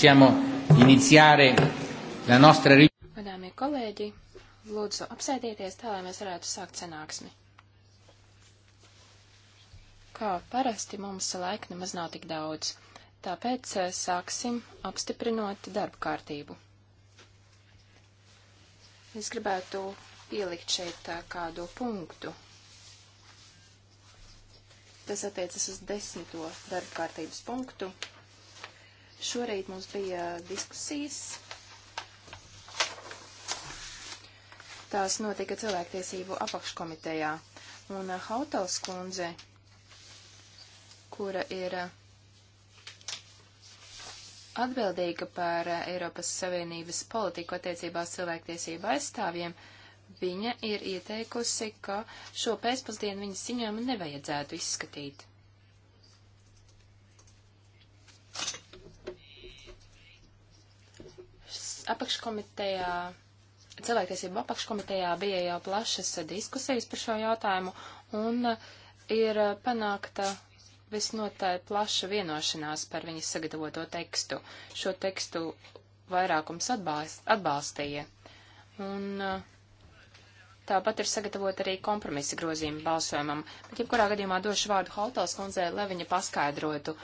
Possiamo iniziare la nostra riunione. Madāmie kolēģi, lūdzu apsēdieties tā, lai mēs varētu sākt sanāksmi. Kā parasti mums laika nemaz nav tik daudz, tāpēc eh, sāksim apstiprinot darba kārtību. Es gribētu pielikt šeit eh, kādu punktu. Tas attiecas uz desmito darba kārtības punktu Šorīt mums bija diskusijas. Tās notika cilvēktiesību apakškomitejā. Un eh, Hautals kundze, kura ir eh, atbildīga par eh, Eiropas Savienības politiku attiecībās cilvēktiesību aizstāvjiem, viņa ir ieteikusi, ka šo pēcpusdienu viņas ziņojumu nevajadzētu izskatīt. apakškomitejā, cilvēktiesību apakškomitejā bija jau plašas diskusijas par šo jautājumu un ir panākta visnotaļ plaša vienošanās par viņas sagatavoto tekstu. Šo tekstu vairākums atbalst, atbalstīja. Un uh, tāpat ir sagatavot arī kompromisa grozījuma balsojumam. Bet, ja kurā gadījumā došu vārdu Holtals kundzei, lai viņa paskaidrotu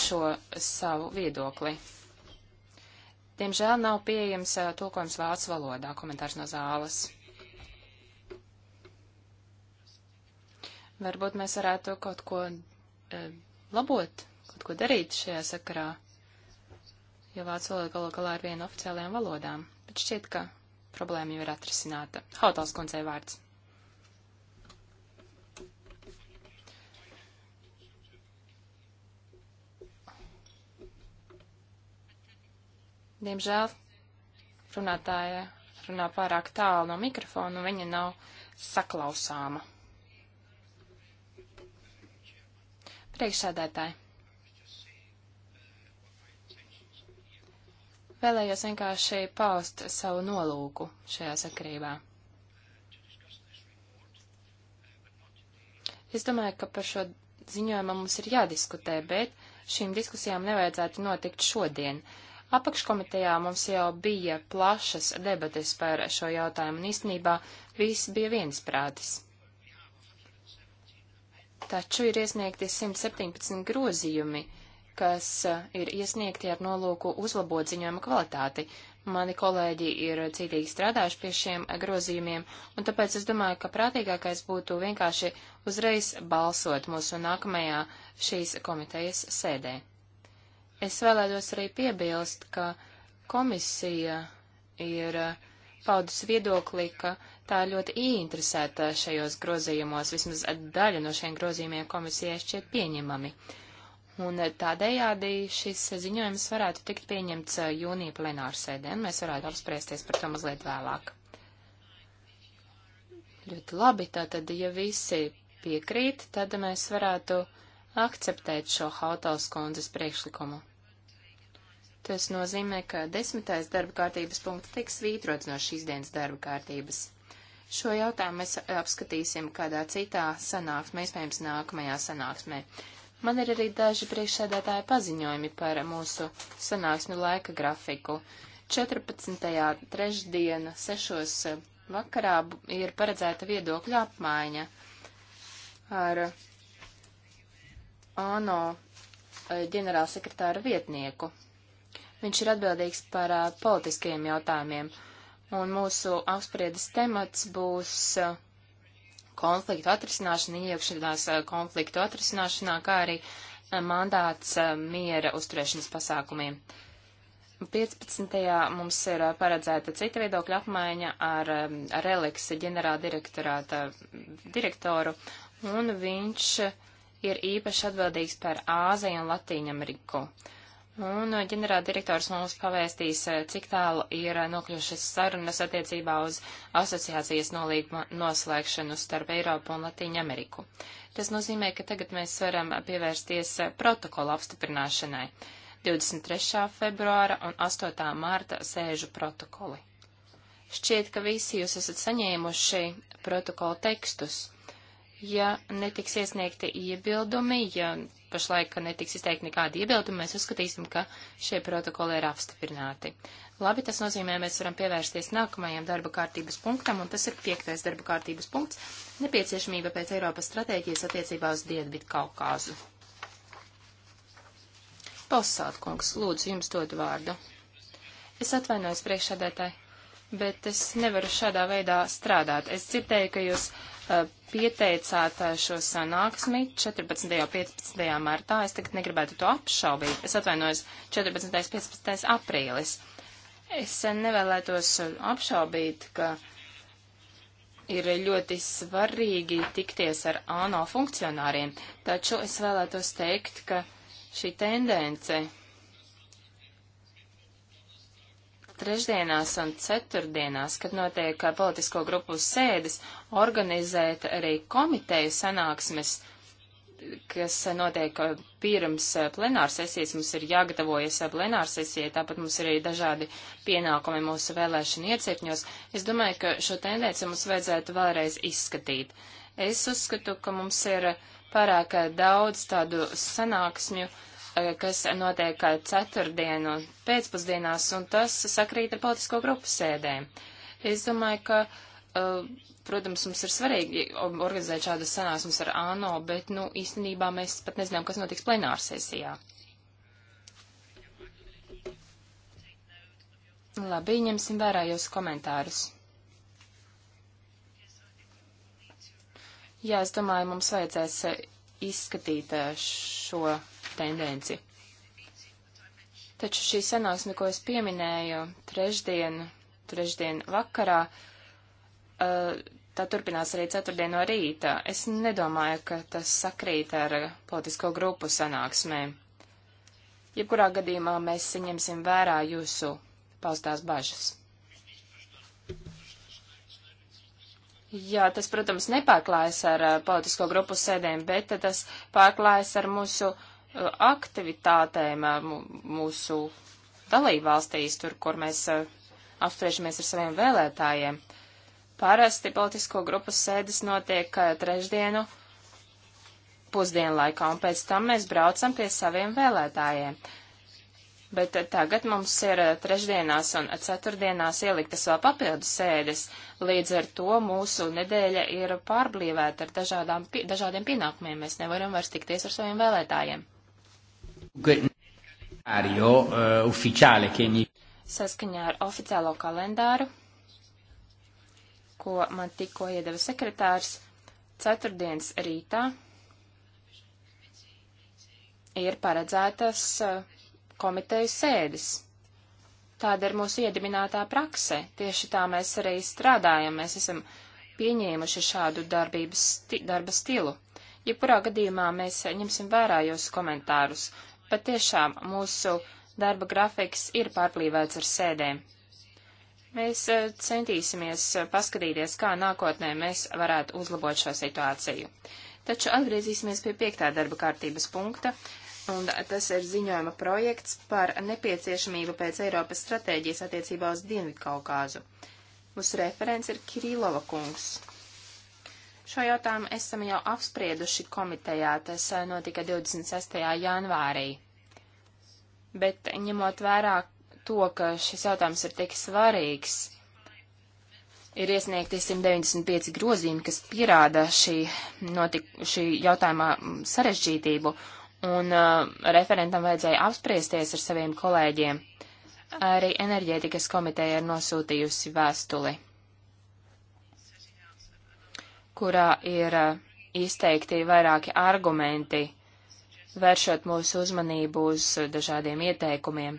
šo savu viedokli. Diemžēl nav pieejams tulkojums vācu valodā, komentārs no zāles. Varbūt mēs varētu kaut ko e, labot, kaut ko darīt šajā sakarā, jo vācu valoda galu galā ir viena oficiālajām valodām, bet šķiet, ka problēma jau ir atrisināta. Hautals kundzei vārds. Diemžēl runātāja runā pārāk tālu no mikrofona, un viņa nav saklausāma. Priekšsēdētāji. vēlējos vienkārši paust savu nolūku šajā sakarībā. Es domāju, ka par šo ziņojumu mums ir jādiskutē, bet šīm diskusijām nevajadzētu notikt šodien. Apakškomitejā mums jau bija plašas debates par šo jautājumu, un īstenībā viss bija viensprātis. Taču ir iesniegti 117 grozījumi, kas e, ir iesniegti ar nolūku uzlabot ziņojuma kvalitāti. Mani kolēģi ir cītīgi strādājuši pie šiem e, grozījumiem, un tāpēc es domāju, ka prātīgākais būtu vienkārši uzreiz balsot mūsu nākamajā šīs komitejas sēdē. Es vēlētos arī piebilst, ka komisija ir eh, paudus viedoklī, ka tā ir ļoti ieinteresēta šajos grozījumos, vismaz daļa no šiem grozījumiem komisijai šķiet pieņemami. Un eh, tādējādi šis ziņojums varētu tikt pieņemts eh, jūnija plenārsēdē, un mēs varētu apspriesties par to mazliet vēlāk. Ļoti labi, tātad, ja visi piekrīt, tad mēs varētu akceptēt šo Hautaus kundzes priekšlikumu. Tas nozīmē, ka desmitais darba kārtības punkts tiek svītrots no šīs dienas darba kārtības. Šo jautājumu mēs apskatīsim kādā citā sanāksmē, iespējams nākamajā sanāksmē. Man ir arī daži priekšsēdētāji paziņojumi par mūsu sanāksmi laika grafiku. 14. trešdiena 6. vakarā ir paredzēta viedokļa apmaiņa ar ANO ģenerālsekretāra vietnieku. Viņš ir atbildīgs par uh, politiskajiem jautājumiem, un mūsu apspriedas temats būs uh, konfliktu atrisināšana, iekšanās uh, konfliktu atrisināšanā, kā arī uh, mandāts uh, miera uzturēšanas pasākumiem. 15. mums ir paredzēta cita viedokļa apmaiņa ar, ar Releksa ģenerāla direktorāta direktoru, un viņš ir īpaši atbildīgs par Āziju un Latīņameriku. Uh, Un eh, ģenerāldirektors mums pavēstīs, eh, cik tālu ir eh, nokļušas sarunas attiecībā uz asociācijas nolīguma noslēgšanu starp Eiropu un Latīņu Ameriku. Tas nozīmē, ka tagad mēs varam pievērsties protokola apstiprināšanai. 23. februāra un 8. mārta sēžu protokoli. Šķiet, ka visi jūs esat saņēmuši protokola tekstus ja netiks iesniegti iebildumi, ja pašlaik netiks izteikti nekādi iebildumi, mēs uzskatīsim, ka šie protokoli ir apstiprināti. Labi, tas nozīmē, mēs varam pievērsties nākamajam darba kārtības punktam, un tas ir piektais darba kārtības punkts - nepieciešamība pēc Eiropas stratēģijas attiecībā uz Dienvidu Kaukāzu. Posātkungs, lūdzu, jums dod vārdu. Es atvainojos priekšsēdētāji bet es nevaru šādā veidā strādāt. Es dzirdēju, ka jūs uh, pieteicāt uh, šo sanāksmi 14. un 15. martā. Es tagad negribētu to apšaubīt. Es atvainojos 14. un 15. aprīlis. Es uh, nevēlētos uh, apšaubīt, ka ir ļoti svarīgi tikties ar ANO funkcionāriem, taču es vēlētos teikt, ka šī tendence trešdienās un ceturtdienās, kad notiek politisko grupu sēdes, organizēt arī komiteju sanāksmes, kas notiek uh, pirms uh, plenārsesijas. Mums ir jāgatavojas uh, plenārsesijai, tāpat mums ir arī dažādi pienākumi mūsu vēlēšanu iecirkņos. Es domāju, ka šo tendenci mums vajadzētu vēlreiz izskatīt. Es uzskatu, ka mums ir pārāk daudz tādu sanāksmju, uh, Eh, kas notiek eh, ceturtdienu pēcpusdienās, un tas sakrīt ar politisko grupu sēdēm. Es domāju, ka, eh, protams, mums ir svarīgi organizēt šādas sanāksmes ar ANO, bet, nu, īstenībā mēs pat nezinām, kas notiks plenārsesijā. Labi, ņemsim vērā jūsu komentārus. Jā, es domāju, mums vajadzēs izskatīt šo tendenci. Taču šī sanāksme, ko es pieminēju trešdien, trešdien vakarā, eh, tā turpinās arī ceturtdien no rīta. Es nedomāju, ka tas sakrīt ar politisko grupu sanāksmēm. Jebkurā gadījumā mēs saņemsim vērā jūsu paustās bažas. Jā, tas, protams, nepārklājas ar eh, politisko grupu sēdēm, bet tas pārklājas ar mūsu uh, aktivitātēm mūsu dalībvalstīs, tur, kur mēs apspriežamies ar saviem vēlētājiem. Parasti politisko grupu sēdes notiek trešdienu pusdienlaikā, un pēc tam mēs braucam pie saviem vēlētājiem. Bet tagad mums ir trešdienās un ceturtdienās ieliktas vēl papildus sēdes, līdz ar to mūsu nedēļa ir pārblīvēta ar dažādām, dažādiem pienākumiem. Mēs nevaram vairs tikties ar saviem vēlētājiem. Eh, Saskaņā ar oficiālo kalendāru, ko man tikko iedeva sekretārs, ceturtdienas rītā ir paredzētas eh, komiteju sēdes. Tāda ir mūsu iedibinātā prakse. Tieši tā mēs arī strādājam. Mēs esam pieņēmuši šādu darbības, sti, darba stilu. Jebkurā gadījumā mēs ņemsim vērā jūsu komentārus Patiešām mūsu darba grafiks ir pārplīvēts ar sēdēm. Mēs eh, centīsimies paskatīties, kā nākotnē mēs varētu uzlabot šo situāciju. Taču atgriezīsimies pie piektā darba kārtības punkta, un tas ir ziņojuma projekts par nepieciešamību pēc Eiropas stratēģijas attiecībā uz Dienvidkaukāzu. Mūsu referents ir Kirilova kungs. Šo jautājumu esam jau apsprieduši komitejā, tas eh, notika 26. janvārī. Bet ņemot vērā to, ka šis jautājums ir tik svarīgs, ir iesniegti 195 grozījumi, kas pierāda šī, notik, šī jautājuma sarežģītību, un uh, referentam vajadzēja apspriesties ar saviem kolēģiem. Arī enerģētikas komiteja ir nosūtījusi vēstuli kurā ir uh, izteikti vairāki argumenti, vēršot mūsu uzmanību uz dažādiem ieteikumiem.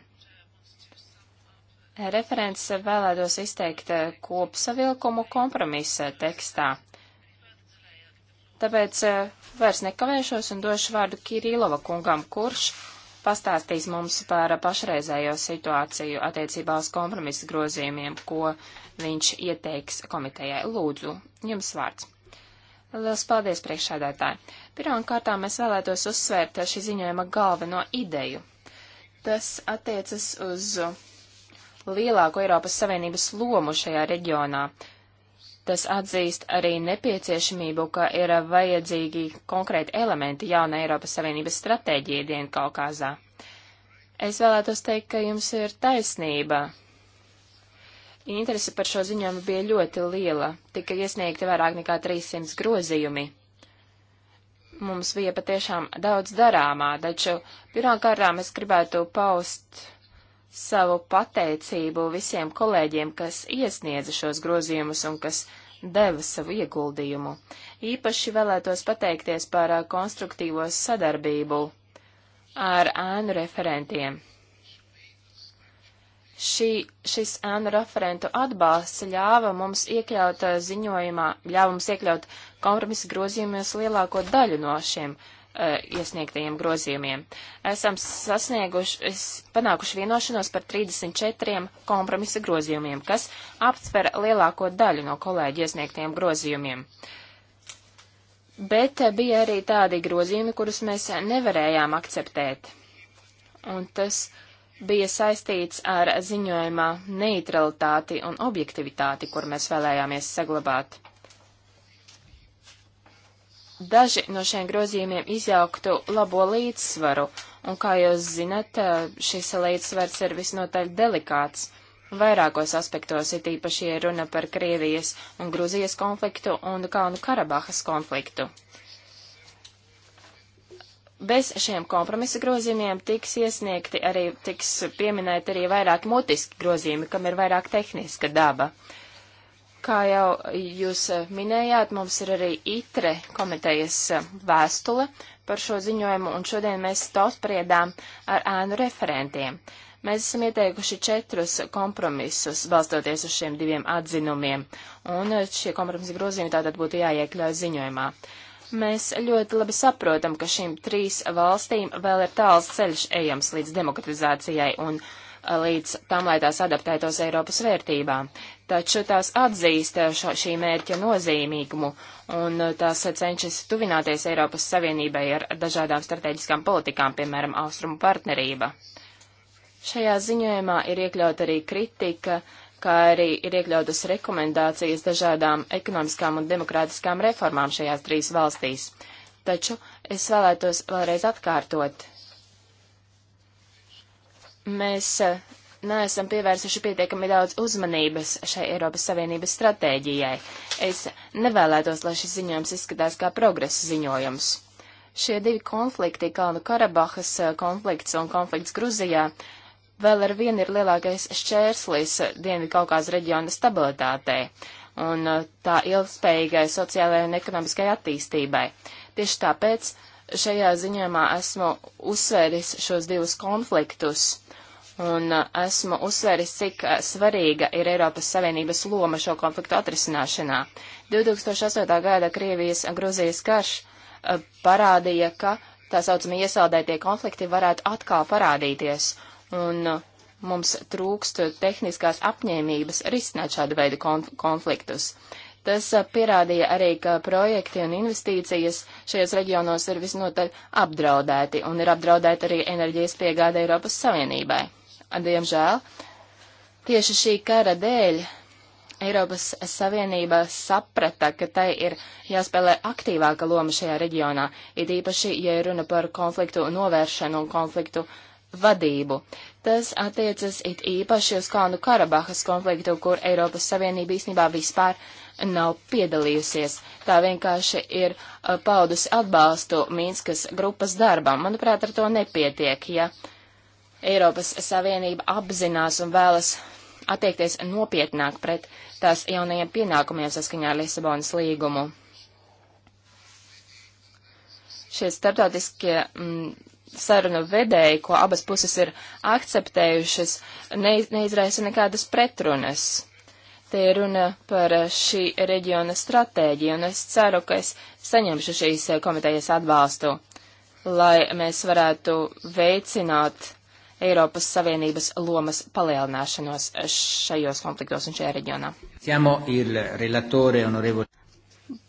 Referents vēlētos izteikt uh, kopsavilkumu kompromisa tekstā. Tāpēc uh, vairs nekavēšos un došu vārdu Kirīlova kungam, kurš pastāstīs mums par pašreizējo situāciju attiecībā uz kompromisa grozījumiem, ko viņš ieteiks komitejai. Lūdzu, jums vārds. Lielas paldies, priekšsēdētāji! Pirmām kārtām es vēlētos uzsvērt šī ziņojuma galveno ideju. Tas attiecas uz lielāko Eiropas Savienības lomu šajā reģionā. Tas atzīst arī nepieciešamību, ka ir vajadzīgi konkrēti elementi jauna Eiropas Savienības stratēģija Dienkaukāzā. Es vēlētos teikt, ka jums ir taisnība Interese par šo ziņojumu bija ļoti liela, tika iesniegti vairāk nekā 300 grozījumi. Mums bija patiešām daudz darāmā, taču pirmkārtām es gribētu paust savu pateicību visiem kolēģiem, kas iesniedza šos grozījumus un kas deva savu ieguldījumu. Īpaši vēlētos pateikties par konstruktīvo sadarbību ar ēnu referentiem. Šī, šis ēnu referentu atbalsts ļāva mums iekļaut eh, ziņojumā, ļāva mums iekļaut kompromisa grozījumus lielāko daļu no šiem uh, iesniegtajiem grozījumiem. Esam sasnieguši, es panākuši vienošanos par 34 kompromisa grozījumiem, kas aptver lielāko daļu no kolēģi iesniegtajiem grozījumiem. Bet eh, bija arī tādi grozījumi, kurus mēs nevarējām akceptēt. Un tas uh, bija saistīts ar ziņojumā neutralitāti un objektivitāti, kur mēs vēlējāmies saglabāt. Daži no šiem grozījumiem izjauktu labo līdzsvaru, un, kā jūs zinat, šis līdzsvars ir visnotaļ delikāts. Vairākos aspektos ir īpaši runa par Krievijas un Gruzijas konfliktu un Kalnu Karabahas konfliktu bez šiem kompromisa grozījumiem tiks iesniegti arī, tiks pieminēti arī vairāki mutiski grozījumi, kam ir vairāk tehniska daba. Kā jau jūs eh, minējāt, mums ir arī ITRE komitejas eh, vēstule par šo ziņojumu, un šodien mēs to spriedām ar ēnu referentiem. Mēs esam ieteikuši četrus kompromisus, balstoties uz šiem diviem atzinumiem, un eh, šie kompromisa grozījumi tātad būtu jāiekļauj ziņojumā. Uh, Mēs ļoti labi saprotam, ka šīm trīs valstīm vēl ir tāls ceļš ejams līdz demokratizācijai un līdz tam, lai tās adaptētos Eiropas vērtībām. Taču tās atzīst šo, šī mērķa nozīmīgumu un tās cenšas tuvināties Eiropas Savienībai ar dažādām strateģiskām politikām, piemēram, austrumu partnerība. Šajā ziņojumā ir iekļaut arī kritika kā arī ir iekļautas rekomendācijas dažādām ekonomiskām un demokrātiskām reformām šajās trīs valstīs. Taču es vēlētos vēlreiz atkārtot. Mēs eh, neesam pievērsuši pietiekami daudz uzmanības šai Eiropas Savienības stratēģijai. Es nevēlētos, lai šis ziņojums izskatās kā progresa ziņojums. Šie divi konflikti, Kalnu Karabahas eh, konflikts un konflikts Gruzijā, uh, vēl ar vienu ir lielākais šķērslis Dienvidkaukās reģiona stabilitātei un uh, tā ilgspējīgai sociālajai un ekonomiskai attīstībai. Tieši tāpēc šajā ziņojumā esmu uzsvēris šos divus konfliktus un uh, esmu uzsvēris, cik uh, svarīga ir Eiropas Savienības loma šo konfliktu atrisināšanā. 2008. gada Krievijas Gruzijas karš parādīja, ka tā saucamie iesaldētie konflikti varētu atkal parādīties un uh, mums trūkst tehniskās apņēmības risināt šādu veidu konfliktus. Tas uh, pierādīja arī, ka projekti un investīcijas šajos reģionos ir visnotaļ apdraudēti un ir apdraudēti arī enerģijas piegāde Eiropas Savienībai. Diemžēl tieši šī kara dēļ Eiropas Savienība saprata, ka tai ir jāspēlē aktīvāka loma šajā reģionā, it īpaši, ja runa par konfliktu novēršanu un konfliktu uh, vadību. Tas attiecas it īpaši uz Kalnu Karabahas konfliktu, kur Eiropas Savienība īstenībā vispār nav piedalījusies. Tā vienkārši ir uh, paudusi atbalstu Mīnskas grupas darbam. Manuprāt, ar to nepietiek, ja Eiropas Savienība apzinās un vēlas attiekties nopietnāk pret tās jaunajiem pienākumiem saskaņā ar Lisabonas līgumu. Šie starptautiskie mm, sarunu vedēji, ko abas puses ir akceptējušas, neiz, neizraisa nekādas pretrunas. Te ir runa par šī reģiona stratēģiju, un es ceru, ka es saņemšu šīs komitejas atbalstu, lai mēs varētu veicināt Eiropas Savienības lomas palielināšanos šajos konfliktos un šajā reģionā.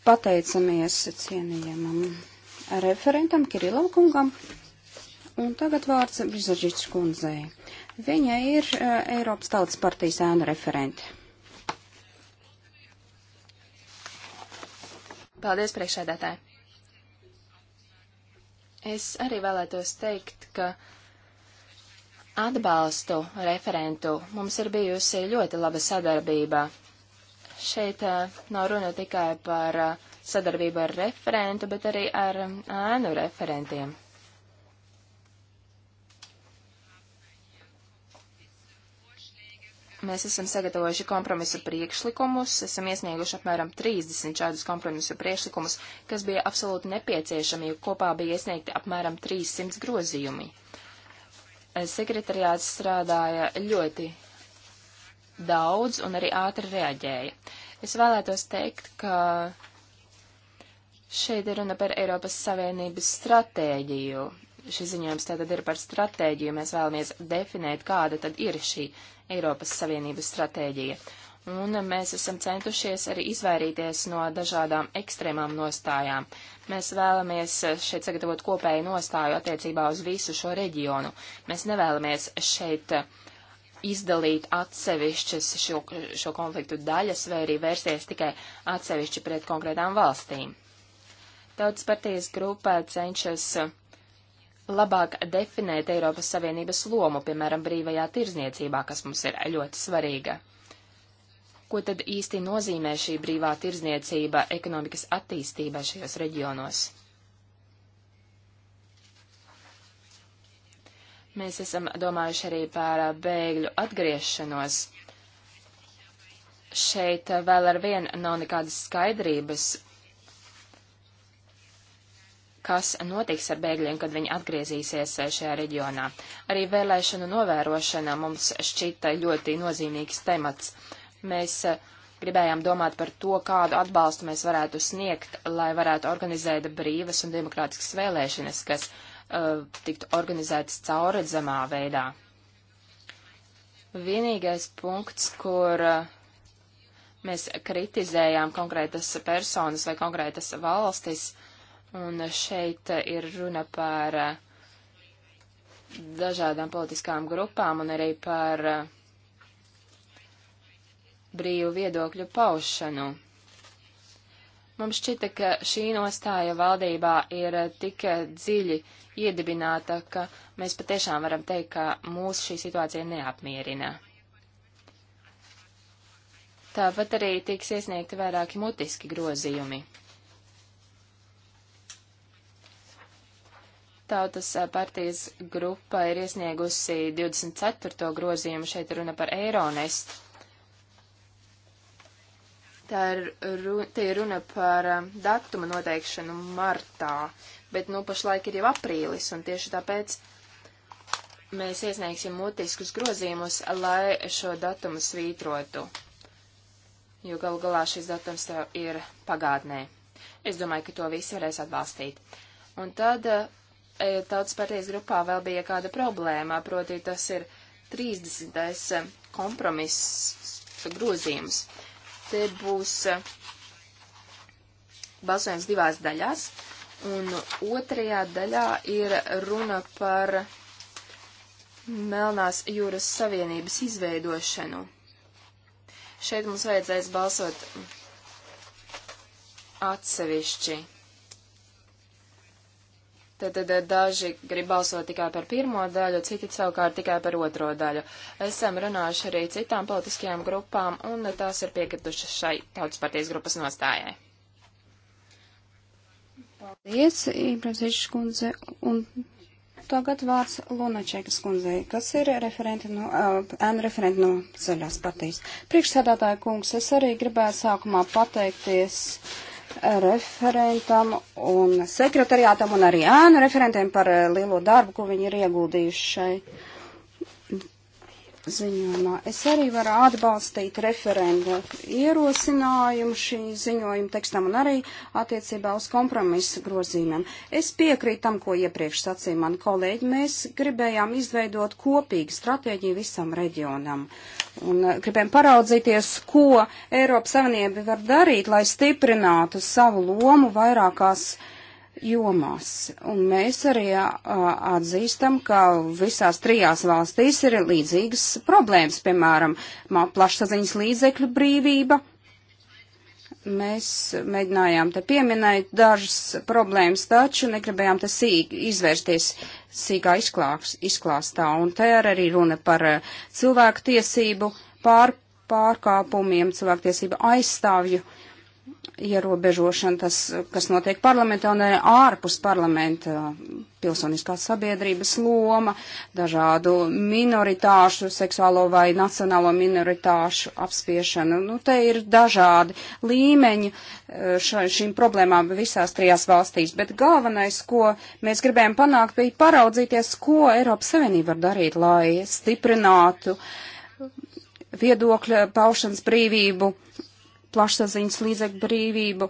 Pateicamies cienījamam referentam Kirilovkungam. Un tagad vārds Brizaģits kundzei. Viņa ir uh, Eiropas Tautas partijas ēnu referente. Paldies, priekšēdētāji. Es arī vēlētos teikt, ka atbalstu referentu mums ir bijusi ļoti laba sadarbība. Šeit uh, nav runa tikai par uh, sadarbību ar referentu, bet arī ar ēnu referentiem. Mēs esam sagatavojuši kompromisu priekšlikumus, esam iesnieguši apmēram 30 šādus kompromisu priekšlikumus, kas bija absolūti nepieciešami, jo kopā bija iesniegti apmēram 300 grozījumi. Eh, sekretariāts strādāja ļoti daudz un arī ātri reaģēja. Es vēlētos teikt, ka šeit ir runa par Eiropas Savienības stratēģiju. Šis ziņojums tātad ir par stratēģiju. Mēs vēlamies definēt, kāda tad ir šī stratēģija Eiropas Savienības stratēģija. Un mēs esam centušies arī izvairīties no dažādām ekstrēmām nostājām. Mēs vēlamies šeit sagatavot kopēju nostāju attiecībā uz visu šo reģionu. Mēs nevēlamies šeit izdalīt atsevišķas šo, šo konfliktu daļas vai arī vērsties tikai atsevišķi pret konkrētām valstīm. Tautas partijas grupa cenšas uh, labāk definēt Eiropas Savienības lomu, piemēram, brīvajā tirzniecībā, kas mums ir ļoti svarīga. Ko tad īsti nozīmē šī brīvā tirzniecība ekonomikas attīstībai šajos reģionos? Mēs esam domājuši arī par bēgļu atgriešanos. Šeit vēl ar vien nav nekādas skaidrības, kas notiks ar bēgļiem, kad viņi atgriezīsies eh, šajā reģionā. Arī vēlēšanu novērošana mums šķita ļoti nozīmīgs temats. Mēs eh, gribējām domāt par to, kādu atbalstu mēs varētu sniegt, lai varētu organizēt brīvas un demokrātiskas vēlēšanas, kas uh, tiktu organizētas cauredzamā veidā. Vienīgais punkts, kur uh, mēs kritizējām konkrētas personas vai konkrētas valstis, Un šeit ir runa par eh, dažādām politiskām grupām un arī par eh, brīvu viedokļu paušanu. Mums šķita, ka šī nostāja valdībā ir eh, tik dziļi iedibināta, ka mēs patiešām varam teikt, ka mūs šī situācija neapmierina. Tāpat arī tiks iesniegti vairāki mutiski grozījumi. Tautas eh, partijas grupa ir iesniegusi 24. grozījumu, šeit runa par Eironest. Tā ir, ru, te ir runa par eh, datuma noteikšanu martā, bet nu pašlaik ir jau aprīlis, un tieši tāpēc mēs iesniegsim mutiskus grozījumus, lai šo datumu svītrotu, jo galu galā šis datums jau ir pagātnē. Es domāju, ka to visi varēs atbalstīt. Un tad eh, E, tautas partijas grupā vēl bija kāda problēma, proti tas ir 30. E, kompromiss e, grozījums. Te būs balsojums divās daļās, un otrajā daļā ir runa par Melnās jūras savienības izveidošanu. Šeit mums vajadzēs balsot atsevišķi. Tad, tad daži grib balsot tikai par pirmo daļu, citi savukārt tikai par otro daļu. Esam runājuši arī citām politiskajām grupām, un tās ir piekritušas šai tautas partijas grupas nostājai. Paldies, Imprezīšas kundze, un tagad vārds Lunačekas kundzei, kas ir referenti no, uh, referenti no zaļās partijas. Priekšsēdētāja kungs, es arī gribēju sākumā pateikties. Uh, referentam un sekretariātam un arī ēnu referentiem par eh, lielo darbu, ko viņi ir ieguldījuši šai ziņojumā. Es arī varu atbalstīt referendu ierosinājumu šī ziņojuma tekstam un arī attiecībā uz kompromisu grozīmēm. Es piekrītu tam, ko iepriekš sacīja mani kolēģi. Mēs gribējām izveidot kopīgu stratēģiju visam reģionam un eh, gribējām paraudzīties, ko Eiropas Savienība var darīt, lai stiprinātu savu lomu vairākās. Uh, jomās. Un mēs arī atzīstam, ka visās trijās valstīs ir līdzīgas problēmas, piemēram, plašsaziņas līdzekļu brīvība. Mēs mēģinājām te pieminēt dažas problēmas, taču negribējām te sīk izvērsties sīkā izklāks, izklāstā. Un te arī runa par cilvēku tiesību pār, pārkāpumiem, cilvēku tiesību aizstāvju uh, ierobežošana, tas, kas notiek parlamentā un arī ārpus parlamenta pilsoniskās sabiedrības loma, dažādu minoritāšu, seksuālo vai nacionālo minoritāšu apspiešana. Nu, te ir dažādi līmeņi eh, ša, šīm problēmām visās trijās valstīs, bet galvenais, ko mēs gribējām panākt, bija paraudzīties, ko Eiropas Savienība var darīt, lai stiprinātu viedokļa paušanas brīvību plašsaziņas līdzekļu brīvību.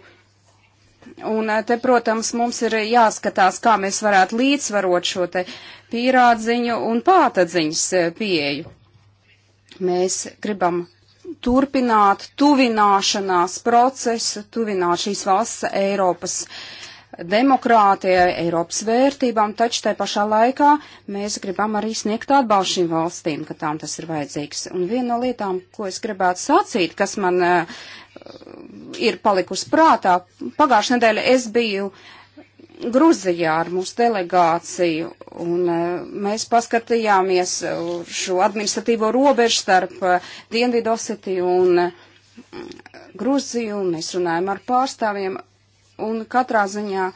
Un eh, te, protams, mums ir jāskatās, kā mēs varētu līdzsvarot šo te pīrādziņu un pātadziņas eh, pieeju. Mēs gribam turpināt tuvināšanās procesu, tuvināt šīs valsts Eiropas demokrātijai, Eiropas vērtībām, taču tai pašā laikā mēs gribam arī sniegt atbalstu šīm valstīm, ka tām tas ir vajadzīgs. Un viena no lietām, ko es gribētu sacīt, kas man eh, ir palikusi prātā. Pagājušajā nedēļā es biju Gruzijā ar mūsu delegāciju, un e, mēs paskatījāmies šo administratīvo robežu starp e, Dienvidosetiju un e, Gruziju, un mēs runājam ar pārstāvjiem, un katrā ziņā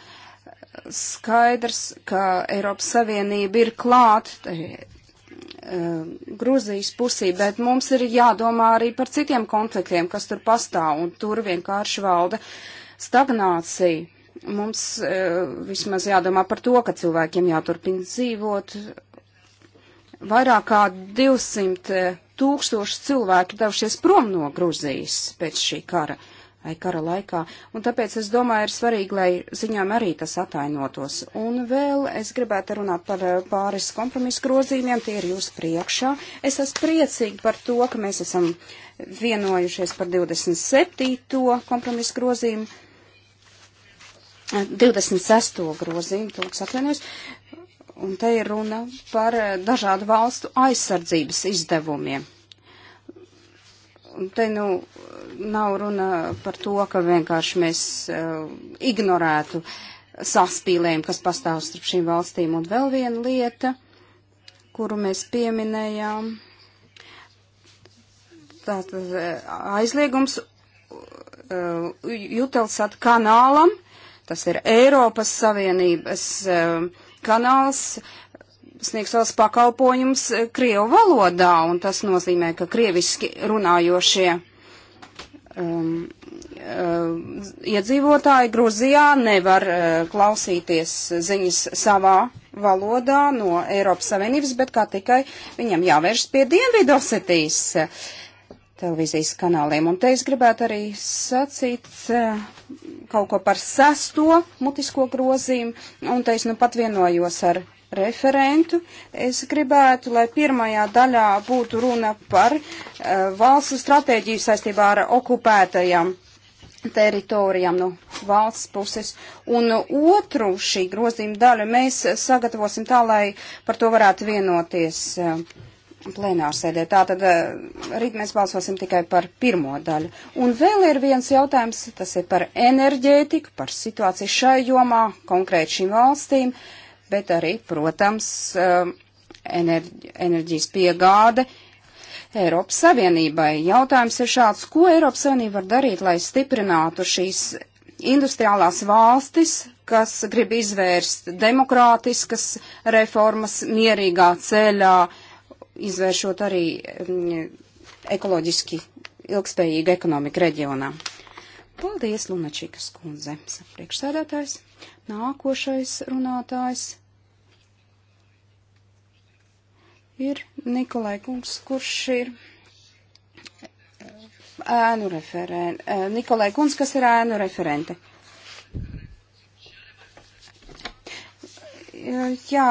skaidrs, ka Eiropas Savienība ir klāt Eh, Gruzijas pusī, bet mums ir jādomā arī par citiem konfliktiem, kas tur pastāv, un tur vienkārši valda stagnācija. Mums eh, vismaz jādomā par to, ka cilvēkiem jāturpina dzīvot. Vairāk kā 200 tūkstoši cilvēki devušies prom no Gruzijas pēc šī kara. Uh, vai kara laikā, un tāpēc es domāju, ir svarīgi, lai ziņām arī tas atainotos. Un vēl es gribētu runāt par eh, pāris kompromisu grozījumiem, tie ir jūsu priekšā. Es esmu priecīgi par to, ka mēs esam vienojušies par 27. kompromisu grozījumu, 26. grozījumu, tūks atvainojos. Un te ir runa par eh, dažādu valstu aizsardzības izdevumiem te nu nav runa par to, ka vienkārši mēs uh, ignorētu saspīlējumu, kas pastāv starp šīm valstīm. Un vēl viena lieta, kuru mēs pieminējām, tātad uh, aizliegums uh, Jutelsat kanālam, tas ir Eiropas Savienības uh, kanāls, uh, sniegs savus pakalpojumus eh, Krievu valodā, un tas nozīmē, ka krieviski runājošie um, um, iedzīvotāji Gruzijā nevar uh, klausīties ziņas savā valodā no Eiropas Savienības, bet kā tikai viņam jāvērš pie Dienvidosetijas uh, televīzijas kanāliem. Un te es gribētu arī sacīt uh, kaut ko par sesto mutisko grozīmu, un te es nu pat vienojos ar referentu. Es gribētu, lai pirmajā daļā būtu runa par uh, valsts stratēģiju saistībā ar okupētajām teritorijām no valsts puses. Un otru šī grozījuma daļu mēs sagatavosim tā, lai par to varētu vienoties uh, plenārsēdē. Tātad uh, rīt mēs balsosim tikai par pirmo daļu. Un vēl ir viens jautājums, tas ir par enerģētiku, par situāciju šai jomā, konkrēt šīm valstīm. Uh, bet arī, protams, um, enerģi, enerģijas piegāde Eiropas Savienībai. Jautājums ir šāds, ko Eiropas Savienība var darīt, lai stiprinātu šīs industriālās valstis, kas grib izvērst demokrātiskas reformas mierīgā ceļā, izvēršot arī mm, ekoloģiski ilgspējīgu ekonomiku reģionā. Paldies, Lunačikas kundze, priekšsēdētājs. Nākošais runātājs ir Nikolai Kungs, kurš ir eh, ēnu referente. Eh, Nikolai Kungs, kas ir ēnu referente. Eh, jā,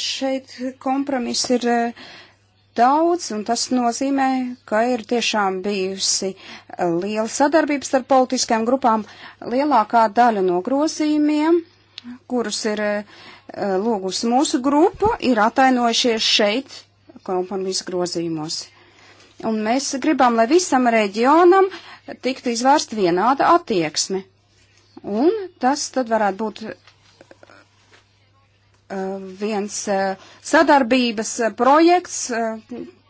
šeit kompromis ir daudz, un tas nozīmē, ka ir tiešām bijusi liela sadarbības ar politiskajām grupām. Lielākā daļa no grozījumiem, kurus ir uh, Eh, lūgus mūsu grupu ir atainojušies šeit kompromisa grozījumos. Un mēs gribam, lai visam reģionam tiktu izvērst vienāda attieksme. Un tas tad varētu būt eh, viens eh, sadarbības projekts,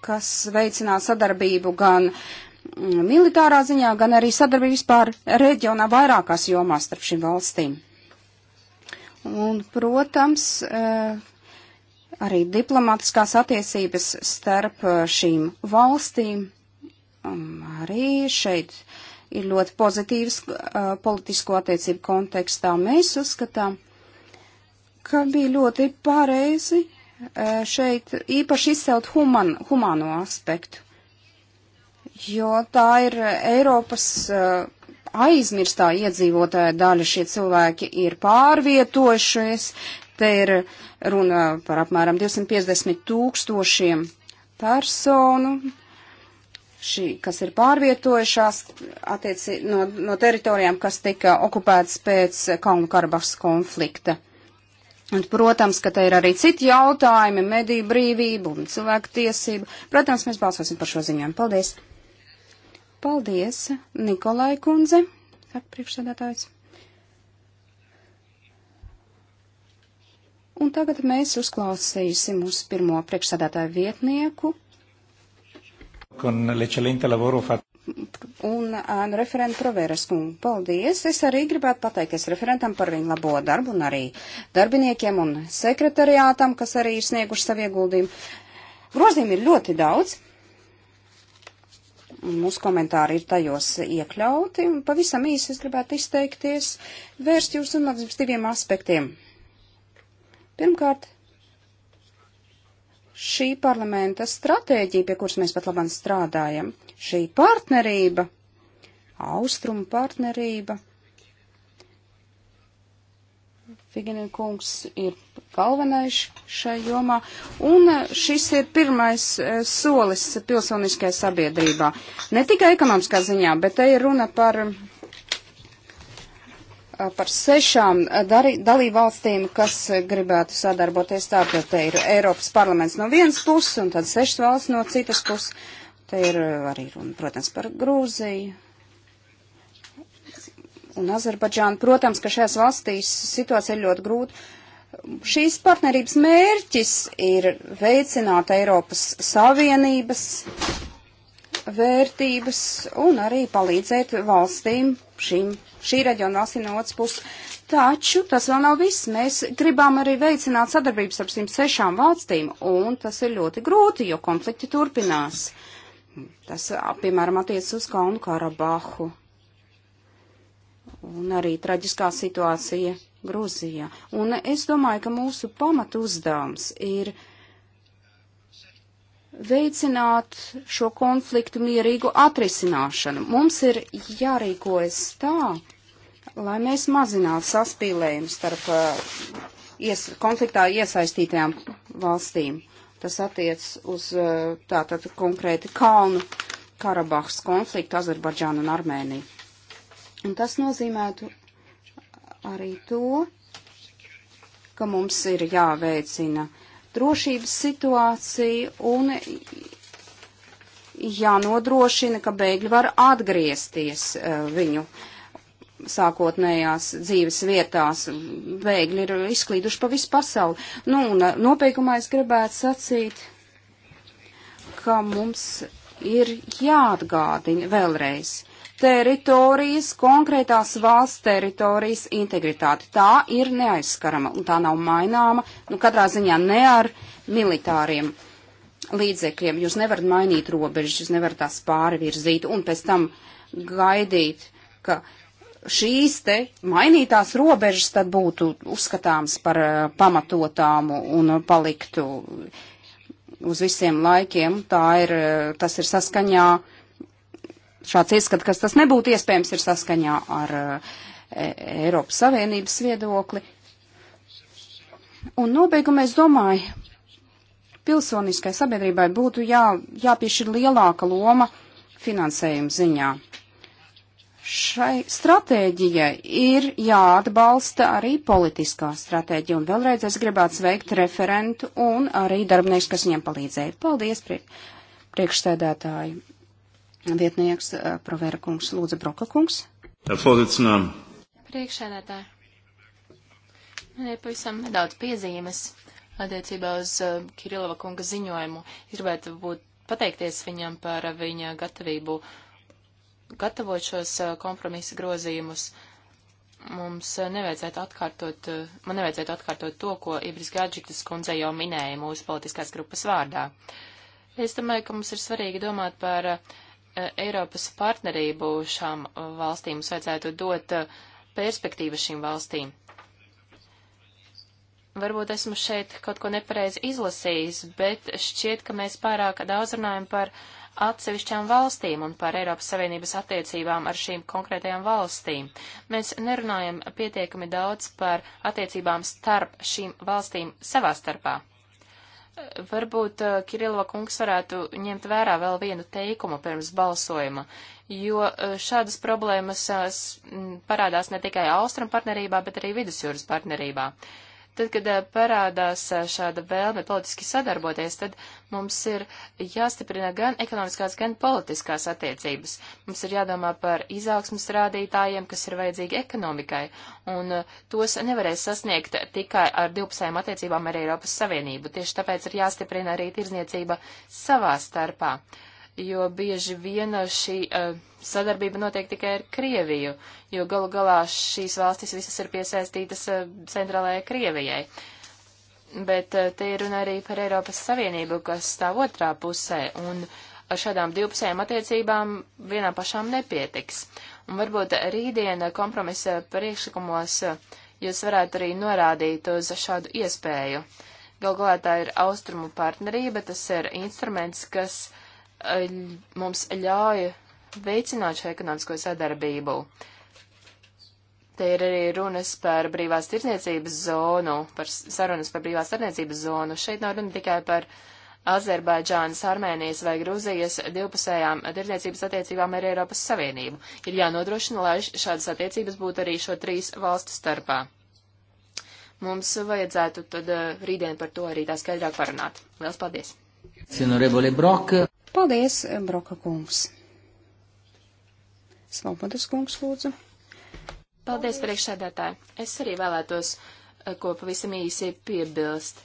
kas veicinās sadarbību gan mm, militārā ziņā, gan arī sadarbības pār reģionā vairākās jomās starp šīm valstīm. Un, protams, eh, arī diplomatiskās attiecības starp eh, šīm valstīm um, arī šeit ir ļoti pozitīvas eh, politisko attiecību kontekstā. Mēs uzskatām, ka bija ļoti pareizi šeit īpaši izcelt human, humano aspektu, jo tā ir Eiropas uh, aizmirstā iedzīvotāja daļa šie cilvēki ir pārvietojušies. Te ir runa par apmēram 250 tūkstošiem personu, šī, kas ir pārvietojušās attieci, no, no teritorijām, kas tika okupētas pēc Kalnu Karabahas konflikta. Un, protams, ka te ir arī citi jautājumi - mediju brīvību un cilvēku tiesību. Protams, mēs balsosim par šo ziņojumu. Paldies! Paldies, Nikolai kundze, saka priekšsēdētājs. Un tagad mēs uzklausīsim mūsu pirmo priekšsēdētāju vietnieku. Un ēnu referentu provēras kungu. Paldies! Es arī gribētu pateikties referentam par viņu labo darbu un arī darbiniekiem un sekretariātam, kas arī ir snieguši savu ieguldījumu. Grozījumi ir ļoti daudz. Mūsu komentāri ir tajos iekļauti, un pavisam īsi es gribētu izteikties, vērst jūsu uzmanību uz diviem aspektiem. Pirmkārt, šī parlamenta stratēģija, pie kuras mēs pat labāk strādājam, šī partnerība, austrumu partnerība, Figinin kungs ir galvenais šai jomā, un e, šis ir pirmais e, solis pilsoniskajā sabiedrībā. Ne tikai ekonomiskā ziņā, bet te ir runa par, e, par sešām dalībvalstīm, kas gribētu sadarboties tā, ka te ir Eiropas parlaments no vienas puses, un tad sešas valsts no citas puses. Te ir arī runa, protams, par Grūziju, un Azerbaidžānu. Protams, ka šajās valstīs situācija ir ļoti grūta. Šīs partnerības mērķis ir veicināt Eiropas Savienības vērtības un arī palīdzēt valstīm, šīm, šī reģiona valstīm no otras puses. Taču tas vēl nav viss. Mēs gribam arī veicināt sadarbības ar šīm sešām valstīm, un tas ir ļoti grūti, jo konflikti turpinās. Tas, piemēram, attiec uz Kalnu Karabahu un arī traģiskā situācija Grūzijā. Un es domāju, ka mūsu pamatu uzdevums ir veicināt šo konfliktu mierīgu atrisināšanu. Mums ir jārīkojas tā, lai mēs mazinātu saspīlējumu starp uh, ies, konfliktā iesaistītajām valstīm. Tas attiec uz uh, tātad konkrēti Kalnu Karabahas konfliktu Azerbaidžānu un Armēniju. Un tas nozīmētu arī to, ka mums ir jāveicina drošības situācija un jānodrošina, ka bēgļi var atgriezties e, viņu sākotnējās dzīves vietās. Bēgļi ir izklīduši pa visu pasauli. Nu, un e, nopeikumā es gribētu sacīt, ka mums ir jāatgādina vēlreiz, teritorijas, konkrētās valsts teritorijas integritāti. Tā ir neaizskarama un tā nav maināma, nu katrā ziņā ne ar militāriem līdzekļiem. Jūs nevarat mainīt robežas, jūs nevarat tās pārvirzīt un pēc tam gaidīt, ka šīs te mainītās robežas tad būtu uzskatāms par eh, pamatotām un paliktu uz visiem laikiem. Tā ir, eh, tas ir saskaņā šāds ieskats, kas tas nebūtu iespējams, ir saskaņā ar eh, Eiropas Savienības viedokli. Un nobeigumā es domāju, pilsoniskai sabiedrībai būtu jā, jāpiešķir lielāka loma finansējuma ziņā. Šai stratēģijai ir jāatbalsta arī politiskā stratēģija, un vēlreiz es gribētu sveikt referentu un arī darbinieks, kas viņam palīdzēja. Paldies, prie, priekšstādātāji! vietnieks eh, Provera kungs. Lūdzu, Broka kungs. Priekšsēdētāji. Man ir pavisam nedaudz piezīmes attiecībā uz uh, eh, Kirilova kunga ziņojumu. Es gribētu būt pateikties viņam par viņa gatavību gatavot šos uh, kompromisa grozījumus. Mums uh, nevajadzētu atkārtot, man nevajadzētu atkārtot to, ko Ibris Gadžikas kundze jau minēja mūsu politiskās grupas vārdā. Es domāju, ka mums ir svarīgi domāt par uh, Eiropas partnerību šām valstīm mums vajadzētu dot uh, perspektīvu šīm valstīm. Varbūt esmu šeit kaut ko nepareizi izlasījis, bet šķiet, ka mēs pārāk daudz runājam par atsevišķām valstīm un par Eiropas Savienības attiecībām ar šīm konkrētajām valstīm. Mēs nerunājam pietiekami daudz par attiecībām starp šīm valstīm savā starpā. Varbūt uh, eh, Kirilova kungs varētu ņemt vērā vēl vienu teikumu pirms balsojuma, jo uh, šādas problēmas uh, parādās ne tikai Austrum partnerībā, bet arī Vidusjūras partnerībā. Uh, Tad, kad parādās šāda vēlme politiski sadarboties, tad mums ir jāstiprina gan ekonomiskās, gan politiskās attiecības. Mums ir jādomā par izaugsmas rādītājiem, kas ir vajadzīgi ekonomikai, un tos nevarēs sasniegt tikai ar divpusējām attiecībām ar Eiropas Savienību. Tieši tāpēc ir jāstiprina arī tirzniecība savā starpā. Uh, jo bieži viena šī uh, sadarbība notiek tikai ar Krieviju, jo galu galā šīs valstis visas ir piesaistītas uh, centrālajai Krievijai. Bet uh, te ir runa arī par Eiropas Savienību, kas stāv otrā pusē, un ar šādām divpusējām attiecībām vienām pašām nepietiks. Un varbūt rītdien kompromisa priekšlikumos jūs varētu arī norādīt uz šādu iespēju. Galu galā tā ir austrumu partnerība, tas ir instruments, kas uh, mums ļauj veicināt šo ekonomisko sadarbību. Te ir arī runas par brīvās tirdzniecības zonu, par sarunas par brīvās tirdzniecības zonu. Šeit nav runa tikai par Azerbaidžānas, Armēnijas vai Grūzijas divpusējām tirdzniecības attiecībām ar Eiropas Savienību. Ir jānodrošina, lai šādas attiecības būtu arī šo trīs valstu starpā. Mums vajadzētu tad eh, rītdien par to arī tā skaidrāk parunāt. Lielas paldies! Sinorevole Brok. Paldies, eh, Broka kungs. Svobodas kungs, lūdzu. Paldies, priekšsēdētāji. Es arī vēlētos eh, ko pavisam īsi piebilst.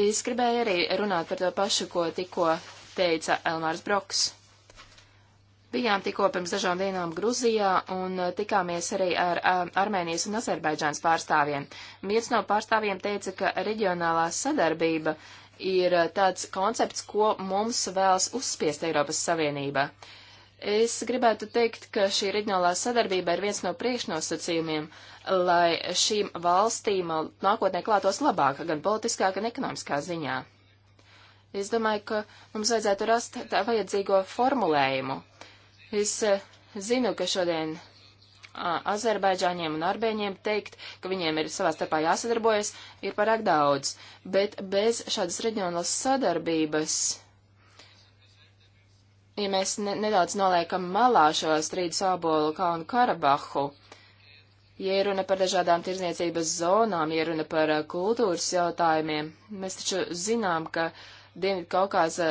Es gribēju arī runāt par to pašu, ko tikko teica Elmārs Broks. Bijām tikko pirms dažām dienām Gruzijā un eh, tikāmies arī ar, ar Armēnijas un Azerbaidžānas pārstāvjiem. Viens no pārstāvjiem teica, ka reģionālā sadarbība ir eh, tāds koncepts, ko mums vēlas uzspiest Eiropas Savienība. Es gribētu teikt, ka šī reģionālā sadarbība ir viens no priekšnosacījumiem, lai šīm valstīm eh, nākotnē klātos labāk, gan politiskā, gan ekonomiskā ziņā. Es domāju, ka mums vajadzētu rast tā vajadzīgo formulējumu. Es eh, zinu, ka šodien Azerbaidžāņiem un Arbēņiem teikt, ka viņiem ir savā starpā jāsadarbojas, ir pārāk daudz. Bet bez šādas reģionālas sadarbības, ja mēs ne, nedaudz noliekam malā šo strīdu sābolu Kalnu Karabahu, ja runa par dažādām tirzniecības zonām, ja runa par kultūras jautājumiem, mēs taču zinām, ka uh, Dienvidkaukāza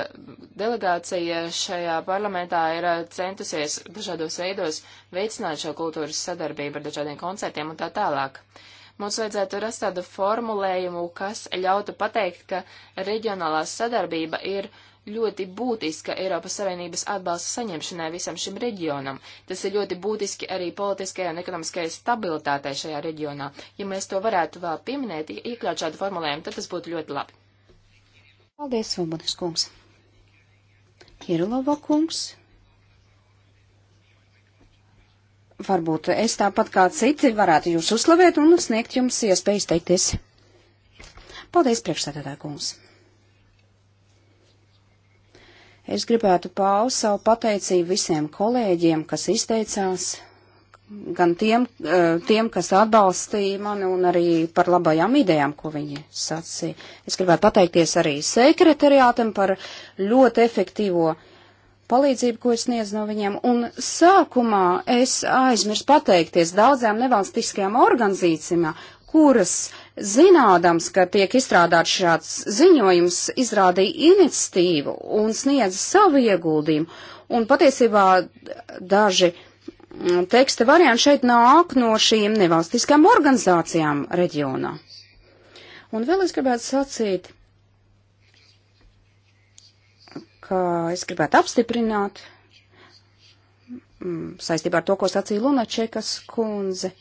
delegācija šajā parlamentā ir uh, centusies dažādos veidos veicināt šo kultūras sadarbību ar dažādiem koncertiem un tā tālāk. Mums vajadzētu rast tādu formulējumu, kas ļautu pateikt, ka reģionālā sadarbība ir ļoti būtiska Eiropas Savienības atbalsta saņemšanai visam šim reģionam. Tas ir ļoti būtiski arī politiskajai un ekonomiskajai stabilitātei šajā reģionā. Ja mēs to varētu vēl pieminēt, iekļaut šādu formulējumu, tad tas būtu ļoti labi. Paldies, Svobodas kungs. Kirilova kungs. Varbūt es tāpat kā citi varētu jūs uzslavēt un sniegt jums iespēju izteikties. Paldies, priekšsēdētāj kungs. Es gribētu paust savu pateicību visiem kolēģiem, kas izteicās gan tiem, eh, tiem, kas atbalstīja mani un arī par labajām idejām, ko viņi sacīja. Es gribētu pateikties arī sekretariātam par ļoti efektīvo palīdzību, ko es sniedzu no viņiem. Un sākumā es aizmirsu pateikties daudzām nevalstiskajām organizācijām, kuras zinādams, ka tiek izstrādāts šāds ziņojums, izrādīja iniciatīvu un sniedza savu ieguldījumu. Un patiesībā daži Mm, teksta variants šeit nāk no šīm nevalstiskām organizācijām reģionā. Un vēl es gribētu sacīt, ka es gribētu apstiprināt mm, saistībā ar to, ko sacīja Lunačekas kundze.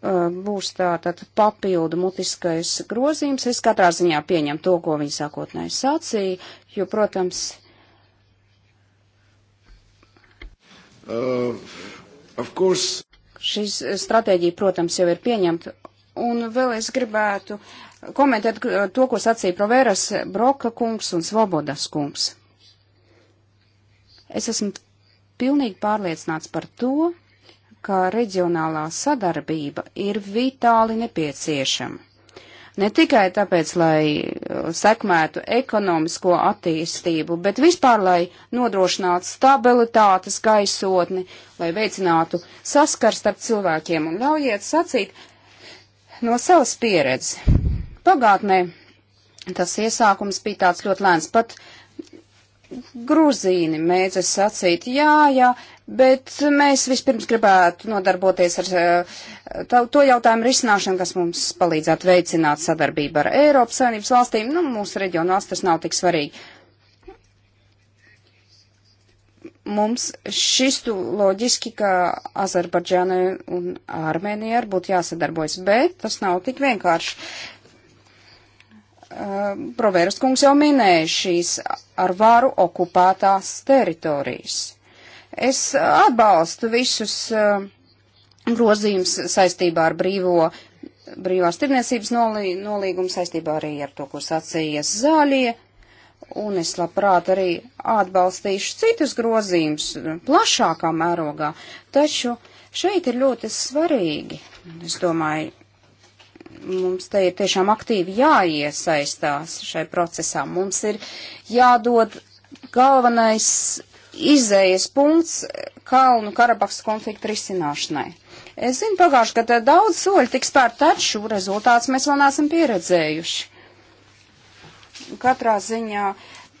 Mm, būs tātad papildu mutiskais grozījums. Es katrā ziņā pieņemu to, ko viņa sākotnēji sacīja, jo, protams, Uh, Šī stratēģija, protams, jau ir pieņemta. Un vēl es gribētu komentēt uh, to, ko sacīja Proveras Broka kungs un Svobodas kungs. Es esmu pilnīgi pārliecināts par to, ka reģionālā sadarbība ir vitāli nepieciešama. Ne tikai tāpēc, lai uh, sekmētu ekonomisko attīstību, bet vispār, lai nodrošinātu stabilitātes gaisotni, lai veicinātu saskars starp cilvēkiem un ļaujiet sacīt no savas pieredzes. Pagātnē tas iesākums bija tāds ļoti lēns, pat grūzīni mēdz sacīt, jā, jā, Bet mēs vispirms gribētu nodarboties ar eh, tā, to jautājumu risināšanu, kas mums palīdzētu veicināt sadarbību ar Eiropas Savienības valstīm. Nu, mūsu reģionās tas nav tik svarīgi. Mums šistu loģiski, ka Azerbaidžānai un Armēnijai būtu jāsadarbojas, bet tas nav tik vienkārši. Eh, Proveras kungs jau minēja šīs ar varu okupētās teritorijas Es uh, atbalstu visus uh, grozījums saistībā ar brīvo, brīvās tirniecības nolī, nolīgumu, saistībā arī ar to, ko sacījies zāļie un es labprāt arī atbalstīšu citus grozījumus plašākā mērogā, taču šeit ir ļoti svarīgi. Es domāju, mums te ir tiešām aktīvi jāiesaistās šai procesā. Mums ir jādod galvenais izējas punkts Kalnu Karabahas konflikta risināšanai. Es zinu, pagājuši, ka daudz soļi tiks pār taču rezultāts mēs vēl neesam pieredzējuši. Katrā ziņā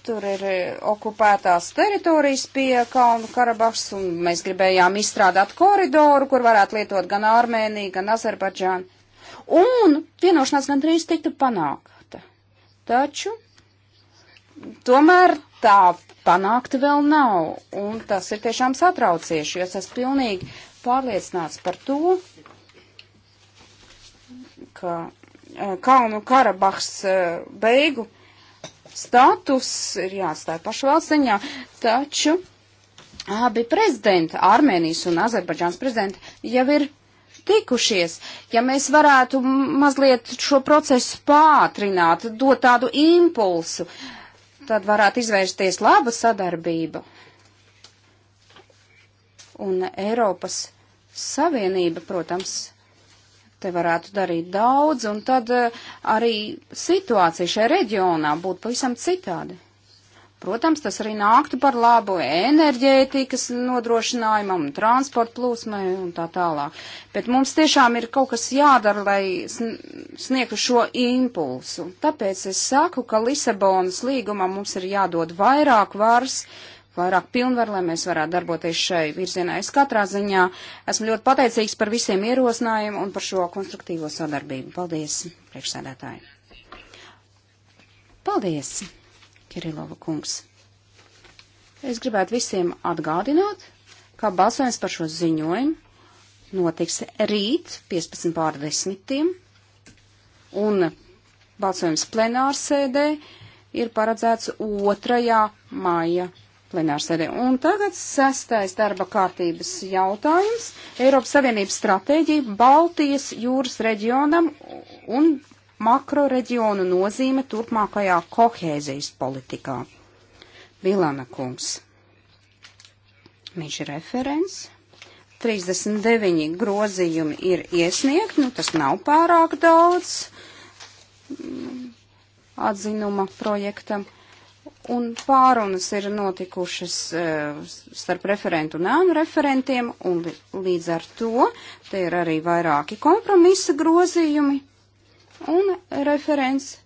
tur ir eh, okupētās teritorijas pie Kalnu Karabahas, un mēs gribējām izstrādāt koridoru, kur varētu lietot gan Armēniju, gan Azerbaidžānu. Un vienošanās gandrīz tiktu panākta. Taču tomēr tā panākta vēl nav, un tas ir tiešām satraucieši, jo es esmu pilnīgi pārliecināts par to, ka eh, Kalnu Karabahs eh, beigu status ir jāatstāja pašvalsteņā, taču abi prezidenti, Armēnijas un Azerbaidžāns prezidenti, jau ir tikušies. Ja mēs varētu mazliet šo procesu pātrināt, dot tādu impulsu, uh, tad varētu izvērsties laba sadarbība. Un Eiropas Savienība, protams, te varētu darīt daudz, un tad eh, arī situācija šajā reģionā būtu pavisam citādi. Protams, tas arī nāktu par labu enerģētikas nodrošinājumam, transporta plūsmai un tā tālāk. Bet mums tiešām ir kaut kas jādara, lai sniegtu šo impulsu. Tāpēc es saku, ka Lisabonas līgumā mums ir jādod vairāk varas, vairāk pilnvaru, lai mēs varētu darboties šai virzienā. Es katrā ziņā esmu ļoti pateicīgs par visiem ierosinājumiem un par šo konstruktīvo sadarbību. Paldies, priekšsēdētāji! Paldies! Kirilova kungs. Es gribētu visiem atgādināt, ka balsojums par šo ziņojumu notiks rīt 15 pār 10. Un balsojums plenārsēdē ir paredzēts 2. maija plenārsēdē. Un tagad sestais darba kārtības jautājums - Eiropas Savienības stratēģija Baltijas jūras reģionam un makroreģionu nozīme turpmākajā kohēzijas politikā. Milana kungs. Viņš ir referents. 39 grozījumi ir iesniegti, nu tas nav pārāk daudz mm, atzinuma projektam. Un pārunas ir notikušas uh, starp referentu un ēnu referentiem, un līdz ar to te ir arī vairāki kompromisa grozījumi. Un referents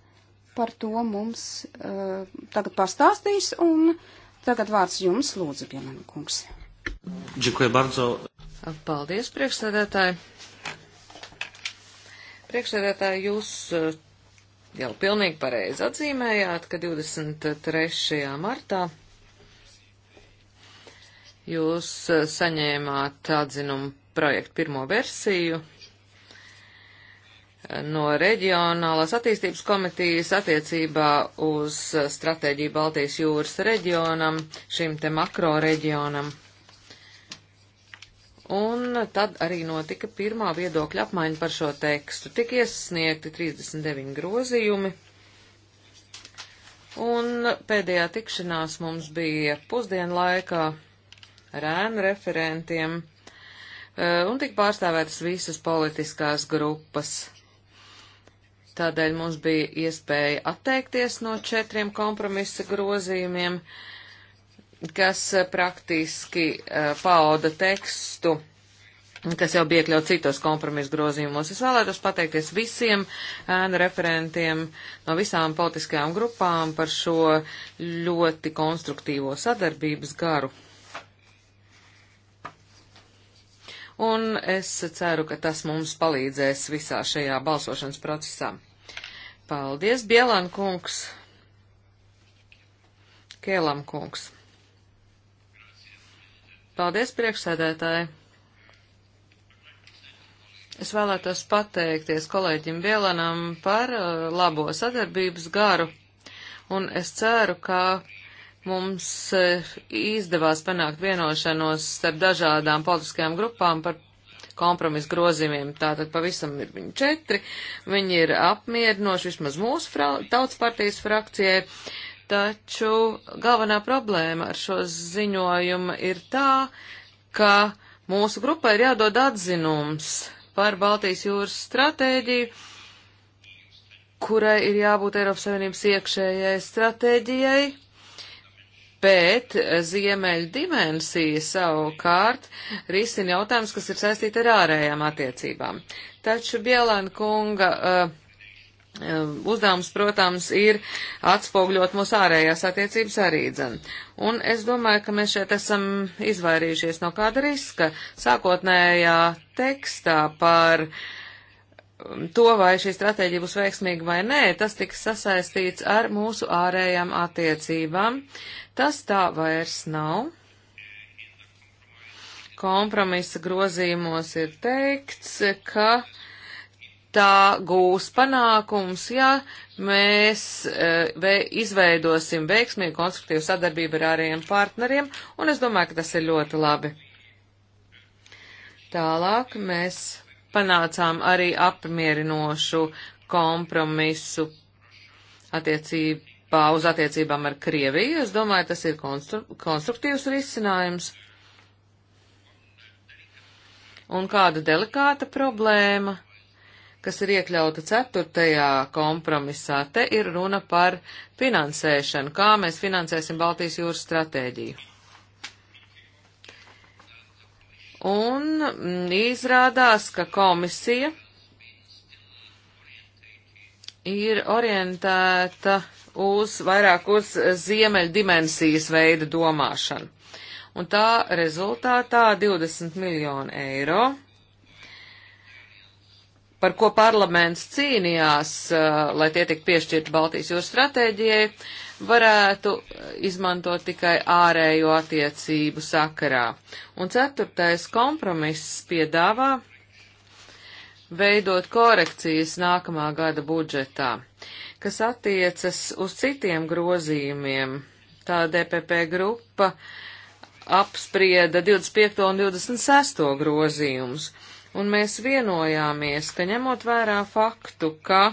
par to mums uh, tagad pastāstīs, un tagad vārds jums, lūdzu, Piemēram, kungs. Paldies, priekšsēdētāji. Priekšsēdētāji, jūs eh, jau pilnīgi pareizi atzīmējāt, ka 23. martā jūs eh, saņēmāt atzinumu projektu pirmo versiju no reģionālās attīstības komitijas attiecībā uz stratēģiju Baltijas jūras reģionam, šim te makro reģionam. Un tad arī notika pirmā viedokļa apmaiņa par šo tekstu. Tik iesniegti 39 grozījumi. Un pēdējā tikšanās mums bija pusdienu laikā ar ēnu referentiem. Eh, un tik pārstāvētas visas politiskās grupas Tādēļ mums bija iespēja atteikties no četriem kompromisa grozījumiem, kas eh, praktiski uh, pauda tekstu, kas jau bija iekļauts citos kompromisa grozījumos. Es vēlētos pateikties visiem ēnu referentiem no visām politiskajām grupām par šo ļoti konstruktīvo sadarbības garu. un es ceru, ka tas mums palīdzēs visā šajā balsošanas procesā. Paldies, Bielan kungs! Kēlam kungs! Paldies, priekšsēdētāji! Es vēlētos pateikties kolēģim Bielanam par uh, labo sadarbības garu, un es ceru, ka Mums eh, izdevās panākt vienošanos starp dažādām politiskajām grupām par kompromisu grozījumiem. Tātad pavisam ir viņi četri. Viņi ir apmierinoši vismaz mūsu fra tautas partijas frakcijai. Taču galvenā problēma ar šo ziņojumu ir tā, ka mūsu grupai ir jādod atzinums par Baltijas jūras stratēģiju, kurai ir jābūt Eiropas Savienības iekšējai stratēģijai bet ziemeļu dimensija savukārt risina jautājums, kas ir saistīti ar ārējām attiecībām. Taču Bielēna kunga uh, uzdevums, protams, ir atspogļot mūsu ārējās attiecības arī dzen. Un es domāju, ka mēs šeit esam izvairījušies no kāda riska. Sākotnējā tekstā par uh, to, vai šī stratēģija būs veiksmīga vai nē, tas tiks sasaistīts ar mūsu ārējām attiecībām. Tas tā vairs nav. Kompromisa grozījumos ir teikts, ka tā gūs panākums, ja mēs e, izveidosim veiksmīgu konstruktīvu sadarbību ar ārējiem partneriem, un es domāju, ka tas ir ļoti labi. Tālāk mēs panācām arī apmierinošu kompromisu attiecībā uz attiecībām ar Krieviju. Es domāju, tas ir konstru konstruktīvs risinājums. Un kāda delikāta problēma, kas ir iekļauta ceturtajā kompromisā, te ir runa par finansēšanu, kā mēs finansēsim Baltijas jūras stratēģiju. Un mm, izrādās, ka komisija ir orientēta uz vairāk uz ziemeļu dimensijas veidu domāšanu. Un tā rezultātā 20 miljonu eiro, par ko parlaments cīnījās, eh, lai tie tik piešķirti Baltijas jūras stratēģijai, varētu izmantot tikai ārējo attiecību sakarā. Un ceturtais kompromiss piedāvā veidot korekcijas nākamā gada budžetā, kas attiecas uz citiem grozījumiem. Tā DPP grupa apsprieda 25. un 26. grozījumus, un mēs vienojāmies, ka ņemot vērā faktu, ka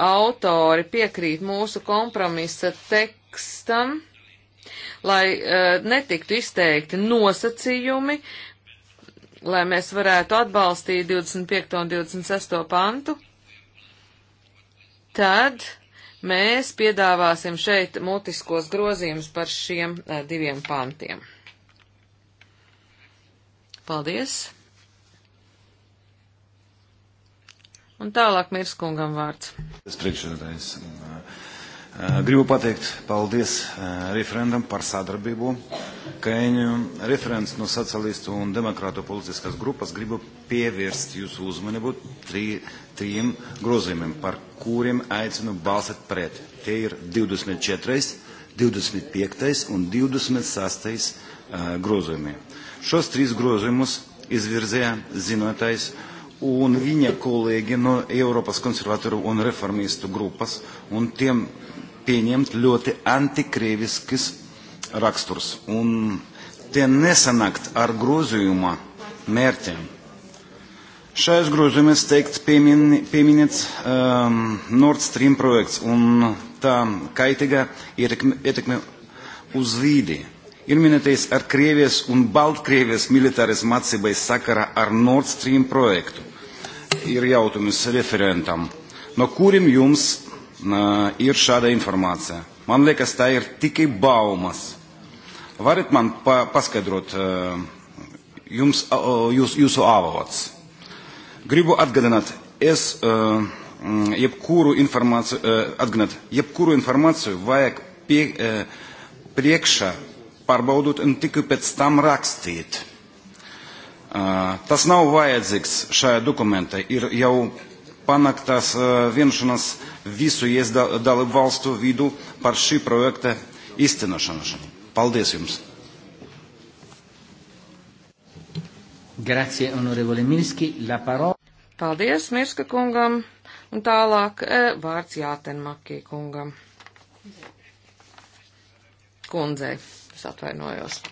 autori piekrīt mūsu kompromisa tekstam, lai uh, netiktu izteikti nosacījumi, lai mēs varētu atbalstīt 25. un 26. pantu, tad mēs piedāvāsim šeit mutiskos grozījumus par šiem uh, diviem pantiem. Paldies! Un tālāk Mirskungam vārds. Es priekšsēdājs. Uh, uh, gribu pateikt paldies uh, referendam par sadarbību, ka viņu referents no socialistu un demokrātu politiskās grupas gribu pievērst jūsu uzmanību tri, trim grozījumiem, par kuriem aicinu balsot pret. Tie ir 24, 25 un 26 grozījumi. Šos trīs grozījumus izvirzēja zinotais un viņa kolēģi no Eiropas konservatoru un reformistu grupas, un tiem pieņemt ļoti antikrieviskas raksturs. Un tie nesanākt ar grozījuma mērķiem. Šais grozījums teikt piemin, pieminēts um, Nord Stream projekts un tā kaitīga ietekme uz vīdi. Ir minētais ar Krievijas un Baltkrievijas militāras mācībai sakara ar Nord Stream projektu ir jautājums referentam. No kurim jums na, ir šāda informācija? Man liekas, tā ir tikai baumas. Varat man pa, paskaidrot eh, jums, eh, jūs, jūsu avots? Gribu atgādināt, es eh, jebkuru informāciju, atgādināt, jebkuru informāciju vajag pie, priekšā pārbaudot un tikai pēc tam rakstīt. Tas nav vajadzīgs šajā dokumentā. Ir jau panāktas vienšanas visu dalību valstu vidu par šī projekta īstenošanu. Paldies jums! Grazie, onorevole Minski. La parola. Paldies Mirska kungam un tālāk e, vārds Jātenmakī kungam. Kundzei, es atvainojos.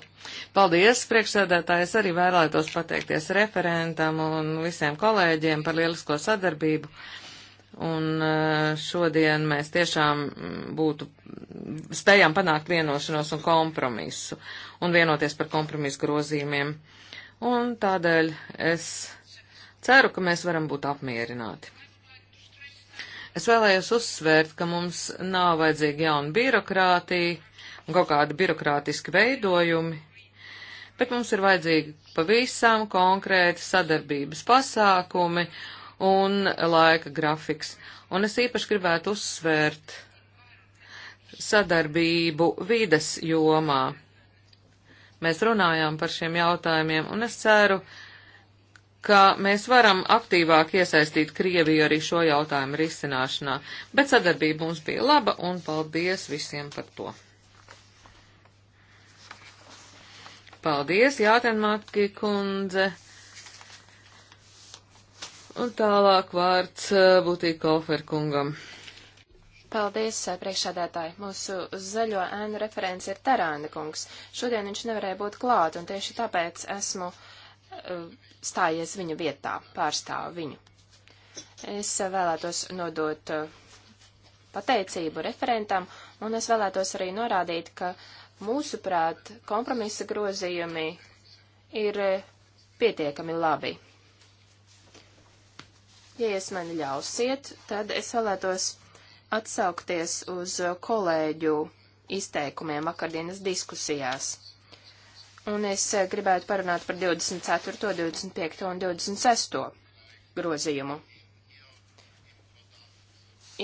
Paldies, priekšsēdētāji. Es arī vēlētos pateikties referentam un visiem kolēģiem par lielisko sadarbību. Un eh, šodien mēs tiešām būtu spējām panākt vienošanos un kompromisu un vienoties par kompromisu grozījumiem. Un tādēļ es ceru, ka mēs varam būt apmierināti. Es vēlējos uzsvērt, ka mums nav vajadzīga jauna birokrātija un kaut kādi birokrātiski veidojumi, bet mums ir vajadzīgi pavisam konkrēti sadarbības pasākumi un laika grafiks. Un es īpaši gribētu uzsvērt sadarbību vides jomā. Mēs runājām par šiem jautājumiem, un es ceru, ka mēs varam aktīvāk iesaistīt Krieviju arī šo jautājumu risināšanā, bet sadarbība mums bija laba, un paldies visiem par to. Paldies, Jātenmaki kundze. Un tālāk vārds eh, būtīja Koferkungam. Paldies, eh, priekšādātāji. Mūsu zaļo ēnu referents ir Tarāna kungs. Šodien viņš nevarēja būt klāt, un tieši tāpēc esmu eh, stājies viņa vietā, pārstāvu viņu. Es vēlētos nodot pateicību referentam, un es vēlētos arī norādīt, ka Mūsuprāt, kompromisa grozījumi ir pietiekami labi. Ja jūs mani ļausiet, tad es vēlētos atsaukties uz kolēģu izteikumiem vakardienas diskusijās. Un es gribētu parunāt par 24., 25. un 26. grozījumu.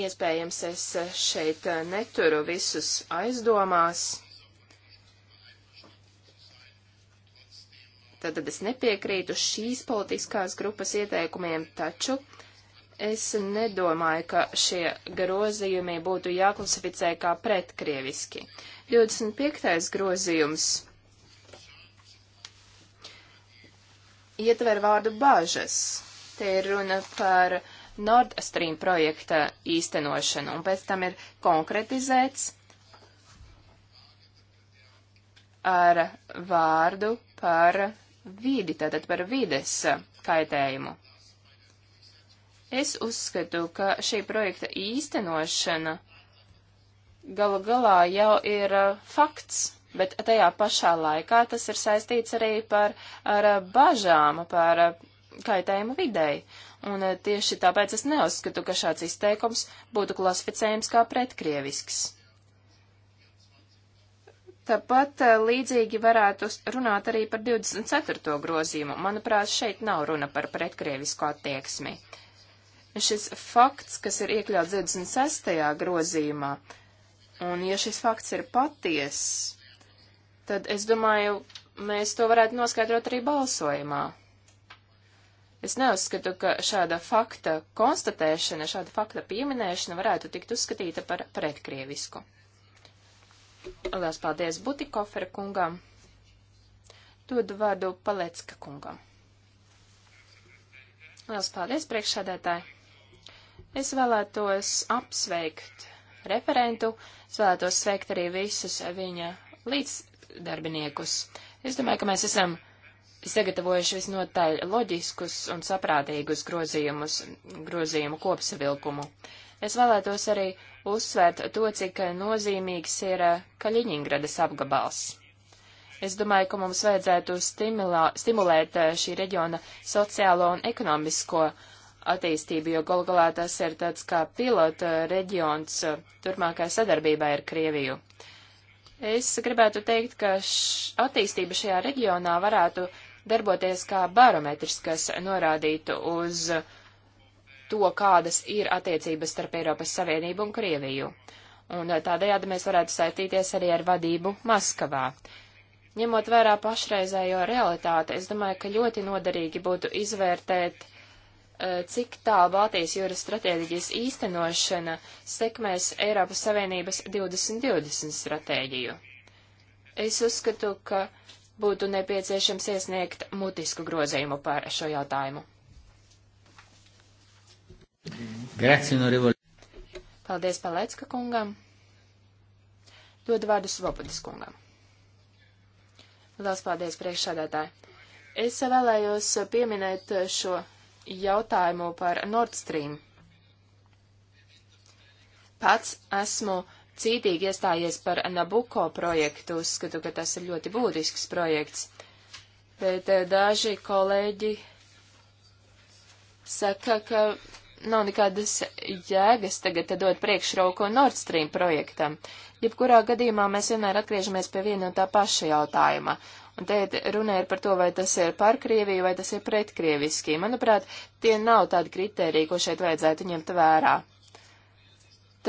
Iespējams, es šeit neturu visus aizdomās Tad, tad es nepiekrītu šīs politiskās grupas ieteikumiem, taču es nedomāju, ka šie grozījumi būtu jāklasificē kā pretkrieviski. 25. grozījums ietver vārdu bāžas. Te ir runa par Nord Stream projekta īstenošanu, un pēc tam ir konkretizēts ar vārdu par vidi, tātad par vides kaitējumu. Es uzskatu, ka šī projekta īstenošana galu galā jau ir uh, fakts, bet tajā pašā laikā tas ir saistīts arī par, ar uh, bažām par uh, kaitējumu videi. Un tieši tāpēc es neuzskatu, ka šāds izteikums būtu klasificējams kā pretkrievisks. Tāpat eh, līdzīgi varētu runāt arī par 24. grozījumu. Manuprāt, šeit nav runa par pretkrievisko attieksmi. Šis fakts, kas ir iekļauts 26. grozījumā, un ja šis fakts ir paties, tad es domāju, mēs to varētu noskaidrot arī balsojumā. Es neuzskatu, ka šāda fakta konstatēšana, šāda fakta pieminēšana varētu tikt uzskatīta par pretkrievisku. Lielas paldies Butikofera kungam. Dodu vārdu Palecka kungam. Lielas paldies, priekšsēdētāji. Es vēlētos apsveikt referentu, es vēlētos sveikt arī visus viņa līdzdarbiniekus. Es domāju, ka mēs esam sagatavojuši visnotaļ loģiskus un saprātīgus grozījumus, grozījumu kopsavilkumu. Uh, Es vēlētos arī uzsvērt to, cik nozīmīgs ir eh, Kaļiņingradas apgabals. Es domāju, ka mums vajadzētu stimulā, stimulēt eh, šī reģiona sociālo un ekonomisko attīstību, jo galu galā tas ir tāds kā pilota eh, reģions turpmākai sadarbībai ar Krieviju. Es gribētu teikt, ka š, attīstība šajā reģionā varētu darboties kā barometrs, kas norādītu uz uh, to, kādas ir attiecības starp Eiropas Savienību un Krieviju. Un eh, tādējādi mēs varētu saistīties arī ar vadību Maskavā. Ņemot vērā pašreizējo realitāti, es domāju, ka ļoti noderīgi būtu izvērtēt, eh, cik tā Baltijas jūras stratēģijas īstenošana sekmēs Eiropas Savienības 2020 stratēģiju. Es uzskatu, ka būtu nepieciešams iesniegt mutisku grozījumu par šo jautājumu. Grazie, onorevole. Paldies Palecka kungam. Dod vārdu Svobodas kungam. Lielas paldies priekšsādātāji. Es vēlējos pieminēt šo jautājumu par Nord Stream. Pats esmu cītīgi iestājies par Nabuko projektu, uzskatu, ka tas ir ļoti būtisks projekts, bet eh, daži kolēģi saka, ka nav nekādas jēgas tagad dot priekšroku Nord Stream projektam. Jebkurā gadījumā mēs vienmēr atgriežamies pie viena un tā paša jautājuma. Un te runa ir par to, vai tas ir par Krieviju vai tas ir pret Krieviski. Manuprāt, tie nav tādi kriteriji, ko šeit vajadzētu ņemt vērā.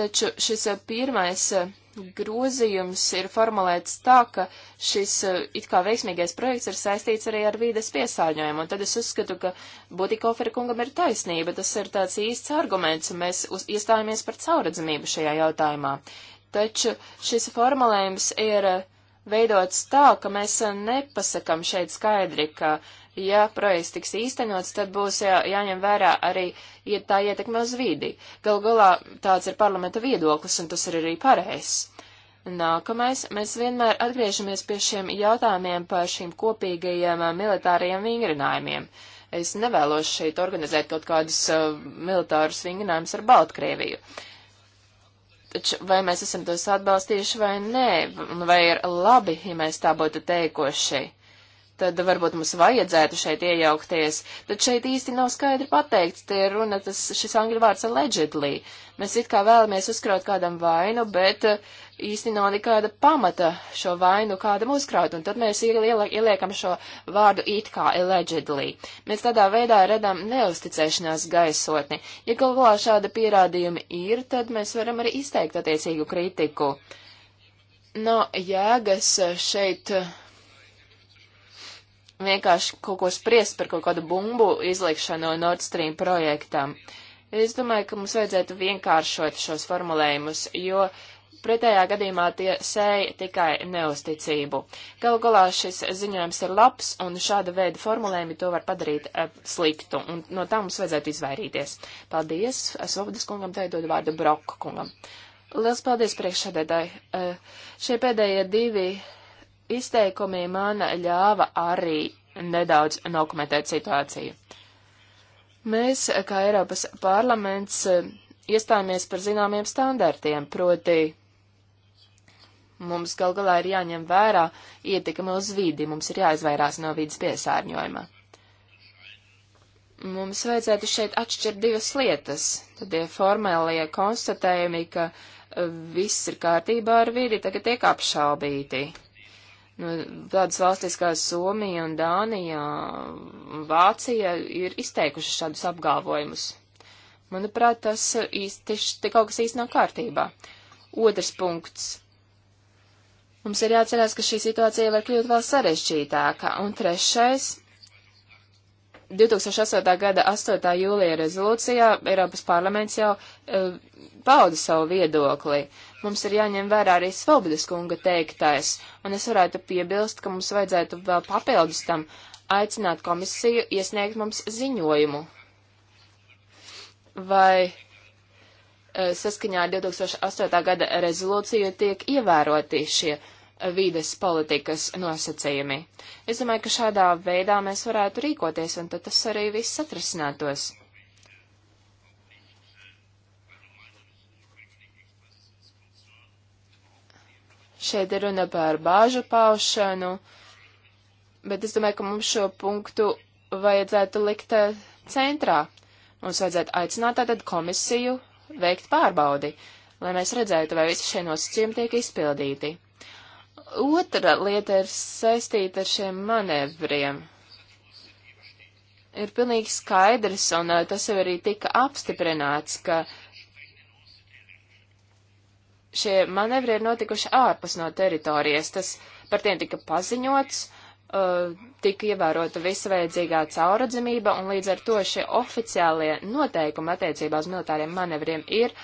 Taču šis pirmais grozījums ir formulēts tā, ka šis eh, it kā veiksmīgais projekts ir saistīts arī ar vīdes piesārņojumu, un tad es uzskatu, ka Butikofera kungam ir taisnība, tas ir tāds īsts arguments, un mēs uz, iestājāmies par cauradzamību šajā jautājumā. Taču šis formulējums ir eh, veidots tā, ka mēs eh, nepasakam šeit skaidri, ka uh, ja projekts tiks īstenots, tad būs jā, jāņem vērā arī ja tā ietekme uz vidi. Gal galā tāds ir parlamenta viedoklis, un tas ir arī pareizs. Nākamais, mēs vienmēr atgriežamies pie šiem jautājumiem par šīm kopīgajiem militārajiem vingrinājumiem. Es nevēlos šeit organizēt kaut kādus uh, militārus vingrinājumus ar Baltkrieviju. Taču vai mēs esam tos atbalstījuši vai nē, vai ir labi, ja mēs tā būtu teikoši? tad varbūt mums vajadzētu šeit iejaukties, tad šeit īsti nav skaidri pateikts, tie runa tas, šis angļu vārds allegedly. Mēs it kā vēlamies uzkraut kādam vainu, bet eh, īsti nav nekāda pamata šo vainu kādam uzkraut, un tad mēs ieliekam šo vārdu it kā allegedly. Mēs tādā veidā redam neusticēšanās gaisotni. Ja galvā šāda pierādījumi ir, tad mēs varam arī izteikt attiecīgu kritiku. Nav no jēgas šeit eh, vienkārši kaut ko spriest par kaut kādu bumbu izlikšanu Nord Stream projektam. Es domāju, ka mums vajadzētu vienkāršot šos formulējumus, jo pretējā gadījumā tie sēja tikai neusticību. Galu galā šis ziņojums ir labs, un šāda veida formulējumi to var padarīt uh, sliktu, un no tā mums vajadzētu izvairīties. Paldies, Svobodas kungam, te dod vārdu Broka kungam. Liels paldies priekšsēdētāji. Uh, šie pēdējie divi izteikumi man ļāva arī nedaudz dokumentēt situāciju. Mēs, kā Eiropas parlaments, iestājāmies par zināmiem standartiem, proti mums gal galā ir jāņem vērā ietekme uz vidi, mums ir jāizvairās no vidas piesārņojuma. Mums vajadzētu šeit atšķirt divas lietas. Tad ir formālie konstatējumi, ka viss ir kārtībā ar vidi, tagad tiek apšaubīti. Nu, tādas valstis kā Somija un Dānija un Vācija ir izteikuši šādus apgalvojumus. Manuprāt, tas īsti, te kaut kas īsti nav kārtībā. Otrs punkts. Mums ir jāatcerās, ka šī situācija var kļūt vēl sarežģītāka. Un trešais. 2008. gada 8. jūlija rezolūcijā Eiropas parlaments jau e, pauda savu viedokli mums ir jāņem vērā arī Svobodas kunga teiktais, un es varētu piebilst, ka mums vajadzētu vēl papildus tam aicināt komisiju iesniegt mums ziņojumu. Vai e, saskaņā ar 2008. gada rezolūciju tiek ievēroti šie e, vīdes politikas nosacījumi. Es domāju, ka šādā veidā mēs varētu rīkoties, un tad tas arī viss atrisinātos. Šeit ir runa par bāžu paušanu, bet es domāju, ka mums šo punktu vajadzētu likt eh, centrā. Mums vajadzētu aicināt tātad komisiju veikt pārbaudi, lai mēs redzētu, vai visi šie nosacījumi tiek izpildīti. Otra lieta ir saistīta ar šiem manevriem, ir pilnīgi skaidrs, un eh, tas jau arī tika apstiprināts, ka šie manevri ir notikuši ārpus no teritorijas. Tas par tiem tika paziņots, uh, tika ievērota visa vajadzīgā cauradzamība, un līdz ar to šie oficiālie noteikumi attiecībā uz militāriem manevriem ir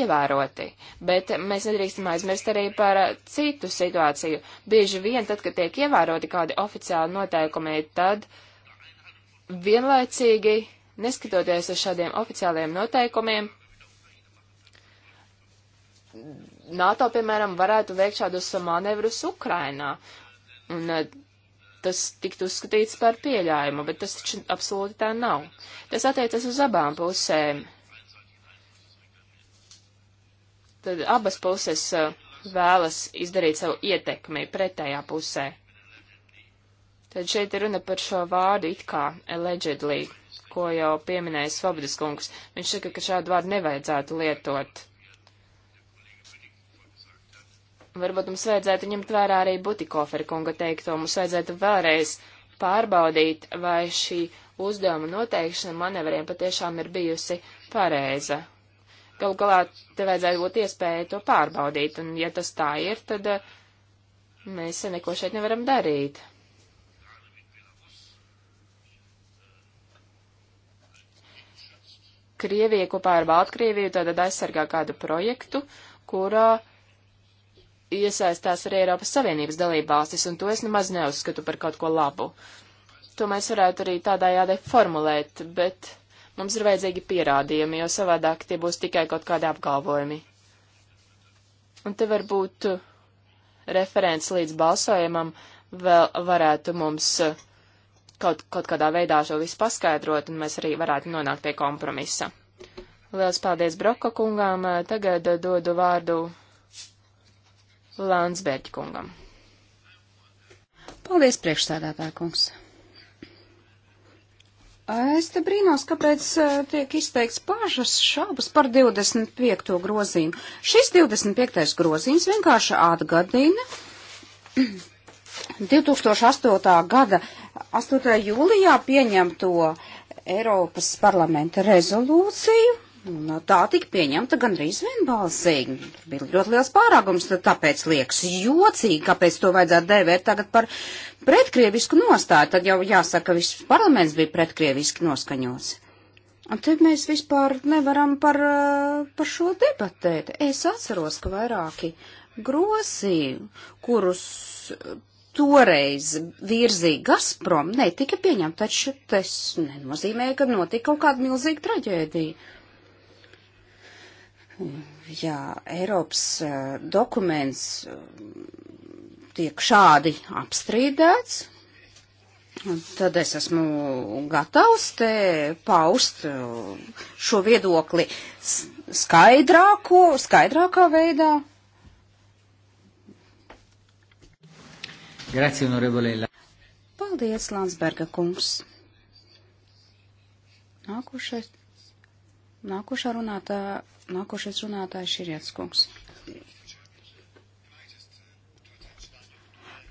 ievēroti. Bet mēs nedrīkstam aizmirst arī par citu situāciju. Bieži vien, tad, kad tiek ievēroti kādi oficiāli noteikumi, tad vienlaicīgi, neskatoties uz šādiem oficiāliem noteikumiem, NATO, piemēram, varētu veikt šādus manevrus Ukrainā. Un eh, tas tiktu uzskatīts par pieļājumu, bet tas taču absolūti tā nav. Tas attiecas uz abām pusēm. Tad abas puses eh, vēlas izdarīt savu ietekmi pretējā pusē. Tad šeit ir runa par šo vārdu it kā allegedly, ko jau pieminēja Svobodas kungs. Viņš saka, ka šādu vārdu nevajadzētu lietot. Varbūt mums vajadzētu ņemt vērā arī Butikoferi kunga teikto, mums vajadzētu vēlreiz pārbaudīt, vai šī uzdevuma noteikšana manevriem patiešām ir bijusi pareiza. Galu galā te vajadzētu būt iespēja to pārbaudīt, un ja tas tā ir, tad eh, mēs neko šeit nevaram darīt. Krievija kopā ar Baltkrieviju tātad aizsargā kādu projektu, kurā uh, iesaistās arī Eiropas Savienības dalībvalstis, un to es nemaz neuzskatu par kaut ko labu. To mēs varētu arī tādējādi formulēt, bet mums ir vajadzīgi pierādījumi, jo savādāk tie būs tikai kaut kādi apgalvojumi. Un te varbūt referents līdz balsojumam vēl varētu mums eh, kaut, kaut kādā veidā šo visu paskaidrot, un mēs arī varētu nonākt pie kompromisa. Liels paldies Broka kungām, tagad eh, dodu vārdu Lānsbērķa kungam. Paldies, priekšstādātā kungs. Es te brīnos, kāpēc eh, tiek izteikts pašas šaubas par 25. grozīmu. Šis 25. grozījums vienkārši atgadina 2008. gada 8. jūlijā pieņemto Eiropas parlamenta rezolūciju, Un nu, tā tika pieņemta gandrīz vienbalsīgi. Bija ļoti liels pārākums, tāpēc liekas jocīgi, kāpēc to vajadzētu dēvēt tagad par pretkrievisku nostāju. Tad jau jāsaka, ka viss parlaments bija pretkrieviski noskaņots. Un te mēs vispār nevaram par, eh, par šo debatēt. Es atceros, ka vairāki grosi, kurus eh, toreiz virzīja Gazprom, netika pieņemta, taču tas nenozīmē, ka notika kaut kāda milzīga traģēdija. Jā, Eiropas eh, dokuments eh, tiek šādi apstrīdēts, Tad es esmu gatavs te paust eh, šo viedokli skaidrāko, skaidrākā veidā. Grazie, honorevole. Paldies, Landsberga kungs. Nākošais. Nākošā runātā, nākošais runātājs ir Ietskungs.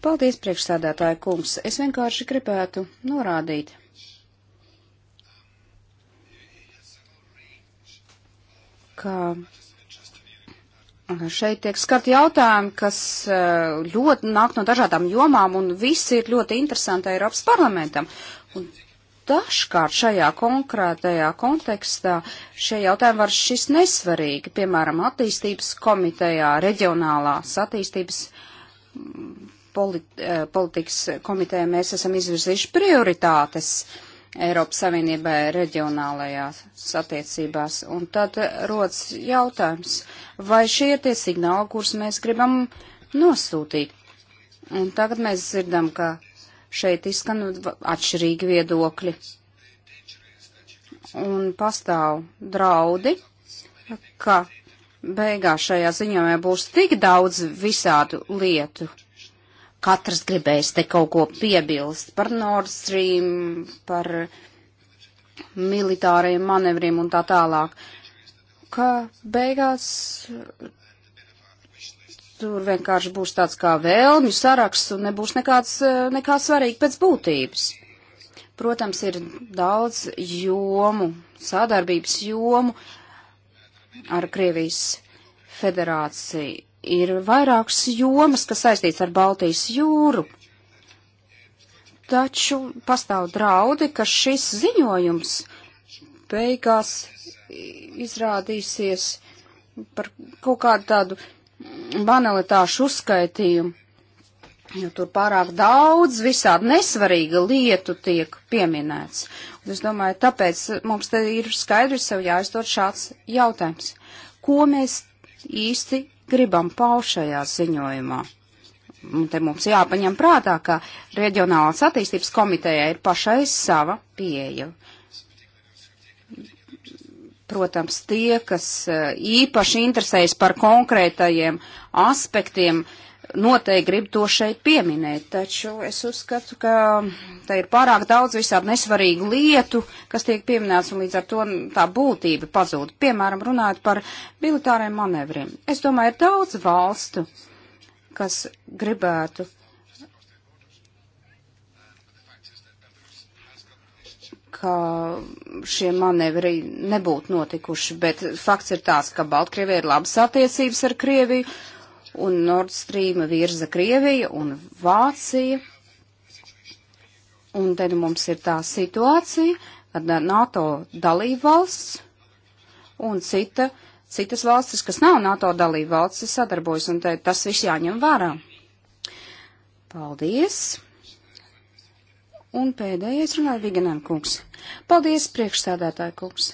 Paldies, priekšsādātāja kungs. Es vienkārši gribētu norādīt. ka šeit tiek skat jautājumi, kas eh, ļoti nāk no dažādām jomām, un visi ir ļoti interesanti Eiropas parlamentam. Un dažkārt šajā konkrētajā kontekstā šie jautājumi var šis nesvarīgi, piemēram, attīstības komitejā, reģionālās attīstības mm, politi eh, politikas komitejā mēs esam izvirzījuši prioritātes Eiropas Savienībai reģionālajās attiecībās. Un tad rodas jautājums, vai šie ir tie signāli, kurus mēs gribam nosūtīt. Un tagad mēs dzirdam, ka šeit izskan atšķirīgi viedokļi. Un pastāv draudi, ka beigās šajā ziņojumā būs tik daudz visādu lietu. Katrs gribēs te kaut ko piebilst par Nord Stream, par militāriem manevriem un tā tālāk, ka beigās tur vienkārši būs tāds kā vēlmju saraksts un nebūs nekāds, e, nekā svarīgi pēc būtības. Protams, ir daudz jomu, sadarbības jomu ar Krievijas federāciju. Ir vairākas jomas, kas saistīts ar Baltijas jūru, taču pastāv draudi, ka šis ziņojums beigās izrādīsies par kaut kādu tādu banalitāšu uzskaitījumu, jo tur pārāk daudz visādi nesvarīga lietu tiek pieminēts. Un es domāju, tāpēc mums te ir skaidri sev jāizdod šāds jautājums. Ko mēs īsti gribam paust šajā ziņojumā? Un te mums jāpaņem prātā, ka reģionālās attīstības komitejai ir pašai sava pieeja. Uh, Protams, tie, kas eh, īpaši interesējas par konkrētajiem aspektiem, noteikti grib to šeit pieminēt, taču es uzskatu, ka te ir pārāk daudz visādi nesvarīgu lietu, kas tiek pieminēts, un līdz ar to tā būtība pazūd. Piemēram, runājot par militāriem manevriem. Es domāju, ir daudz valstu, kas gribētu ka šie manevri nebūtu notikuši, bet fakts ir tās, ka Baltkrievija ir labas attiecības ar Krieviju, un Nord Stream virza Krievija un Vācija. Un tad mums ir tā situācija, kad NATO dalībvalsts un cita, citas valstis, kas nav NATO dalībvalstis, sadarbojas, un tas viss jāņem vērā. Paldies! Un pēdējais runāja Viganan kungs. Paldies, priekšstādātāja kungs.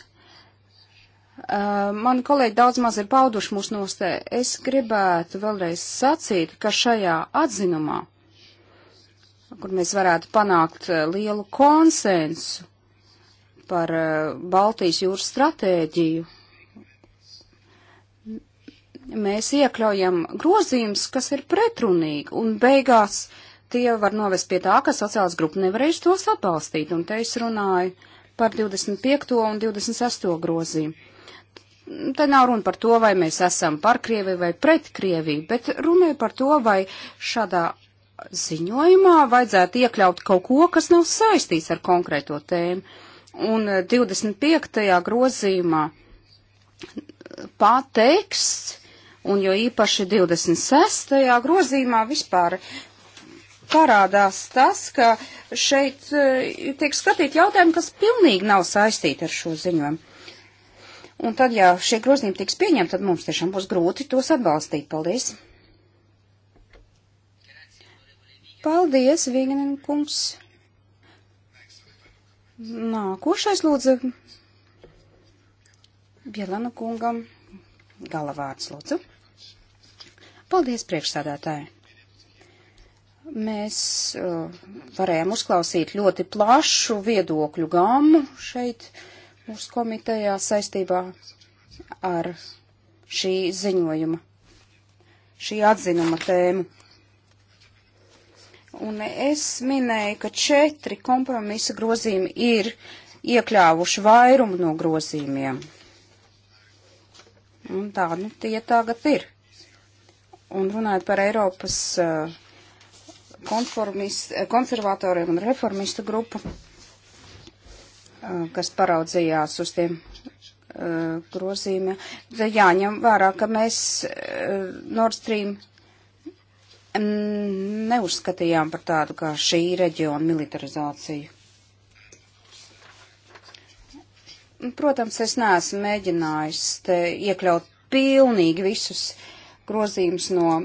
Uh, mani kolēģi daudz maz ir pauduši mūsu nostē. Es gribētu vēlreiz sacīt, ka šajā atzinumā, kur mēs varētu panākt lielu konsensu par Baltijas jūras stratēģiju, mēs iekļaujam grozījums, kas ir pretrunīgi un beigās uh, tie var novest pie tā, ka sociāls grupa nevarēs tos atbalstīt, un te es runāju par 25. un 26. grozīmu. Te nav runa par to, vai mēs esam par Krieviju vai pret Krieviju, bet runa ir par to, vai šādā ziņojumā vajadzētu iekļaut kaut ko, kas nav saistīts ar konkrēto tēmu. Un 25. grozījumā pateksts, un jo īpaši 26. grozījumā vispār parādās tas, ka šeit eh, tiek skatīt jautājumi, kas pilnīgi nav saistīti ar šo ziņojumu. Un tad, ja šie grozījumi tiks pieņemti, tad mums tiešām būs grūti tos atbalstīt. Paldies! Paldies, Vīganen kungs! Nākošais lūdzu Bielana kungam galavārds lūdzu. Paldies, priekšsādātāji! Mēs uh, varējām uzklausīt ļoti plašu viedokļu gammu šeit mūsu komitejā saistībā ar šī ziņojuma, šī atzinuma tēmu. Un es minēju, ka četri kompromisa grozījumi ir iekļāvuši vairumu no grozījumiem. Un tā, nu, tie tagad ir. Un runājot par Eiropas uh, Eh, konservatoriem un reformistu grupu, eh, kas paraudzījās uz tiem eh, grozīmē. Jāņem vērā, ka mēs Nord Stream neuzskatījām par tādu kā šī reģiona militarizāciju. Protams, es neesmu mēģinājis te iekļaut pilnīgi visus grozījumus no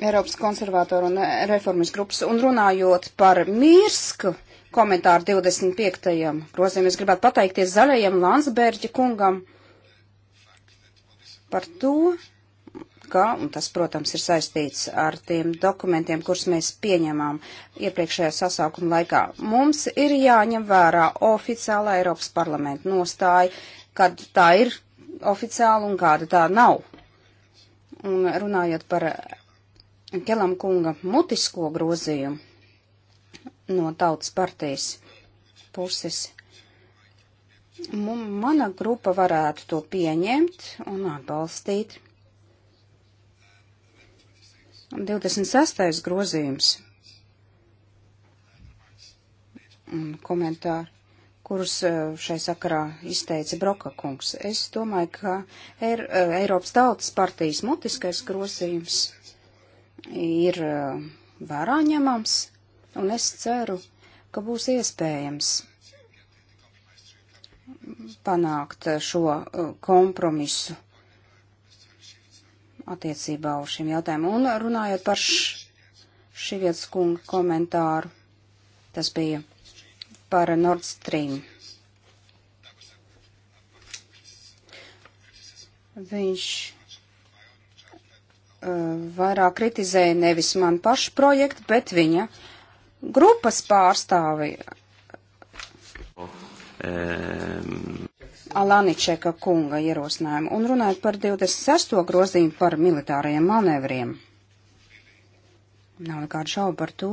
Eiropas konservatoru un reformas grupas. Un runājot par Mirsku komentāru 25. grozījumu, es gribētu pateikties zaļajiem Landsbērģa kungam par to, ka, un tas, protams, ir saistīts ar tiem dokumentiem, kurus mēs pieņemām iepriekšējā sasaukuma laikā. Mums ir jāņem vērā oficiālā Eiropas parlamenta nostāja, kad tā ir oficiāla un kāda tā nav. Un runājot par Kelam kunga mutisko grozījumu no tautas partijas puses. Mana grupa varētu to pieņemt un atbalstīt. 26. grozījums un komentāri kurus eh, šai sakarā izteica Broka kungs. Es domāju, ka Ei er, eh, Eiropas tautas partijas mutiskais grozījums ir vērā ņemams, un es ceru, ka būs iespējams panākt šo kompromisu attiecībā uz šiem jautājumiem. Un runājot par šī vietas kunga komentāru, tas bija par Nord Stream. Viņš Eh, vairāk kritizēja nevis man pašu projektu, bet viņa grupas pārstāvi. Um. Alaničeka kunga ierosinājumu un runājot par 26. grozījumu par militārajiem manevriem. Nav nekādu šaubu par to,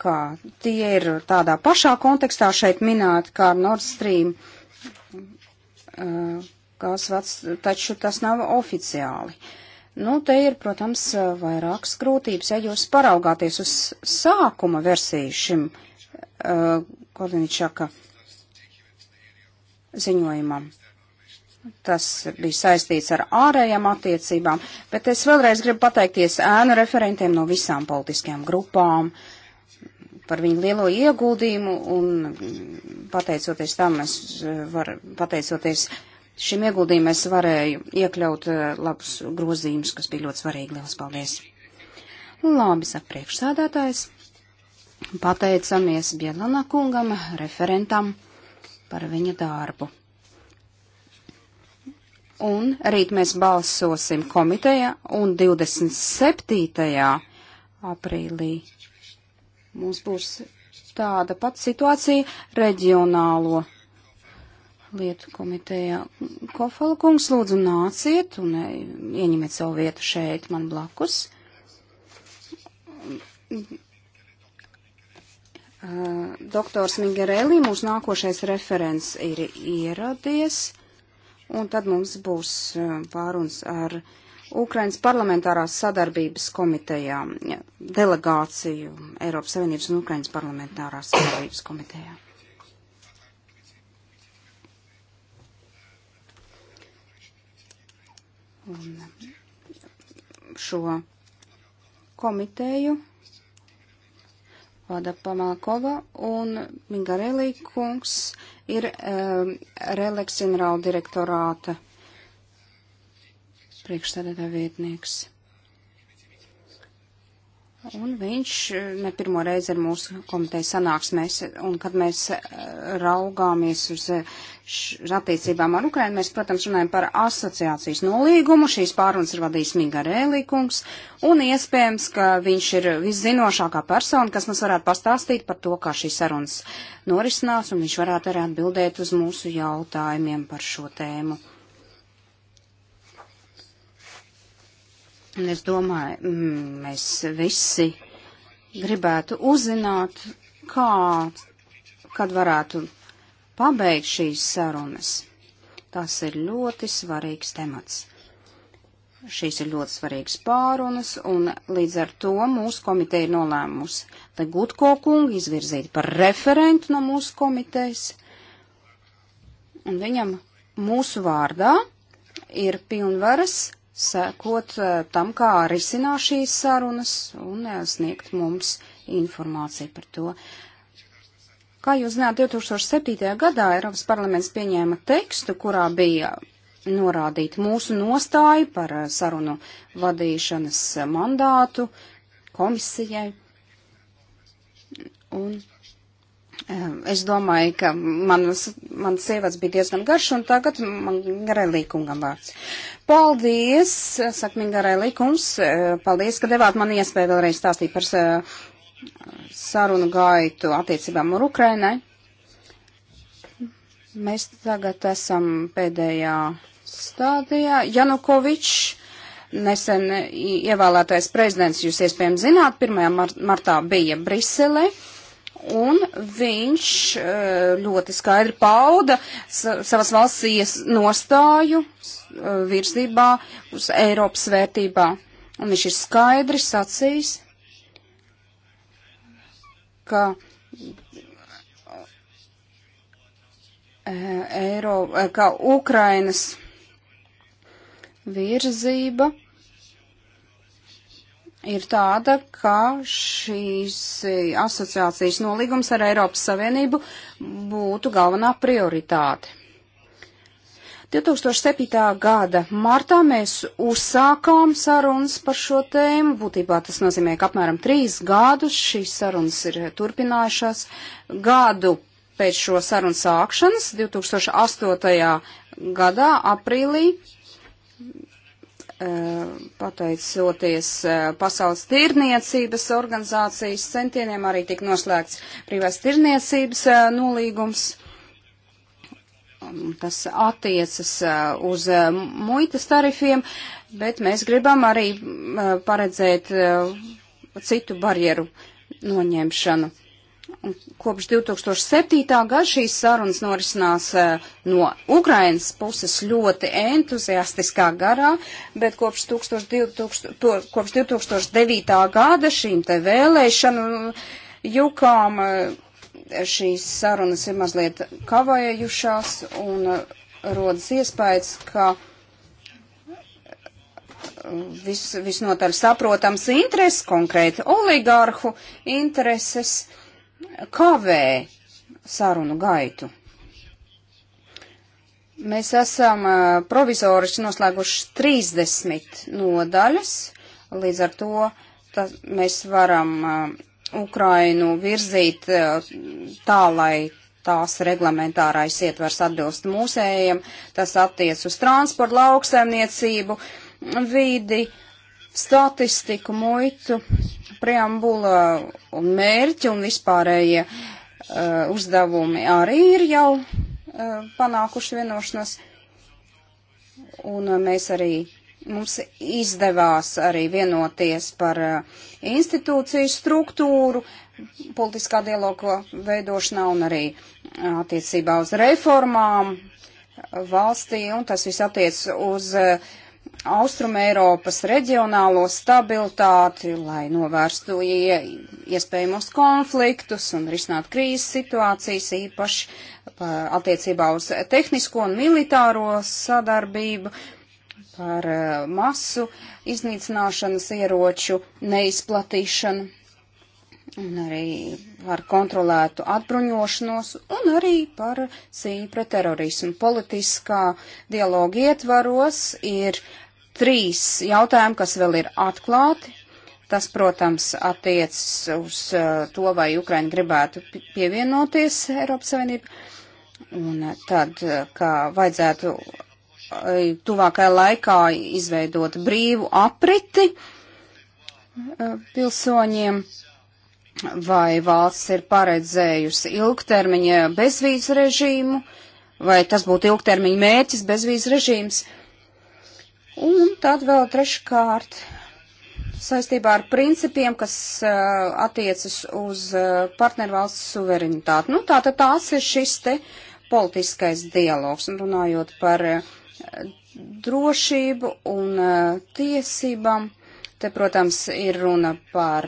ka tie ir tādā pašā kontekstā šeit minēti kā Nord Stream uh, Galsvats, taču tas nav oficiāli. Nu, te ir, protams, vairākas grūtības, ja jūs paraugāties uz sākuma versiju šim uh, Kodiničaka ziņojumam. Tas bija saistīts ar ārējām attiecībām, bet es vēlreiz gribu pateikties ēnu referentiem no visām politiskajām grupām par viņu lielo ieguldījumu un pateicoties tam, es uh, varu, pateicoties uh, šim ieguldījumam es varēju iekļaut eh, labus grozījumus, kas bija ļoti svarīgi. Lielas paldies! Labi, saka priekšsādātājs. Pateicamies Biedlana kungam, referentam par viņa darbu. Un rīt mēs balsosim komiteja un 27. aprīlī mums būs tāda pati situācija reģionālo lietu komitejā. Kofala kungs, lūdzu, nāciet un e, ieņemiet savu vietu šeit man blakus. E, doktors Migarelli, mūsu nākošais referents ir ieradies, un tad mums būs e, pāruns ar Ukrainas parlamentārās sadarbības komitejā, delegāciju Eiropas Savienības un Ukrainas parlamentārās sadarbības komitejā. Un šo komiteju vada Pamalkova un Mingarelī kungs ir um, eh, Releks ģenerāla direktorāta priekšstādātā vietnieks. Un viņš eh, ne pirmo reizi ar mūsu komiteju sanāksmēs, un kad mēs eh, raugāmies eh, uz attiecībām ar Ukrainu, mēs, protams, runājam par asociācijas nolīgumu, šīs pārunas ir vadījis Migarēlī kungs, un iespējams, ka viņš ir viszinošākā persona, kas mums varētu pastāstīt par to, kā šīs sarunas norisinās, un viņš varētu arī atbildēt uz mūsu jautājumiem par šo tēmu. Un es domāju, mm, mēs visi gribētu uzzināt, kā, kad varētu pabeigt šīs sarunas. Tas ir ļoti svarīgs temats. Šīs ir ļoti svarīgas pārunas, un līdz ar to mūsu komiteja ir nolēmusi te Gutko kungu izvirzīt par referentu no mūsu komitejas. Un viņam mūsu vārdā ir pilnvaras sekot eh, tam, kā risinās šīs sarunas un eh, sniegt mums informāciju par to. Kā jūs zināt, 2007. gadā Eiropas parlaments pieņēma tekstu, kurā bija norādīt mūsu nostāju par eh, sarunu vadīšanas mandātu komisijai. Un Es domāju, ka manas, manas sievats bija diezgan garš, un tagad man garai līkungam vārds. Paldies, saka man garai līkums, paldies, ka devāt man iespēju vēlreiz stāstīt par sarunu gaitu attiecībām ar Ukrainai. Mēs tagad esam pēdējā stādījā. Janukovičs nesen ievēlētais prezidents, jūs iespējams zināt, 1. martā bija Brisele un viņš eh, ļoti skaidri pauda savas valsts nostāju eh, virzībā uz Eiropas vērtībā. Un viņš ir skaidri sacījis, ka eh, Eiro, ka Ukrainas virzība ir tāda, ka šīs asociācijas nolīgums ar Eiropas Savienību būtu galvenā prioritāte. 2007. gada martā mēs uzsākām sarunas par šo tēmu. Būtībā tas nozīmē, ka apmēram trīs gadus šīs sarunas ir turpinājušās. Gadu pēc šo sarunu sākšanas, 2008. gadā, aprīlī, pateicoties eh, Pasaules tirniecības organizācijas centieniem, arī tika noslēgts privās tirniecības eh, nolīgums. Tas attiecas eh, uz muitas tarifiem, bet mēs gribam arī paredzēt citu barjeru noņemšanu. Un kopš 2007. gada šīs sarunas norisinās eh, no Ukrainas puses ļoti entuziastiskā garā, bet kopš, 2000, to, kopš 2009. gada šīm te vēlēšanu jukām eh, šīs sarunas ir mazliet kavējušās un eh, rodas iespējas, ka vis, visnotaļ saprotams intereses, konkrēti oligārhu intereses kavē sarunu gaitu. Mēs esam provizoriski noslēguši 30 nodaļas, līdz ar to mēs varam Ukrainu virzīt tā, lai tās reglamentārais ietvers atbilst mūsējiem, tas attiec uz transportu, lauksaimniecību, vidi, statistiku, muitu, preambula un mērķi un vispārējie uh, uzdevumi arī ir jau uh, panākuši vienošanos. Un uh, mēs arī, mums izdevās arī vienoties par uh, institūciju struktūru, politiskā dialoga veidošanā un arī attiecībā uz reformām valstī, un tas viss attiec uz uh, Austrum Eiropas reģionālo stabilitāti, lai novērstu ie, iespējamos konfliktus un risinātu krīzes situācijas, īpaši attiecībā uz tehnisko un militāro sadarbību, par eh, masu iznīcināšanas ieroču neizplatīšanu un arī par kontrolētu atbruņošanos, un arī par cīņu pret terorismu. Politiskā dialoga ietvaros ir trīs jautājumi, kas vēl ir atklāti. Tas, protams, attiecas uz uh, to, vai Ukraina gribētu pievienoties Eiropas Savienību. Un uh, tad, uh, kā vajadzētu tuvākajā laikā izveidot brīvu apriti pilsoņiem, vai valsts ir paredzējusi ilgtermiņa bezvīzu režīmu, vai tas būtu ilgtermiņa mērķis bezvīzu režīms. Uh, Un tad vēl treškārt saistībā ar principiem, kas uh, attiecas uz uh, partnervalsts suverenitāti. Nu, tā tad tās ir šis te politiskais dialogs, un runājot par uh, drošību un tiesībām. Te, protams, ir runa par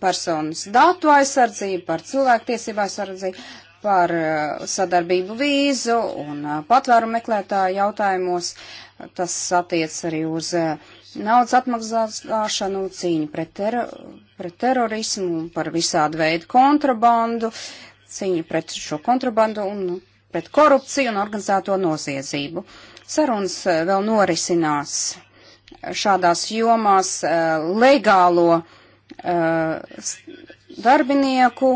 personas datu aizsardzību, par cilvēktiesību aizsardzību, par sadarbību vīzu un patvēru meklētāju jautājumos. Uh, Tas attiec arī uz eh, naudas atmaksāšanu, cīņu pret, tero, pret terorismu, par visādu veidu kontrabandu, cīņu pret šo kontrabandu un nu, pret korupciju un organizēto noziedzību. Sarunas eh, vēl norisinās šādās jomās eh, legālo darbinieku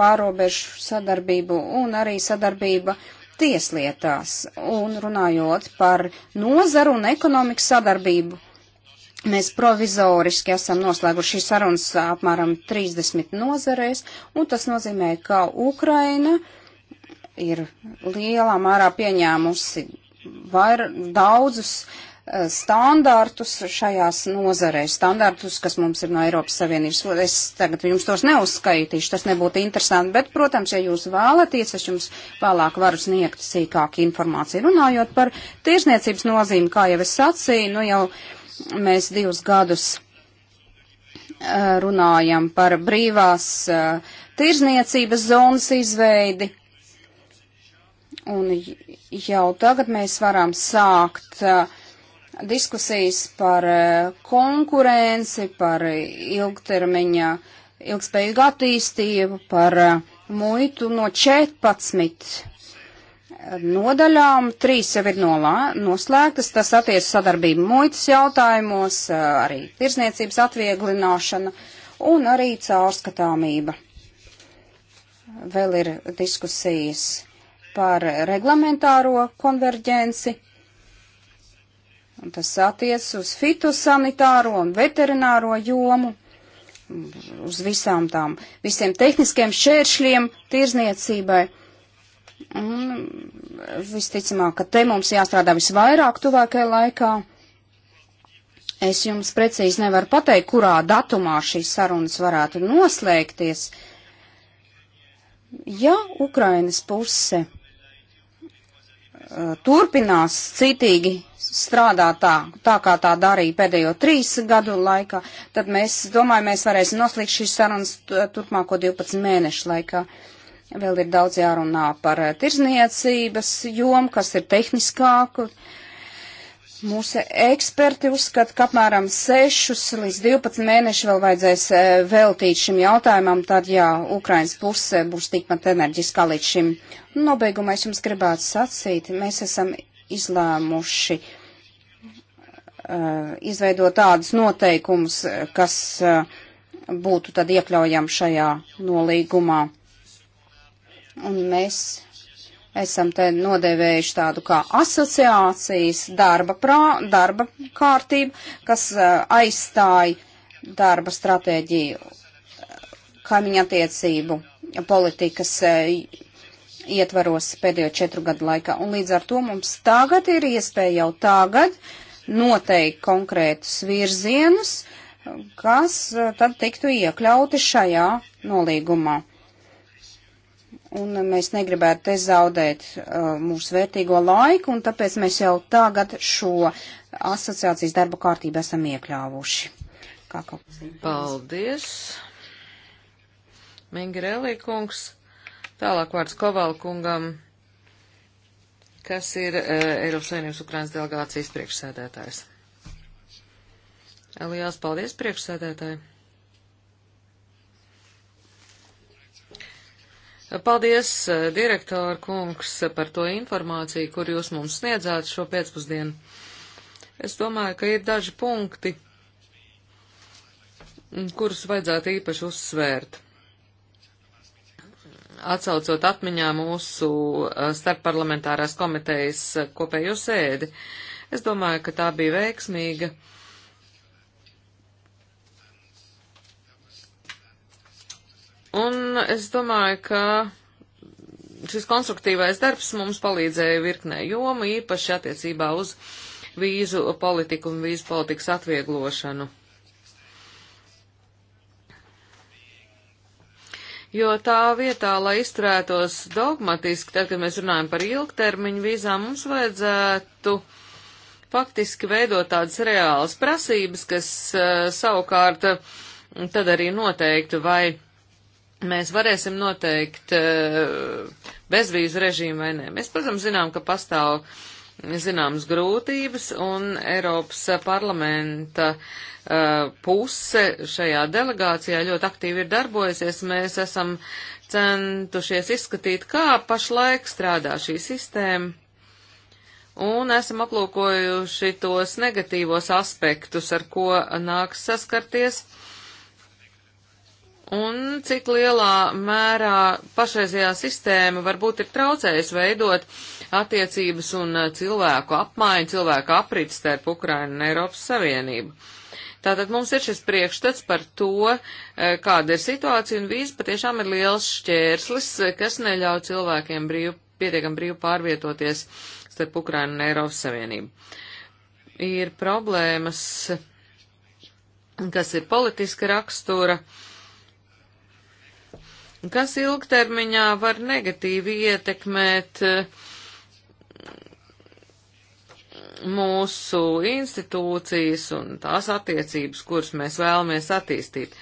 pārobežu sadarbību un arī sadarbība uh, tieslietās. Un runājot par nozaru un ekonomikas sadarbību, mēs provizoriski esam noslēguši sarunas apmēram 30 nozarēs, un tas nozīmē, ka Ukraina ir lielā mērā pieņēmusi vair, daudzus uh, Eh, standārtus šajās nozarēs, standārtus, kas mums ir no Eiropas Savienības. Es tagad jums tos neuzskaitīšu, tas nebūtu interesanti, bet, protams, ja jūs vēlaties, es jums vēlāk varu sniegt sīkāku informāciju. Runājot par tiešniecības nozīmi, kā jau es sacīju, nu jau mēs divus gadus eh, runājam par brīvās eh, tirzniecības zonas izveidi. Un jau tagad mēs varam sākt uh, diskusijas par e, konkurenci, par ilgtermiņa ilgspējīgu attīstību, par e, muitu no 14 e, nodaļām. Trīs jau ir nolā, noslēgtas, tas attiec sadarbību muitas jautājumos, arī tirsniecības atvieglināšana un arī caurskatāmība. Vēl ir diskusijas par reglamentāro konverģenci Un tas attiec uz fitosanitāro un veterināro jomu, uz visām tām, visiem tehniskiem šēršļiem tirzniecībai. Un visticamāk, ka te mums jāstrādā visvairāk tuvākajā laikā. Es jums precīzi nevaru pateikt, kurā datumā šīs sarunas varētu noslēgties. Ja Ukrainas puse Uh, turpinās citīgi strādāt tā, tā kā tā darīja pēdējo trīs gadu laikā, tad mēs, domāju, mēs varēsim noslīgt šīs sarunas turpmāko 12 mēnešu laikā. Vēl ir daudz jārunā par uh, tirzniecības jomu, kas ir tehniskāku. Uh, Mūsu eksperti uzskata, ka apmēram 6 līdz 12 mēneši vēl vajadzēs eh, veltīt šim jautājumam, tad jā, Ukrainas puse būs tikpat enerģiskā līdz šim. Nobeigumā es jums gribētu sacīt, mēs esam izlēmuši uh, izveidot tādus noteikumus, eh, kas uh, būtu tad iekļaujam šajā nolīgumā. Un mēs esam te nodēvējuši tādu kā asociācijas darba, prā, darba kārtību, kas uh, eh, aizstāja darba stratēģiju eh, kaimiņa attiecību politikas uh, ietvaros pēdējo četru gadu laikā. Un līdz ar to mums tagad ir iespēja jau tagad noteikt konkrētus virzienus, kas uh, tad tiktu iekļauti šajā nolīgumā un mēs negribētu te zaudēt uh, mūsu vērtīgo laiku, un tāpēc mēs jau tagad šo asociācijas darba kārtību esam iekļāvuši. Kā Paldies! Mingrelī kungs, tālāk vārds Koval kungam, kas ir uh, Eiropas Savienības Ukrainas delegācijas priekšsēdētājs. Liels paldies priekšsēdētāji! Paldies, eh, direktora kungs, par to informāciju, kur jūs mums sniedzāt šo pēcpusdienu. Es domāju, ka ir daži punkti, mm, kurus vajadzētu īpaši uzsvērt atsaucot atmiņā mūsu eh, starpparlamentārās komitejas eh, kopējo sēdi. Es domāju, ka tā bija veiksmīga Un es domāju, ka šis konstruktīvais darbs mums palīdzēja virknē jomu, īpaši attiecībā uz vīzu politiku un vīzu politikas atvieglošanu. Jo tā vietā, lai izturētos dogmatiski, tad, kad mēs runājam par ilgtermiņu vīzām, mums vajadzētu faktiski veidot tādas reālas prasības, kas eh, savukārt tad arī noteiktu, vai mēs varēsim noteikt eh, bezvīzu režīmu vai nē. Mēs, protams, zinām, ka pastāv zināmas grūtības, un Eiropas parlamenta eh, puse šajā delegācijā ļoti aktīvi ir darbojusies. Mēs esam centušies izskatīt, kā pašlaik strādā šī sistēma, un esam aplūkojuši tos negatīvos aspektus, ar ko nāks saskarties un cik lielā mērā pašreizējā sistēma varbūt ir traucējusi veidot attiecības un uh, cilvēku apmaiņu, cilvēku aprits starp Ukrainu un Eiropas Savienību. Tātad mums ir šis priekšstats par to, uh, kāda ir situācija, un vīza patiešām ir liels šķērslis, uh, kas neļauj cilvēkiem brīvi, pietiekam brīvi pārvietoties starp Ukrainu un Eiropas Savienību. Ir problēmas, kas ir politiska rakstura, uh, kas ilgtermiņā var negatīvi ietekmēt eh, mūsu institūcijas un tās attiecības, kuras mēs vēlamies attīstīt.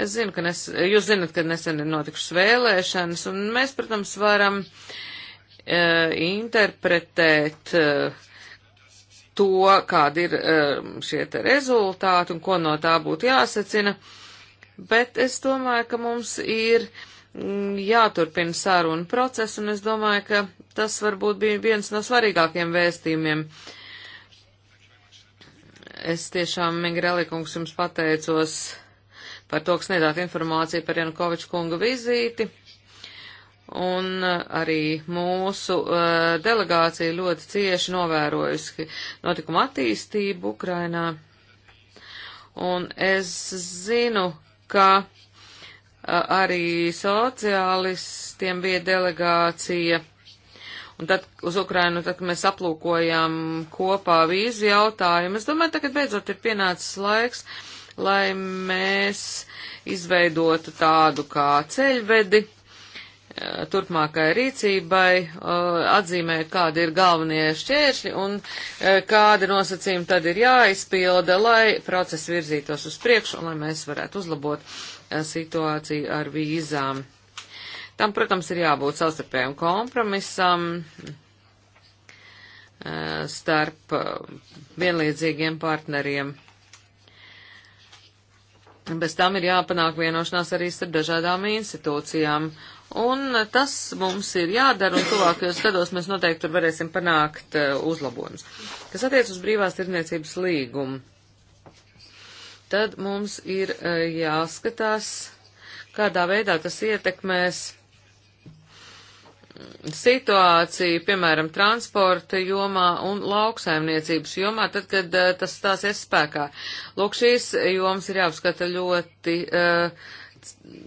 Es zinu, ka nes, jūs zinat, ka nesen ir notikušas vēlēšanas, un mēs, protams, varam e, interpretēt e, to, kādi ir e, šie te rezultāti un ko no tā būtu jāsacina. E, bet es domāju, ka mums ir mm, jāturpina saruna procesu, un es domāju, ka tas varbūt bija viens no svarīgākiem vēstījumiem. Es tiešām, Mingreli kungs, jums pateicos par to, ka sniedzāt informāciju par Janukoviču kunga vizīti, un uh, arī mūsu uh, delegācija ļoti cieši novērojusi notikuma attīstību Ukrainā. Un es zinu, ka arī sociālistiem bija delegācija. Un tad uz Ukrainu, tad, kad mēs aplūkojām kopā vīzu jautājumu, es domāju, tagad beidzot ir pienācis laiks, lai mēs izveidotu tādu kā ceļvedi turpmākai rīcībai, atzīmēt, kādi ir galvenie šķēršļi un e, kādi nosacījumi tad ir jāizpilda, lai process virzītos uz priekšu un lai mēs varētu uzlabot e, situāciju ar vīzām. Tam, protams, ir jābūt savstarpējam kompromisam e, starp vienlīdzīgiem partneriem. Bez tam ir jāpanāk vienošanās arī starp dažādām institūcijām Un tas mums ir jādara, un tuvākajos gados mēs noteikti tur varēsim panākt eh, uzlabojumus. Kas attiec uz brīvās tirniecības līgumu, tad mums ir eh, jāskatās, kādā veidā tas ietekmēs mm, situāciju, piemēram, transporta jomā un lauksaimniecības jomā, tad, kad uh, tas stāsies spēkā. Lūk, šīs jomas ir jāapskata ļoti uh,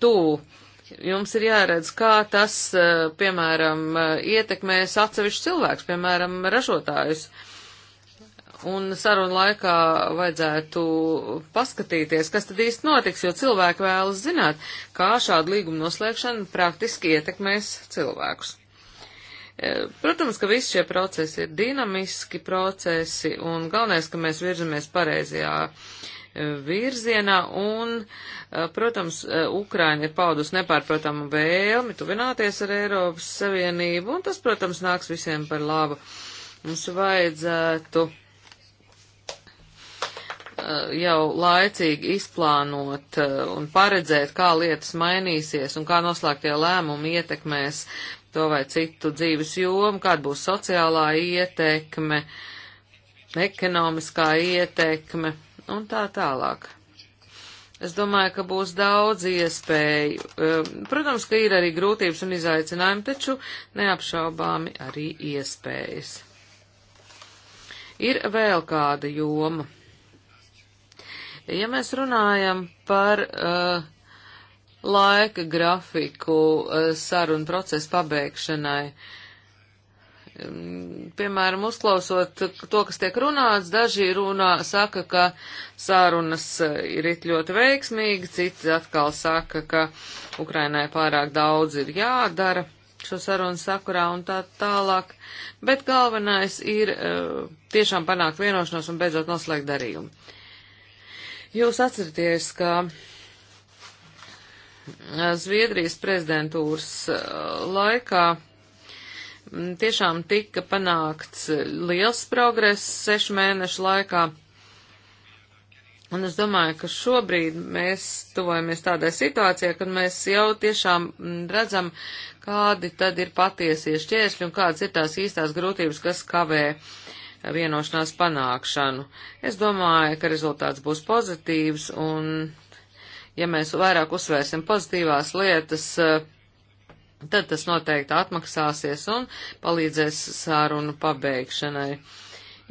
tuvu. Jums ir jāredz, kā tas, eh, piemēram, eh, ietekmēs atsevišķus cilvēkus, piemēram, ražotājus. Un sarunu laikā vajadzētu paskatīties, kas tad īsti notiks, jo cilvēki vēlas zināt, kā šāda līguma noslēgšana praktiski ietekmēs cilvēkus. Eh, protams, ka visi šie procesi ir dinamiski procesi, un galvenais, ka mēs virzamies pareizajā uh, virzienā, un, eh, protams, eh, Ukraina ir paudus nepārprotamu vēlmi tuvināties ar Eiropas Savienību, un tas, protams, nāks visiem par labu. Mums vajadzētu eh, jau laicīgi izplānot un paredzēt, kā lietas mainīsies un kā noslēgtie lēmumi ietekmēs to vai citu dzīves jomu, kāda būs sociālā ietekme, ekonomiskā ietekme un tā tālāk. Es domāju, ka būs daudz iespēju. Ehm, protams, ka ir arī grūtības un izaicinājumi, taču neapšaubāmi arī iespējas. Ir vēl kāda joma. Ja mēs runājam par uh, laika grafiku uh, sarunu procesu pabeigšanai, uh, Um, piemēram, uzklausot to, kas tiek runāts, daži runā, saka, ka sārunas uh, ir it ļoti veiksmīgi, citi atkal saka, ka Ukrainai pārāk daudz ir jādara šo sarunu sakurā un tā tālāk, bet galvenais ir uh, tiešām panākt vienošanos un beidzot noslēgt darījumu. Jūs atceraties, ka uh, Zviedrijas prezidentūras uh, laikā Mm, tiešām tika panākts eh, liels progress sešu mēnešu laikā. Un es domāju, ka šobrīd mēs tuvojamies tādai situācijai, kad mēs jau tiešām mm, redzam, kādi tad ir patiesie šķēršļi un kādas ir tās īstās grūtības, kas kavē eh, vienošanās panākšanu. Es domāju, ka rezultāts būs pozitīvs un, ja mēs vairāk uzsvērsim pozitīvās lietas, eh, tad tas noteikti atmaksāsies un palīdzēs sārunu pabeigšanai.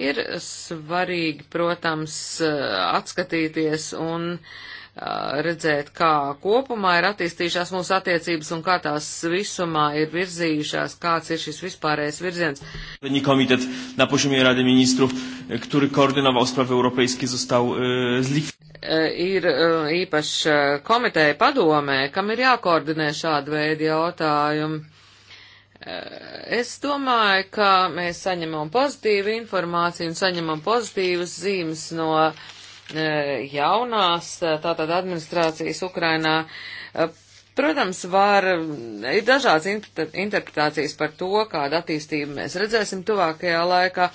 Ir svarīgi, protams, eh, atskatīties un uh, redzēt, kā kopumā ir attīstījušās mūsu attiecības un kā tās visumā ir virzījušās, kāds ir šis vispārējais virziens. Komitet na poziomie Rady Ministrów, który koordynował sprawy europejskie, został e, e, Ir e, īpaši komiteja padomē, kam ir jākoordinē šāda veida jautājumi. Es domāju, ka mēs saņemam pozitīvu informāciju un saņemam pozitīvas zīmes no uh, E, jaunās e, tātad administrācijas Ukrainā. E, protams, var, ir dažādas interpretācijas par to, kādu attīstību mēs redzēsim tuvākajā laikā,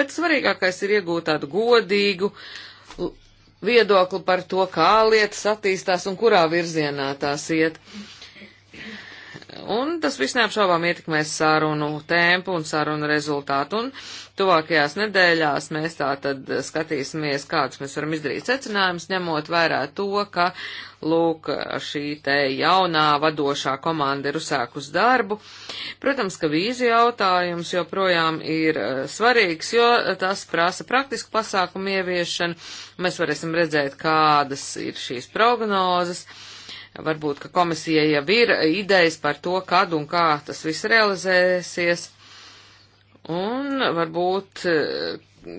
bet svarīgākais ir iegūt tādu godīgu viedokli par to, kā lietas attīstās un kurā virzienā tās iet. Un tas viss neapšaubām ietekmēs sarunu tempu un sarunu rezultātu. Un tuvākajās nedēļās mēs tā tad skatīsimies, kādus mēs varam izdarīt secinājumus, ņemot vērā to, ka, lūk, šī te jaunā vadošā komanda ir uzsākus darbu. Protams, ka vīzi jautājums joprojām ir eh, svarīgs, jo tas prasa praktisku pasākumu ieviešanu. Mēs varēsim redzēt, kādas ir šīs prognozes Varbūt, ka komisijai jau ir idejas par to, kad un kā tas viss realizēsies. Un varbūt eh,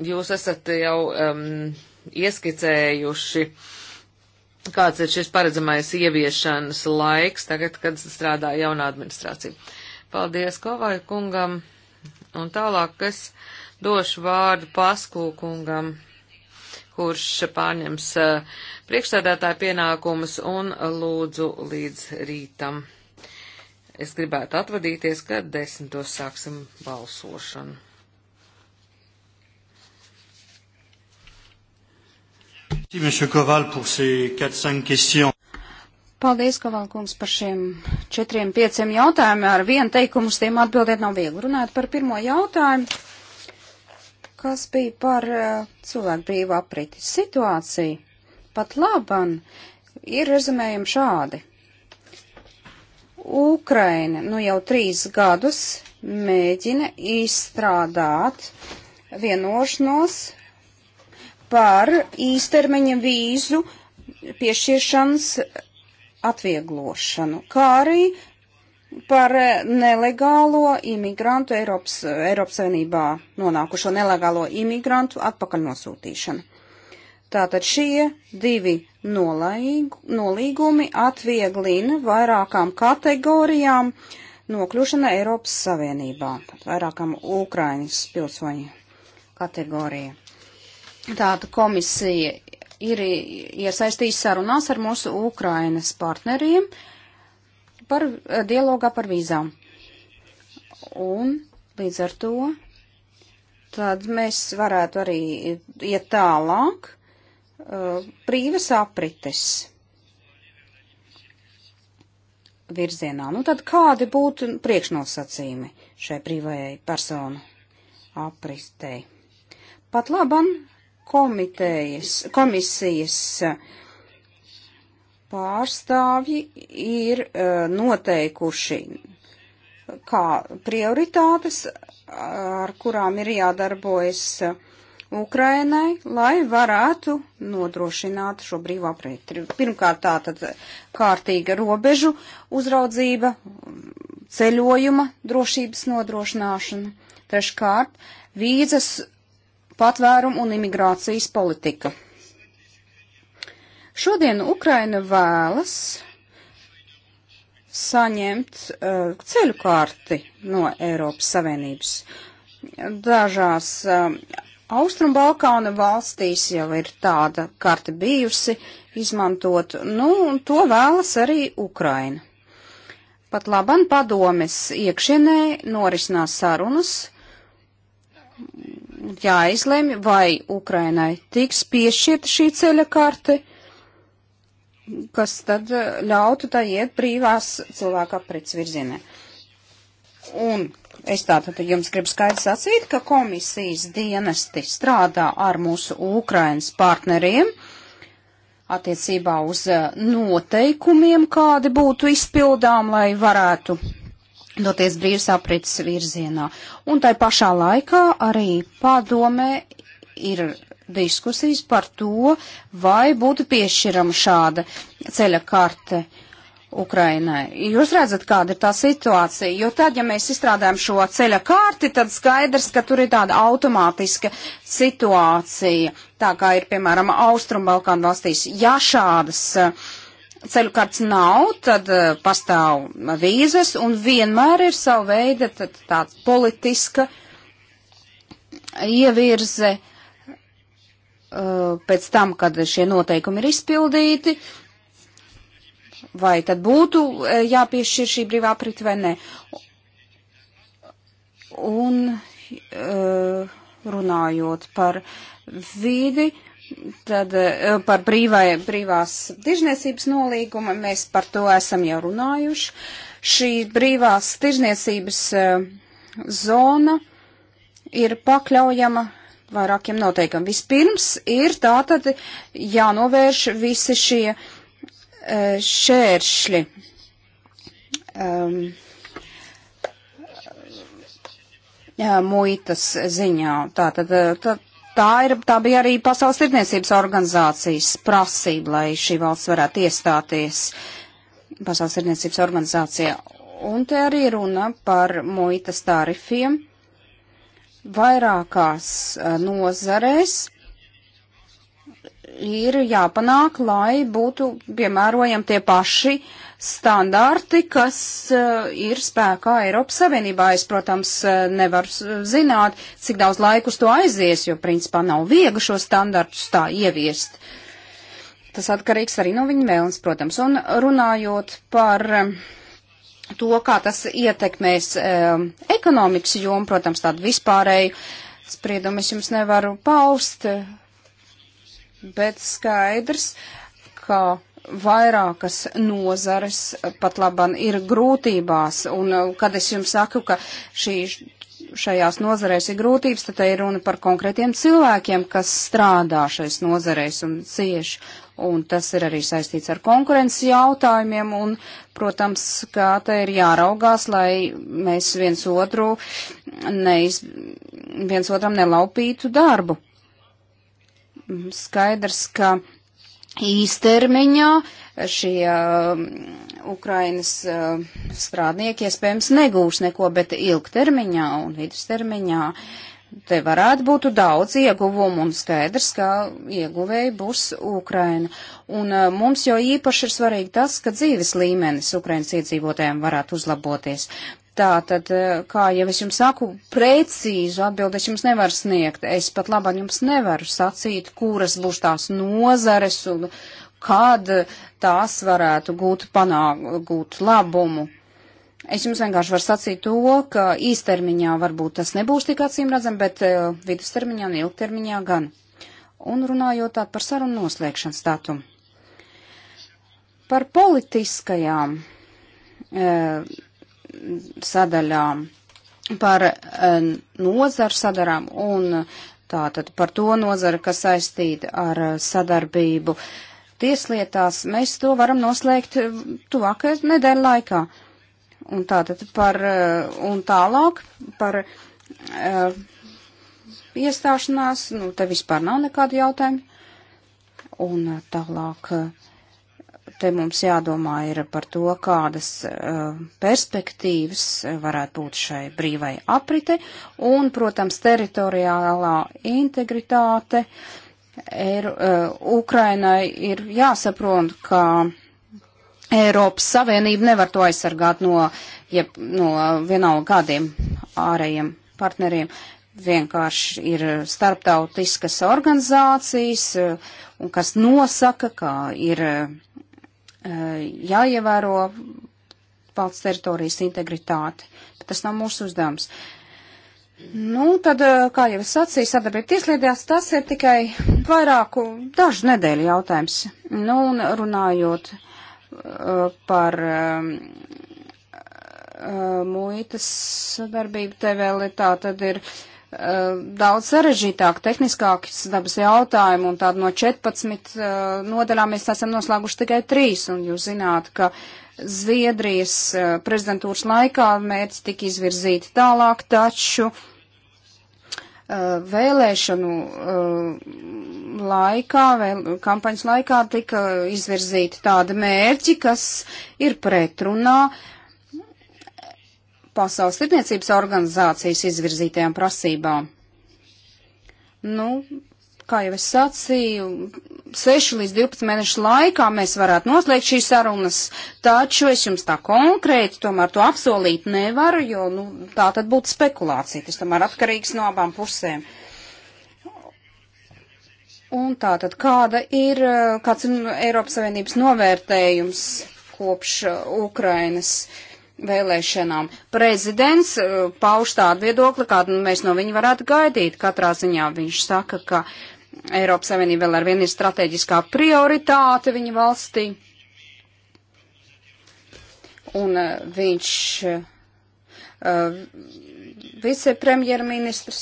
jūs esat jau um, ieskicējuši, kāds ir šis paredzamais ieviešanas laiks, tagad, kad strādā jauna administrācija. Paldies Kovai kungam. Un tālāk es došu vārdu Pasku kungam kurš pārņems eh, priekšsēdētāja pienākumus un lūdzu līdz rītam. Es gribētu atvadīties, kad desmitos sāksim balsošanu. Paldies, Kavalkungs, par šiem četriem, pieciem jautājumiem. Ar vienu teikumu uz tiem atbildēt nav viegli. Runājot par pirmo jautājumu kas bija par uh, cilvēku brīvu apriti. Situācija pat laban ir rezumējama šādi. Ukraina nu jau trīs gadus mēģina izstrādāt vienošanos par īstermiņa vīzu piešķiršanas atvieglošanu, kā arī par eh, nelegālo imigrantu Eiropas, eh, Eiropas Savienībā nonākušo nelegālo imigrantu atpakaļ nosūtīšanu. Tātad šie divi nolaigu, nolīgumi atvieglina vairākām kategorijām nokļūšana Eiropas Savienībā, vairākām Ukraiņas pilsoņu kategoriju. Tātad komisija ir iesaistījusi sarunās ar mūsu Ukrainas partneriem, uh, par eh, dialogā par vīzām. Un līdz ar to tad mēs varētu arī iet tālāk eh, brīvas aprites virzienā. Nu tad kādi būtu priekšnosacījumi šai brīvajai personu apristei? Pat labam komitejas, komisijas uh, pārstāvji ir e, noteikuši kā prioritātes, ar kurām ir jādarbojas Ukrainai, lai varētu nodrošināt šo brīvā prietu. Pirmkārt, tā tad kārtīga robežu uzraudzība, ceļojuma drošības nodrošināšana. Treškārt, vīzas patvērumu un imigrācijas politika. Šodien Ukraina vēlas saņemt uh, ceļu kārti no Eiropas Savienības. Dažās uh, um, Austrumbalkāna valstīs jau ir tāda karte bijusi izmantot, nu, un to vēlas arī Ukraina. Pat laban padomes iekšienē norisinās sarunas, jāizlemj, vai Ukrainai tiks piešķirta šī ceļa karte kas tad eh, ļautu tā iet brīvās cilvēka aprits virzienē. Un es tātad jums gribu skaidri sacīt, ka komisijas dienesti strādā ar mūsu Ukrainas partneriem attiecībā uz eh, noteikumiem, kādi būtu izpildām, lai varētu doties brīvs aprits virzienā. Un tai pašā laikā arī padomē ir diskusijas par to, vai būtu piešķirama šāda ceļa karte Ukrainai. Jūs redzat, kāda ir tā situācija, jo tad, ja mēs izstrādājam šo ceļa karti, tad skaidrs, ka tur ir tāda automātiska situācija, tā kā ir, piemēram, Austrumbalkānu valstīs. Ja šādas uh, ceļu kārts nav, tad uh, pastāv vīzes un vienmēr ir sava veida tāds politiska ievirze Uh, pēc tam, kad šie noteikumi ir izpildīti, vai tad būtu uh, jāpiešķir šī brīvā prit vai nē. Un uh, runājot par vīdi, tad par brīvai, brīvās tirzniecības nolīgumu mēs par to esam jau runājuši. Šī brīvās tirzniecības zona ir pakļaujama vairākiem noteikumiem. Vispirms ir tātad jānovērš visi šie eh, šēršļi. Um, muitas ziņā. Tā, tad, eh, tā, tā, ir, tā bija arī Pasaules tirdzniecības organizācijas prasība, lai šī valsts varētu iestāties Pasaules tirdzniecības organizācijā. Un te arī runa par muitas tarifiem vairākās eh, nozarēs ir jāpanāk, lai būtu piemērojami tie paši standarti, kas uh, ir spēkā Eiropas Savienībā. Es, protams, eh, nevaru zināt, cik daudz laikus to aizies, jo, principā, nav viegli šo standartus tā ieviest. Tas atkarīgs arī no viņa vēlmes, protams. Un runājot par uh, to, kā tas ietekmēs um, ekonomikas jomu, protams, tādu vispārēju spriedumu es jums nevaru paust, bet skaidrs, ka vairākas nozares pat laban ir grūtībās, un uh, kad es jums saku, ka šī, šajās nozarēs ir grūtības, tad te ir runa par konkrētiem cilvēkiem, kas strādā šais nozarēs un cieši, un tas ir arī saistīts ar konkurences jautājumiem un Protams, kā te ir jāraugās, lai mēs viens otru neiz, viens otram nelaupītu darbu. Skaidrs, ka īstermiņā šie uh, Ukrainas uh, strādnieki iespējams negūs neko, bet ilgtermiņā un vidustermiņā uh, Te varētu būt daudz ieguvumu un skaidrs, ka ieguvēji būs Ukraina. Un eh, mums jau īpaši ir svarīgi tas, ka dzīves līmenis Ukrainas iedzīvotājiem varētu uzlaboties. Tātad, eh, kā jau es jums saku, precīzu atbildi es jums nevaru sniegt. Es pat labāk jums nevaru sacīt, kuras būs tās nozares un kad tās varētu gūt, panāk, gūt labumu Es jums vienkārši varu sacīt to, ka īstermiņā varbūt tas nebūs tik acīm redzam, bet eh, vidustermiņā un ilgtermiņā gan. Un runājot tā par sarunu noslēgšanas datumu. Par politiskajām e, sadaļām, par e, nozaru sadarām un tātad par to nozaru, kas saistīta ar sadarbību tieslietās, mēs to varam noslēgt tuvākajā nedēļa laikā. E, Un tātad par, eh, un tālāk par uh, iestāšanās, nu, te vispār nav nekādu jautājumu. Un eh, tālāk te mums jādomā ir par to, kādas uh, perspektīvas varētu būt šai brīvai aprite. Un, protams, teritoriālā integritāte. Ir, uh, Ukrainai ir jāsaprot, ka Eiropas Savienība nevar to aizsargāt no, jeb, no vienalga kādiem ārējiem partneriem. Vienkārši ir starptautiskas organizācijas, eh, un kas nosaka, kā ir eh, jāievēro valsts teritorijas integritāte. Bet tas nav mūsu uzdevums. Nu, tad, eh, kā jau es sacīju, sadarbība tieslietās, tas ir tikai vairāku dažu nedēļu jautājums. Nu, un runājot par um, uh, muitas sadarbību, te vēl ir tā tad ir uh, daudz sarežģītāk, tehniskāks dabas jautājumu, un tādu no 14 uh, nodaļām mēs esam noslēguši tikai 3, un jūs zināt, ka Zviedrijas uh, prezidentūras laikā mērķi tika izvirzīti tālāk, taču uh, Eh, vēlēšanu eh, laikā, vēl, kampaņas laikā tika izvirzīti tādi mērķi, kas ir pretrunā Pasaules tirdzniecības organizācijas izvirzītajām prasībām. Nu, kā jau es sacīju, 6 līdz 12 mēnešu laikā mēs varētu noslēgt šīs sarunas, taču es jums tā konkrēti tomēr to apsolīt nevaru, jo nu, tā tad būtu spekulācija, tas tomēr atkarīgs no abām pusēm. Un tā tad kāda ir, kāds ir Eiropas Savienības novērtējums kopš uh, Ukrainas vēlēšanām? Prezidents uh, pauž tādu viedokli, kādu mēs no viņa varētu gaidīt. Katrā ziņā viņš saka, ka Eiropas Savienība vēl ar vienu ir strateģiskā prioritāte viņa valstī. Un eh, viņš uh, vicepremjerministrs,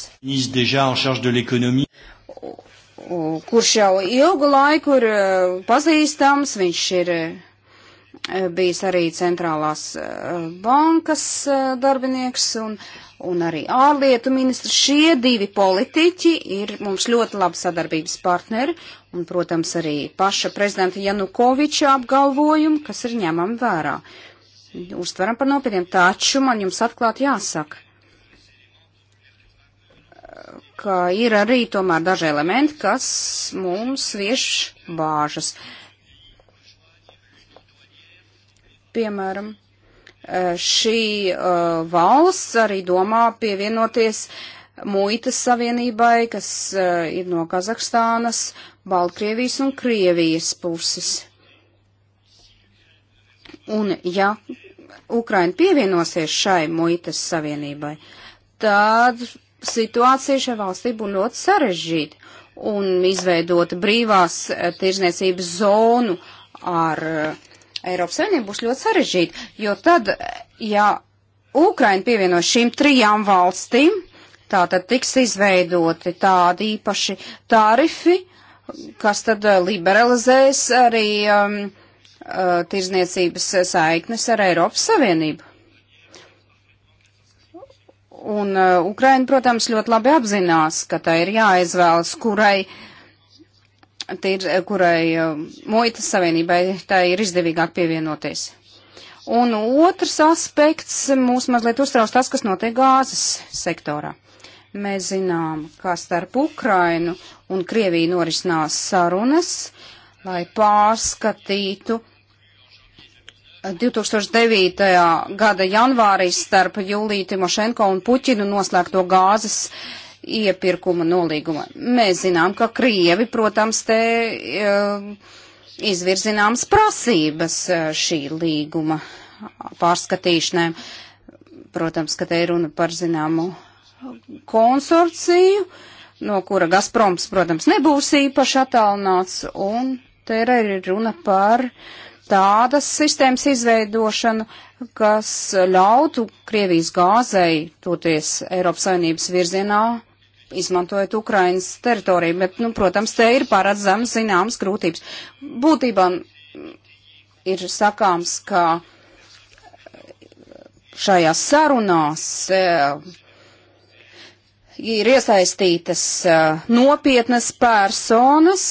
kurš jau ilgu laiku ir eh, pazīstams, viņš ir. Uh, Eh, bijis arī centrālās eh, bankas eh, darbinieks un, un arī ārlietu ministrs. Šie divi politiķi ir mums ļoti labi sadarbības partneri un, protams, arī paša prezidenta Janukoviča apgalvojumi, kas ir ņemami vērā. Uztveram par nopietniem, taču man jums atklāt jāsaka, ka ir arī tomēr daži elementi, kas mums vieš bāžas. Uh, Piemēram, e, šī uh, valsts arī domā pievienoties muitas savienībai, kas uh, ir no Kazahstānas, Baltkrievijas un Krievijas puses. Un ja Ukraina pievienosies šai muitas savienībai, tad situācija šajā valstī būtu ļoti sarežģīta un izveidot brīvās tirzniecības zonu ar uh, Eiropas Savienību būs ļoti sarežģīti, jo tad, ja Ukraina pievieno šīm trijām valstīm, tātad tiks izveidoti tādi īpaši tarifi, kas tad eh, liberalizēs arī um, uh, tirzniecības saiknes ar Eiropas Savienību. Un uh, Ukraina, protams, ļoti labi apzinās, ka tā ir jāizvēlas, kurai uh, ir, eh, kurai eh, muitas savienībai tā ir izdevīgāk pievienoties. Un otrs aspekts mūs mazliet uztrauc tas, kas notiek gāzes sektorā. Mēs zinām, kā starp Ukrainu un Krieviju norisinās sarunas, lai pārskatītu 2009. Eh, gada janvārī starp Juliju Timošenko un Puķinu noslēgto gāzes uh, iepirkuma nolīguma. Mēs zinām, ka Krievi, protams, te e, izvirzināmas prasības e, šī līguma pārskatīšanai. Protams, ka te ir runa par zināmu konsorciju, no kura Gazproms, protams, nebūs īpaši attālināts, un te ir arī runa par tādas sistēmas izveidošanu, kas ļautu Krievijas gāzei toties Eiropas Savienības virzienā izmantojot Ukrainas teritoriju, bet, nu, protams, te ir paredzams zināmas grūtības. Būtībā ir sakāms, ka šajās sarunās eh, ir iesaistītas eh, nopietnas personas,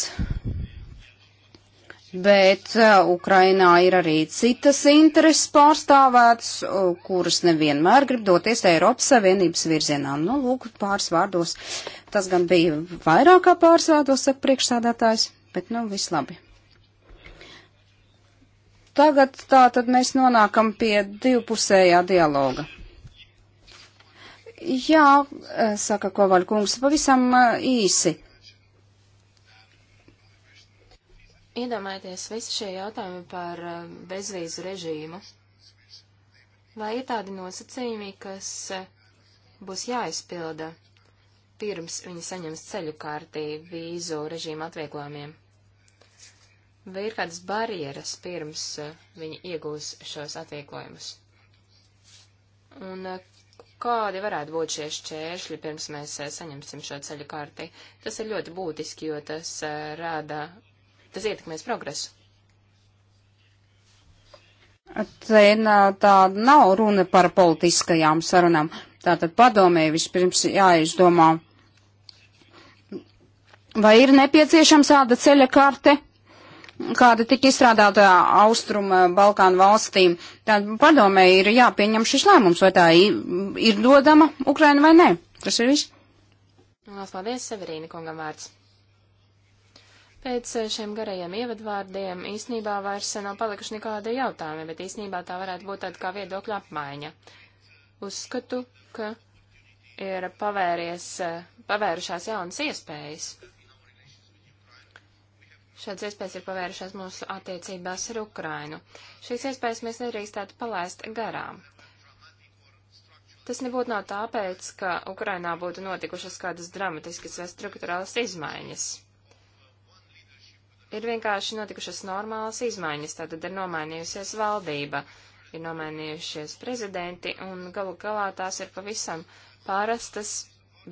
bet uh, Ukrainā ir arī citas intereses pārstāvētas, uh, kuras nevienmēr grib doties Eiropas Savienības virzienā. Nu, lūk, pāris vārdos. Tas gan bija vairāk kā pāris vārdos, saka priekšsādātājs, bet nu, viss labi. Tagad tā tad mēs nonākam pie divpusējā dialoga. Jā, eh, saka Kovaļkungs, pavisam eh, īsi. Uh, Iedomājieties visi šie jautājumi par eh, bezvīzu režīmu. Vai ir tādi nosacījumi, kas eh, būs jāizpilda pirms viņi saņems ceļu kārtī vīzu režīmu atvieglojumiem? Vai ir kādas barjeras pirms eh, viņi iegūs šos atvieglojumus? Un kādi varētu būt šie šķēršļi, pirms mēs saņemsim šo ceļu karti. Tas ir ļoti būtiski, jo tas rada tas ietekmēs progresu. Te tā nav runa par politiskajām sarunām. Tātad padomē vispirms jāizdomā, vai ir nepieciešams tāda ceļa karte, kāda tika izstrādāta Austruma Balkānu valstīm. Tad padomē ir jāpieņem šis lēmums, vai tā ir dodama Ukraina vai nē. Tas ir viss. Lās paldies, Severīna kungam vārds. Pēc eh, šiem garajiem ievadvārdiem īsnībā vairs eh, nav palikuši nekāda jautājuma, bet īsnībā tā varētu būt tāda kā viedokļa apmaiņa. Uzskatu, ka ir pavēries, eh, pavērušās jaunas iespējas. Šādas iespējas ir pavērušās mūsu attiecībās ar Ukrainu. Šīs iespējas mēs nedrīkstētu palaist garām. Tas nebūtu nav tāpēc, ka Ukrainā būtu notikušas kādas dramatiskas vai struktūrālas izmaiņas ir vienkārši notikušas normālas izmaiņas, tātad ir nomainījusies valdība, ir nomainījušies prezidenti, un galu galā tās ir pavisam pārastas,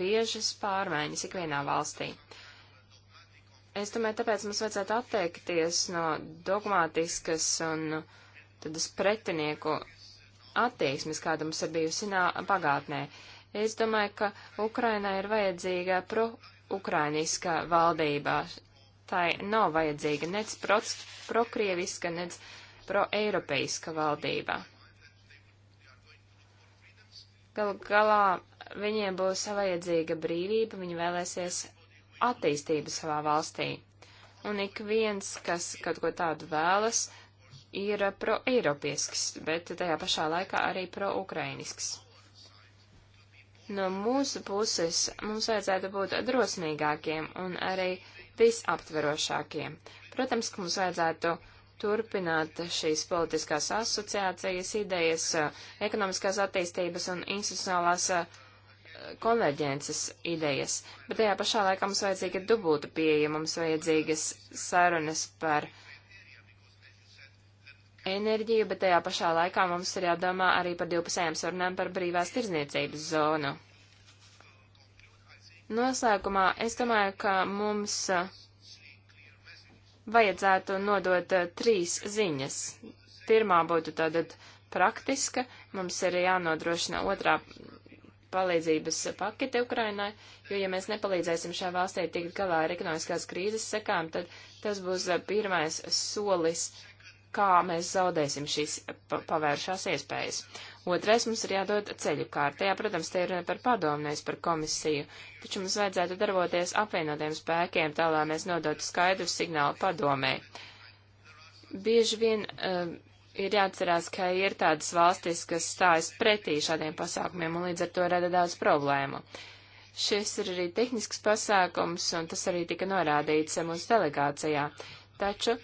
biežas pārmaiņas ikvienā valstī. Es domāju, tāpēc mums vajadzētu atteikties no dogmātiskas un tādas pretinieku attieksmes, kāda mums ir bijusi pagātnē. Es domāju, ka Ukrainai ir vajadzīga pro-ukrainiska valdība tai nav vajadzīga nec prokrieviska, nec proeiropeiska valdība. Galu galā viņiem būs vajadzīga brīvība, viņi vēlēsies attīstību savā valstī. Un ik viens, kas kaut ko tādu vēlas, ir pro-eiropiesks, bet tajā pašā laikā arī pro-ukrainisks. No mūsu puses mums vajadzētu būt drosmīgākiem un arī visaptverošākie. Protams, ka mums vajadzētu turpināt šīs politiskās asociācijas idejas, ekonomiskās attīstības un institucionālās eh, konverģences idejas, bet tajā pašā laikā mums vajadzīga dubulta pieeja, mums vajadzīgas sarunas par enerģiju, bet tajā pašā laikā mums ir jādomā arī par divpusējām sarunām par brīvās tirzniecības zonu. Noslēgumā es domāju, ka mums vajadzētu nodot trīs ziņas. Pirmā būtu tātad praktiska, mums ir jānodrošina otrā palīdzības pakete Ukrainai, jo ja mēs nepalīdzēsim šai valstī tikt galā ar ekonomiskās krīzes sekām, tad tas būs pirmais solis kā mēs zaudēsim šīs pavēršās iespējas. Otrais mums ir jādod ceļu kārtējā, protams, te ir runa par padomnēs, par komisiju, taču mums vajadzētu darboties apvienotiem spēkiem, tā lai mēs nodotu skaidru signālu padomē. Bieži vien uh, ir jāatcerās, ka ir tādas valstis, kas stājas pretī šādiem pasākumiem un līdz ar to rada daudz problēmu. Šis ir arī tehnisks pasākums, un tas arī tika norādīts eh, mūsu delegācijā. Taču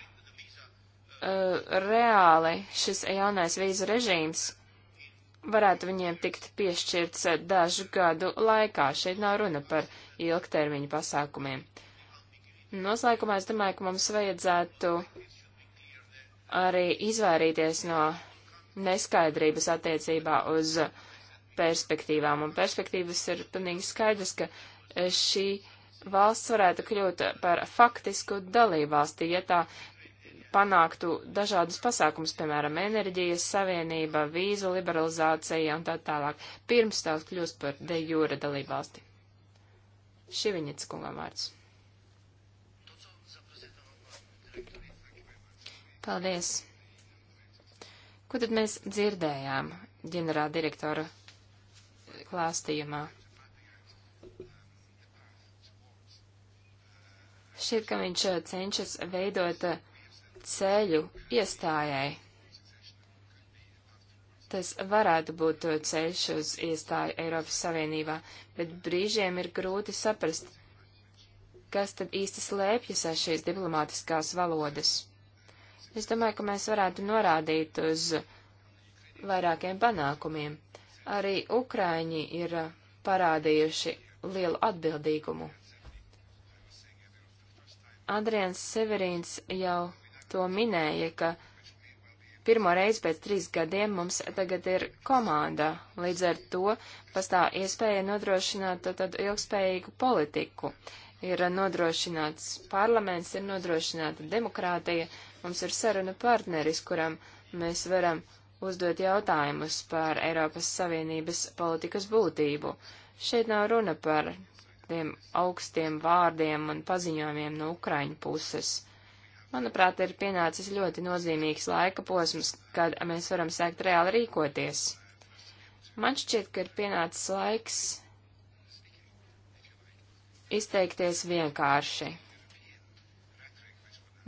uh, reāli šis jaunais vīzu režīms varētu viņiem tikt piešķirts eh, dažu gadu laikā. Šeit nav runa par ilgtermiņu pasākumiem. Noslēgumā es domāju, ka mums vajadzētu arī izvairīties no neskaidrības attiecībā uz perspektīvām. Un perspektīvas ir pilnīgi skaidrs, ka eh, šī valsts varētu kļūt par faktisku dalībvalsti, ja tā panāktu dažādus pasākumus, piemēram, enerģijas savienība, vīzu liberalizācija un tā tālāk, pirms tās kļūst par de jure dalībvalsti. Šiviņits kungam vārds. Paldies. Ko tad mēs dzirdējām ģenerāla direktora klāstījumā? Šķiet, ka viņš eh, cenšas veidot uh, ceļu iestājai. Tas varētu būt ceļš uz iestāju Eiropas Savienībā, bet brīžiem ir grūti saprast, kas tad īsti slēpjas aiz šīs diplomātiskās valodas. Es domāju, ka mēs varētu norādīt uz vairākiem panākumiem. Arī Ukraiņi ir parādījuši lielu atbildīgumu. Adrians Severīns jau to minēja, ka pirmo reizi pēc trīs gadiem mums tagad ir komanda, līdz ar to pastāv iespēja nodrošināt tādu ilgspējīgu politiku. Ir nodrošināts parlaments, ir nodrošināta demokrātija, mums ir saruna partneris, kuram mēs varam uzdot jautājumus par Eiropas Savienības politikas būtību. Šeit nav runa par tiem augstiem vārdiem un paziņojumiem no Ukraiņu puses. Manuprāt, ir pienācis ļoti nozīmīgs laika posms, kad mēs varam sākt reāli rīkoties. Man šķiet, ka ir pienācis laiks izteikties vienkārši.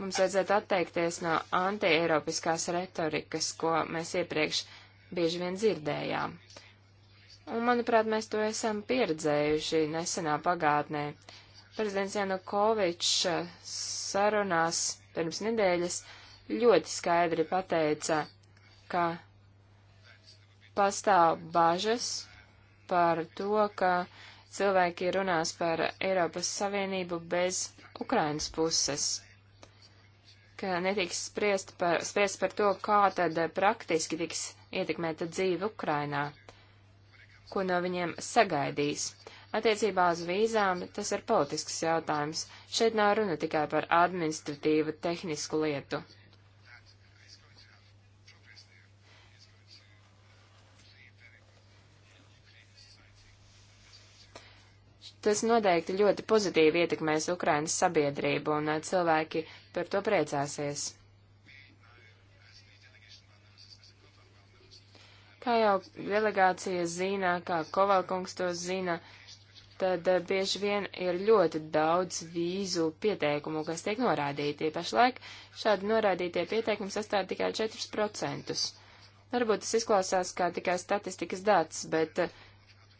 Mums vajadzētu atteikties no antieiropiskās retorikas, ko mēs iepriekš bieži vien dzirdējām. Un, manuprāt, mēs to esam pieredzējuši nesenā pagātnē. Prezidents Janukovičs sarunās pirms nedēļas ļoti skaidri pateica, ka pastāv bažas par to, ka cilvēki runās par Eiropas Savienību bez Ukrainas puses ka netiks spriest par, spriest par to, kā tad praktiski tiks ietekmēta dzīve Ukrainā, ko no viņiem sagaidīs. Attiecībā uz vīzām tas ir politisks jautājums. Šeit nav runa tikai par administratīvu tehnisku lietu. Tas noteikti ļoti pozitīvi ietekmēs Ukrainas sabiedrību, un uh, cilvēki par to priecāsies. Kā jau delegācija zina, kā Kovalkungs to zina, uh, tad eh, bieži vien ir ļoti daudz vīzu pieteikumu, kas tiek norādīti. Pašlaik šādi norādītie pieteikumi sastāv tikai 4%. Varbūt tas izklausās kā tikai statistikas dats, bet eh,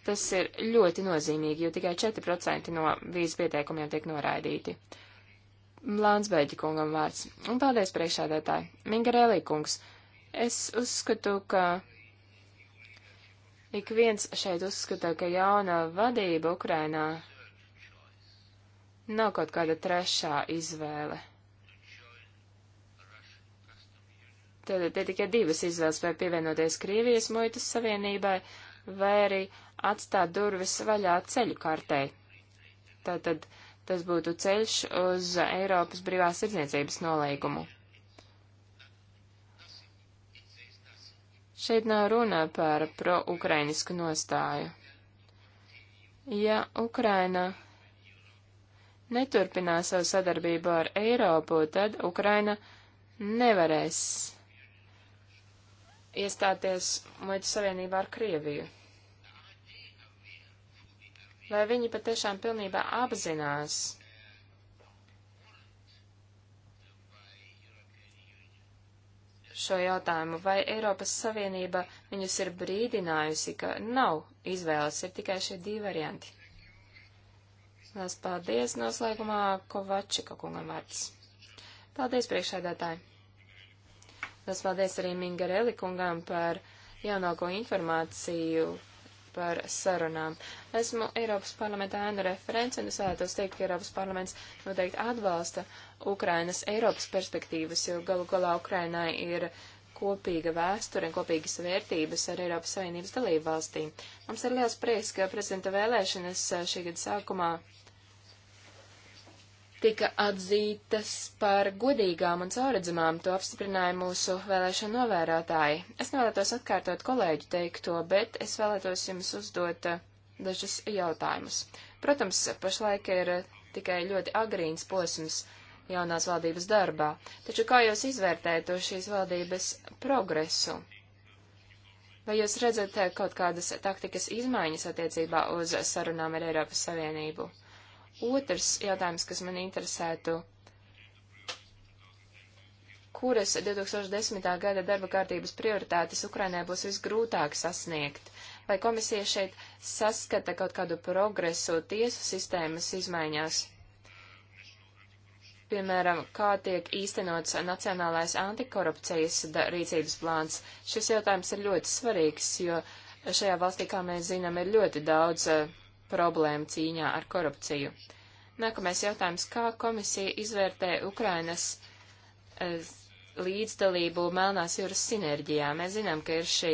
tas ir ļoti nozīmīgi, jo tikai 4% no vīzu pieteikumiem tiek norādīti. Lānsbēģi kungam vārds. Un paldies priekšādētāji. Mingarēlī kungs. Es uzskatu, ka Ik viens šeit uzskata, ka jaunā vadība Ukrainā nav kaut kāda trešā izvēle. Tad ir tikai divas izvēles, vai pievienoties Krievijas muitas savienībai, vai arī atstāt durvis vaļā ceļu kartei. Tātad tas būtu ceļš uz Eiropas brīvās tirdzniecības nolīgumu. Šeit nav runa par pro-ukrainisku nostāju. Ja Ukraina neturpinās savu sadarbību ar Eiropu, tad Ukraina nevarēs iestāties muitu savienībā ar Krieviju vai viņi patiešām pilnībā apzinās, šo jautājumu, vai Eiropas Savienība viņus ir brīdinājusi, ka nav izvēles, ir tikai šie divi varianti. Lās paldies noslēgumā Kovačika kungam vārds. Paldies priekšādātāji. Lās paldies arī Mingareli kungam par jaunāko informāciju par sarunām. Esmu Eiropas parlamenta ēna referents, un es vēlētos teikt, ka Eiropas parlaments noteikti atbalsta Ukrainas Eiropas perspektīvas, jo galu galā Ukrainai ir kopīga vēsture un kopīgas vērtības ar Eiropas Savienības dalību valstīm. Mums ir liels prieks, ka prezidenta vēlēšanas eh, šī gada sākumā tika atzītas par godīgām un cauredzamām, to apstiprināja mūsu vēlēšana novērotāji. Es nevēlētos atkārtot kolēģu teikto, bet es vēlētos jums uzdot eh, dažus jautājumus. Protams, pašlaik ir eh, tikai ļoti agrīns posms jaunās valdības darbā, taču kā jūs izvērtētu šīs valdības progresu? Vai jūs redzat eh, kaut kādas taktikas izmaiņas attiecībā uz sarunām ar Eiropas Savienību? Otrs jautājums, kas man interesētu, kuras 2010. gada darba kārtības prioritātes Ukrainai būs visgrūtāk sasniegt? Vai komisija šeit saskata kaut kādu progresu tiesu sistēmas izmaiņās? Piemēram, kā tiek īstenots Nacionālais antikorupcijas rīcības plāns? Šis jautājums ir ļoti svarīgs, jo šajā valstī, kā mēs zinām, ir ļoti daudz uh, problēmu cīņā ar korupciju. Nākamais jautājums. Kā komisija izvērtē Ukrainas e, līdzdalību Melnās jūras sinerģijā? Mēs zinām, ka ir šī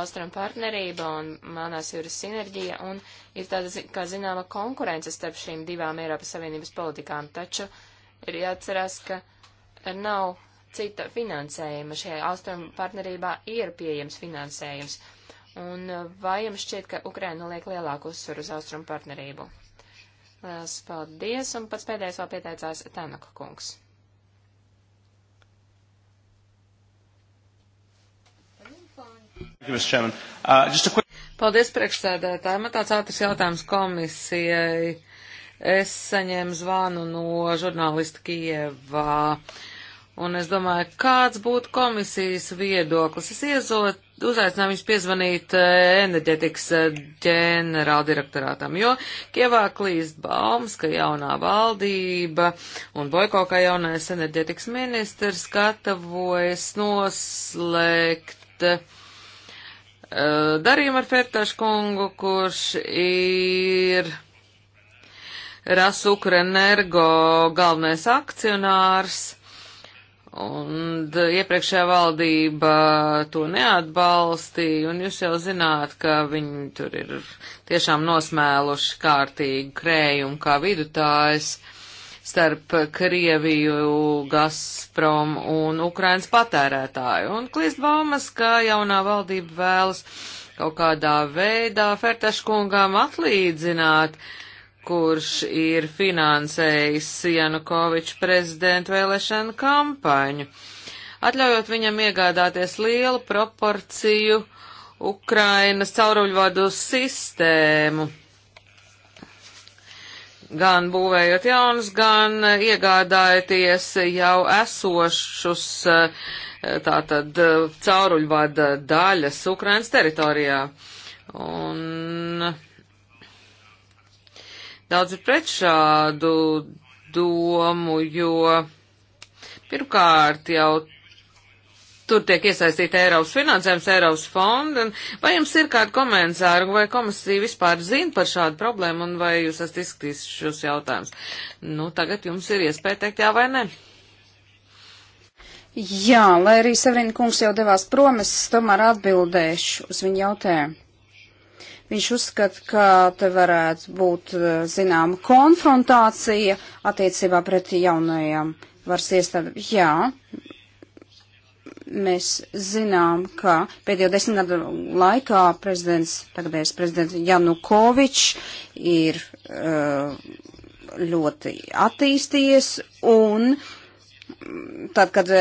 Austrum partnerība un Melnās jūras sinerģija un ir tāda, kā zināma, konkurence starp šīm divām Eiropas Savienības politikām. Taču ir jāatcerās, ka nav cita finansējuma. Šajā Austrum partnerībā ir pieejams finansējums. Un eh, vai jums šķiet, ka Ukraina liek lielāku uzsvaru uz austrumu partnerību? Lielas paldies, un pats pēdējais vēl pieteicās Tanaka kungs. Uh, paldies, priekšsēdētāji. Man tāds ātrs jautājums komisijai. Es saņēmu zvanu no žurnālista Kievā. Uh, Un es domāju, kāds būtu komisijas viedoklis. Es iezot, uzaicināju viņus piezvanīt eh, enerģetikas eh, ģenerāldirektorātam, jo Kievā klīst baumas, ka jaunā valdība un Boiko kā jaunais enerģetikas ministrs gatavojas noslēgt eh, darījumu ar Fertašu kungu, kurš ir Rasukrenergo galvenais akcionārs Un iepriekšējā valdība to neatbalstīja, un jūs jau zināt, ka viņi tur ir tiešām nosmēluši kārtīgu krējumu kā vidutājs starp Krieviju, Gazprom un Ukrainas patērētāju. Un klīst baumas, ka jaunā valdība vēlas kaut kādā veidā Fertaškungām atlīdzināt uh, kurš ir finansējis Janukoviču prezidentu vēlēšanu kampaņu, atļaujot viņam iegādāties lielu proporciju Ukrainas cauruļvadu sistēmu, gan būvējot jaunas, gan iegādājoties jau esošus tātad cauruļvada daļas Ukrainas teritorijā. Un Daudz ir pret šādu domu, jo pirmkārt jau tur tiek iesaistīta Eiropas finansējums, Eiropas fonda, un vai jums ir kādi komentāri, vai komisija vispār zina par šādu problēmu, un vai jūs esat izskatījuši šos jautājumus? Nu, tagad jums ir iespēja teikt jā vai nē. Jā, lai arī Savrina kungs jau devās prom, es tomēr atbildēšu uz viņu jautājumu. Viņš uzskata, ka te varētu būt eh, zināma konfrontācija attiecībā pret jaunajām varas iestādēm. Jā, mēs zinām, ka pēdējo desmit gadu laikā prezidents, tagadējais prezidents Janukovičs ir uh, ļoti attīstījies un tad, kad uh,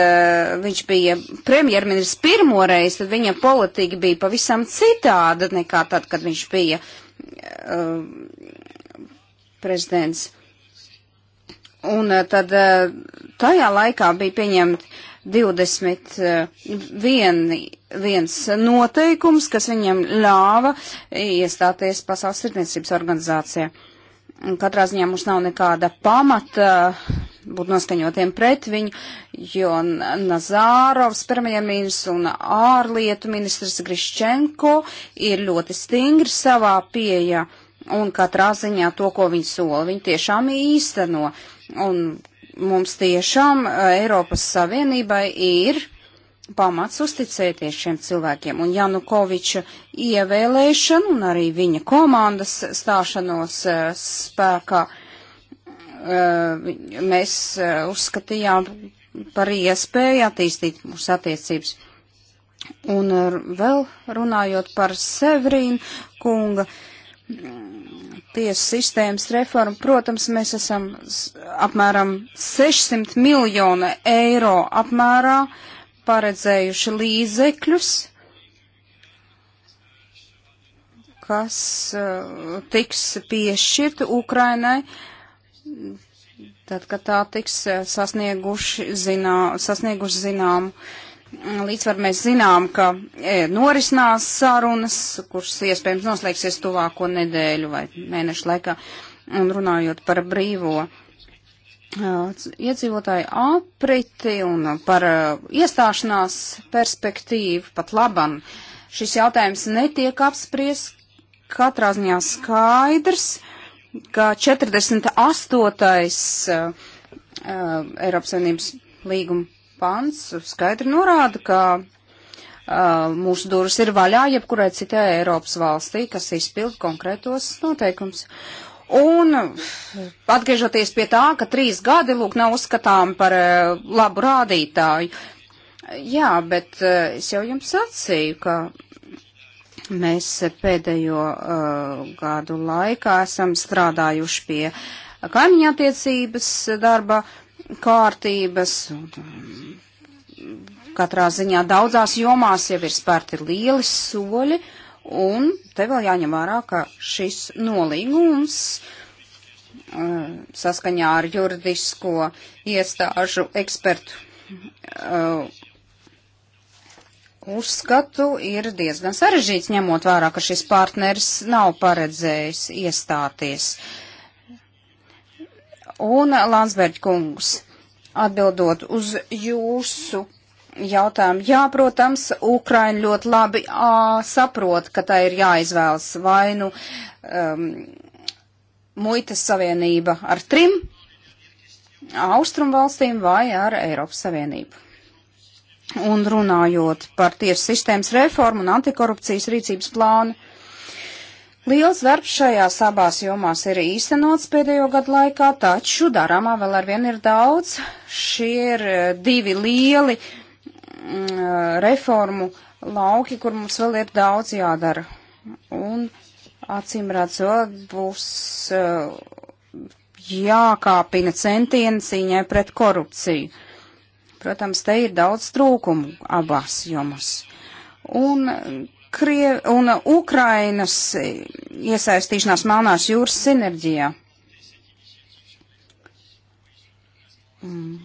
viņš bija premjerministrs pirmoreiz, tad viņa politika bija pavisam citāda nekā tad, kad viņš bija uh, prezidents. Un uh, tad uh, tajā laikā bija pieņemti 21 viens noteikums, kas viņam ļāva iestāties Pasaules tirdzniecības organizācijā. Un katrā ziņā mums nav nekāda pamata būt noskaņotiem pret viņu, jo Nazārovs premjerministrs un ārlietu ministrs Griščenko ir ļoti stingri savā pieeja un katrā ziņā to, ko viņi sola, viņi tiešām īsteno. Un mums tiešām e, Eiropas Savienībai ir pamats uzticēties šiem cilvēkiem. Un Janukoviča ievēlēšana un arī viņa komandas stāšanos e, spēkā uh, Eh, mēs eh, uzskatījām par iespēju attīstīt mūsu attiecības. Un eh, vēl runājot par Severīnu kunga mm, tiesu sistēmas reformu, protams, mēs esam apmēram 600 miljonu eiro apmērā paredzējuši līdzekļus, kas tiks piešķirti Ukrainai. Uh, tad, kad tā tiks eh, sasnieguši, zinā, sasnieguši zinām, līdzvar mēs zinām, ka e, norisinās sarunas, kuras iespējams noslēgsies tuvāko nedēļu vai mēnešu laikā, un runājot par brīvo e, iedzīvotāju apriti un par e, iestāšanās perspektīvu pat laban. Šis jautājums netiek apspries, katrā ziņā skaidrs. Uh, kā 48. Eh, eh, Eiropas Savienības līguma pants skaidri norāda, ka uh, mūsu durvis ir vaļā jebkurai citai Eiropas valstī, kas izpild konkrētos noteikums. Un atgriežoties pie tā, ka trīs gadi, lūk, nav uzskatām par uh, labu rādītāju. Jā, bet uh, es jau jums sacīju, ka Mēs pēdējo uh, gadu laikā esam strādājuši pie kaimiņa attiecības darba kārtības. Un, um, katrā ziņā daudzās jomās jau ir spērti lieli soļi, un te vēl jāņem vērā, ka šis nolīgums uh, saskaņā ar juridisko iestāžu ekspertu uh, uzskatu ir diezgan sarežģīts, ņemot vērā, ka šis partneris nav paredzējis iestāties. Un Landsberg kungs, atbildot uz jūsu jautājumu, jā, protams, Ukraina ļoti labi ā, saprot, ka tā ir jāizvēlas vainu um, muitas savienība ar trim austrumvalstīm vai ar Eiropas Savienību. Un runājot par tiesu sistēmas reformu un antikorupcijas rīcības plānu, liels darbs šajās abās jomās ir īstenots pēdējo gadu laikā, taču darāmā vēl arvien ir daudz. Šie ir eh, divi lieli mm, eh, reformu lauki, kur mums vēl ir daudz jādara. Un acīm redzot, būs uh, jākāpina centieni cīņai pret korupciju. Protams, te ir daudz trūkumu abās jomas. Un, Krie, un Ukrainas iesaistīšanās Melnās jūras sinerģijā. Mm.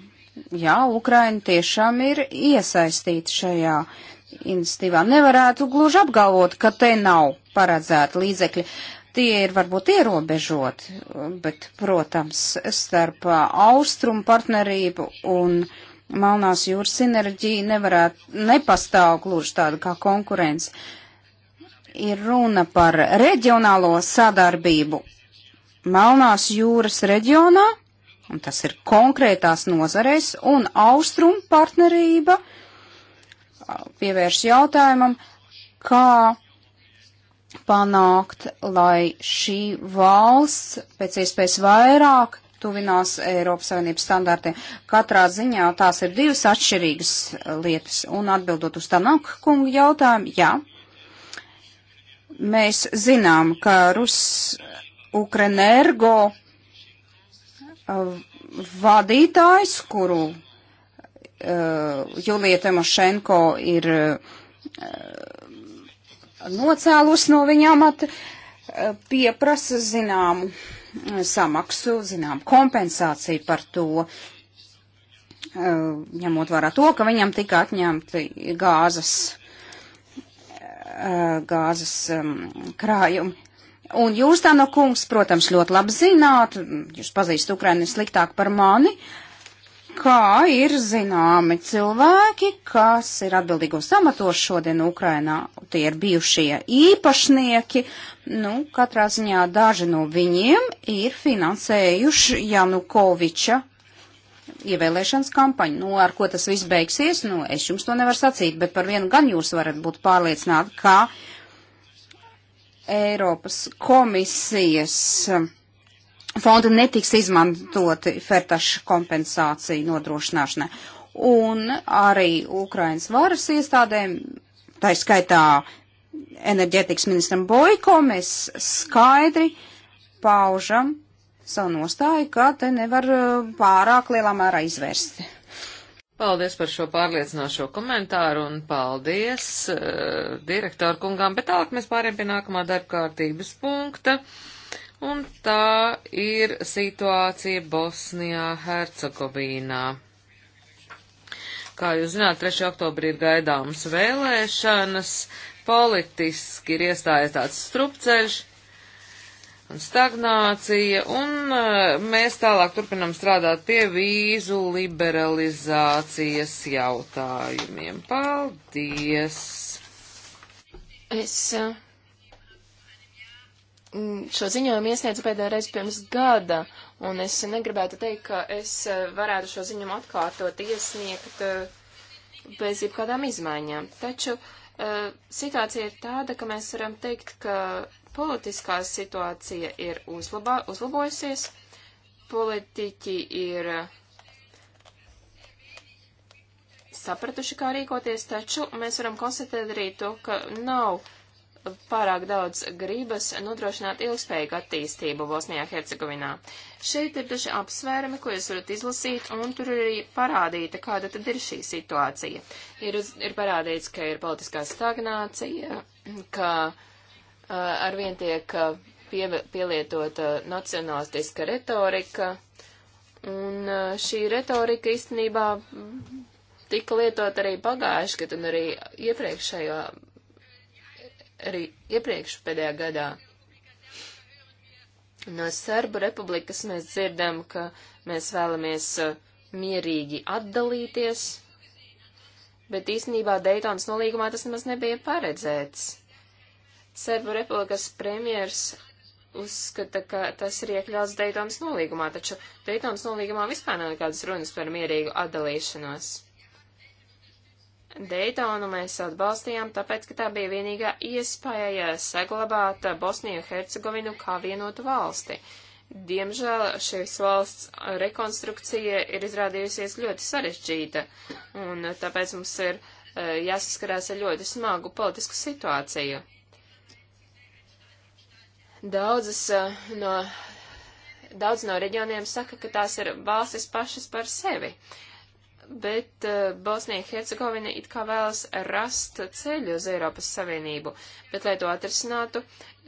Jā, Ukraina tiešām ir iesaistīta šajā institīvā. Nevarētu gluži apgalvot, ka te nav paredzēta līdzekļi. Tie ir varbūt ierobežoti, bet, protams, starp austrumu partnerību un uh, Melnās jūras sinerģija nevarētu, nepastāv gluži tāda kā konkurence. Ir runa par reģionālo sadarbību Melnās jūras reģionā, un tas ir konkrētās nozareis, un austrum partnerība pievērš jautājumam, kā panākt, lai šī valsts pēc iespējas vairāk tuvinās Eiropas Savienības standartiem. Katrā ziņā tās ir divas atšķirīgas lietas. Un atbildot uz Tanaka kungu jautājumu, jā, mēs zinām, ka Rus Ukrenergo uh, vadītājs, kuru uh, Julija Timošenko ir uh, nocēlus no viņa amata, uh, pieprasa zināmu Eh, samaksu, zinām, kompensāciju par to, eh, ņemot vērā to, ka viņam tika atņemti gāzes, eh, gāzes krājumi. Un jūs tā no kungs, protams, ļoti labi zināt, jūs pazīstat Ukraini sliktāk par mani, uh, kā ir zināmi cilvēki, kas ir atbildīgos amatos šodien Ukrainā. Tie ir bijušie īpašnieki. Nu, katrā ziņā daži no viņiem ir finansējuši Janukoviča ievēlēšanas kampaņu. Nu, ar ko tas viss beigsies, nu, es jums to nevaru sacīt, bet par vienu gan jūs varat būt pārliecināti, kā Eiropas komisijas fondi netiks izmantoti fertašu kompensāciju nodrošināšanai. Un arī Ukrainas varas iestādēm, tā ir skaitā enerģētikas ministram Boiko, mēs skaidri paužam savu nostāju, ka te nevar uh, pārāk lielā mērā izvērst. Paldies par šo pārliecinošo komentāru un paldies uh, direktoru kungām, bet tālāk mēs pāriem pie nākamā darbkārtības punkta. Uh, un tā ir situācija Bosnijā, Hercegovīnā. Kā jūs zināt, 3. oktobrī ir gaidāmas vēlēšanas, politiski ir iestājies tāds strupceļš un stagnācija, un eh, mēs tālāk turpinam strādāt pie vīzu liberalizācijas jautājumiem. Paldies! Es uh Mm, šo ziņojumu iesniedzu pēdējo reizi pirms gada, un es negribētu teikt, ka es eh, varētu šo ziņojumu atkārtot, iesniegt eh, bez jebkādām izmaiņām. Taču eh, situācija ir tāda, ka mēs varam teikt, ka politiskā situācija ir uzlabā, uzlabojusies, politiķi ir sapratuši, kā rīkoties, taču mēs varam konstatēt arī to, ka nav pārāk daudz gribas nodrošināt ilgspējīgu attīstību Bosnijā Hercegovinā. Šeit ir daži apsvērumi, ko jūs varat izlasīt, un tur ir arī parādīta, kāda tad ir šī situācija. Ir, ir parādīts, ka ir politiskā stagnācija, ka uh, arvien tiek uh, pie, pielietota uh, nacionalistiska retorika, un uh, šī retorika īstenībā tika lietot arī pagājuši, kad un arī iepriekšējā arī iepriekš pēdējā gadā. No Serbu republikas mēs dzirdam, ka mēs vēlamies uh, mierīgi atdalīties, bet īstenībā Daytonas nolīgumā tas nemaz nebija paredzēts. Serbu republikas premjers uzskata, ka tas ir iekļauts Daytonas nolīgumā, taču Daytonas nolīgumā vispār nav nekādas runas par mierīgu atdalīšanos. Daytonu mēs atbalstījām, tāpēc, ka tā bija vienīgā iespēja saglabāt Bosniju Hercegovinu kā vienotu valsti. Diemžēl šīs valsts rekonstrukcija ir izrādījusies ļoti sarežģīta, un tāpēc mums ir e, jāsaskarās ar ļoti smagu politisku situāciju. Daudzas e, no, daudz no reģioniem saka, ka tās ir valstis pašas par sevi. Uh, bet eh, Bosnija Hercegovina it kā vēlas rast ceļu uz Eiropas Savienību, bet, lai to atrisinātu,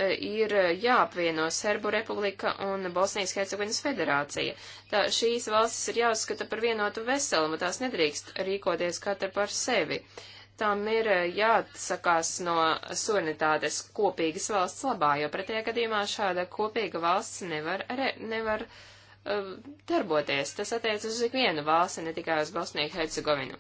eh, ir jāapvieno Serbu Republika un Bosnijas Hercegovinas Federācija. Tā šīs valstis ir jāuzskata par vienotu veselumu, tās nedrīkst rīkoties katra par sevi. Tām ir eh, jāatsakās no suverenitātes kopīgas valsts labā, jo pretējā gadījumā šāda kopīga valsts nevar, re, nevar uh, Uh, darboties. Tas attiecas uz ikvienu valsti, ne tikai uz Bosniju Hercegovinu.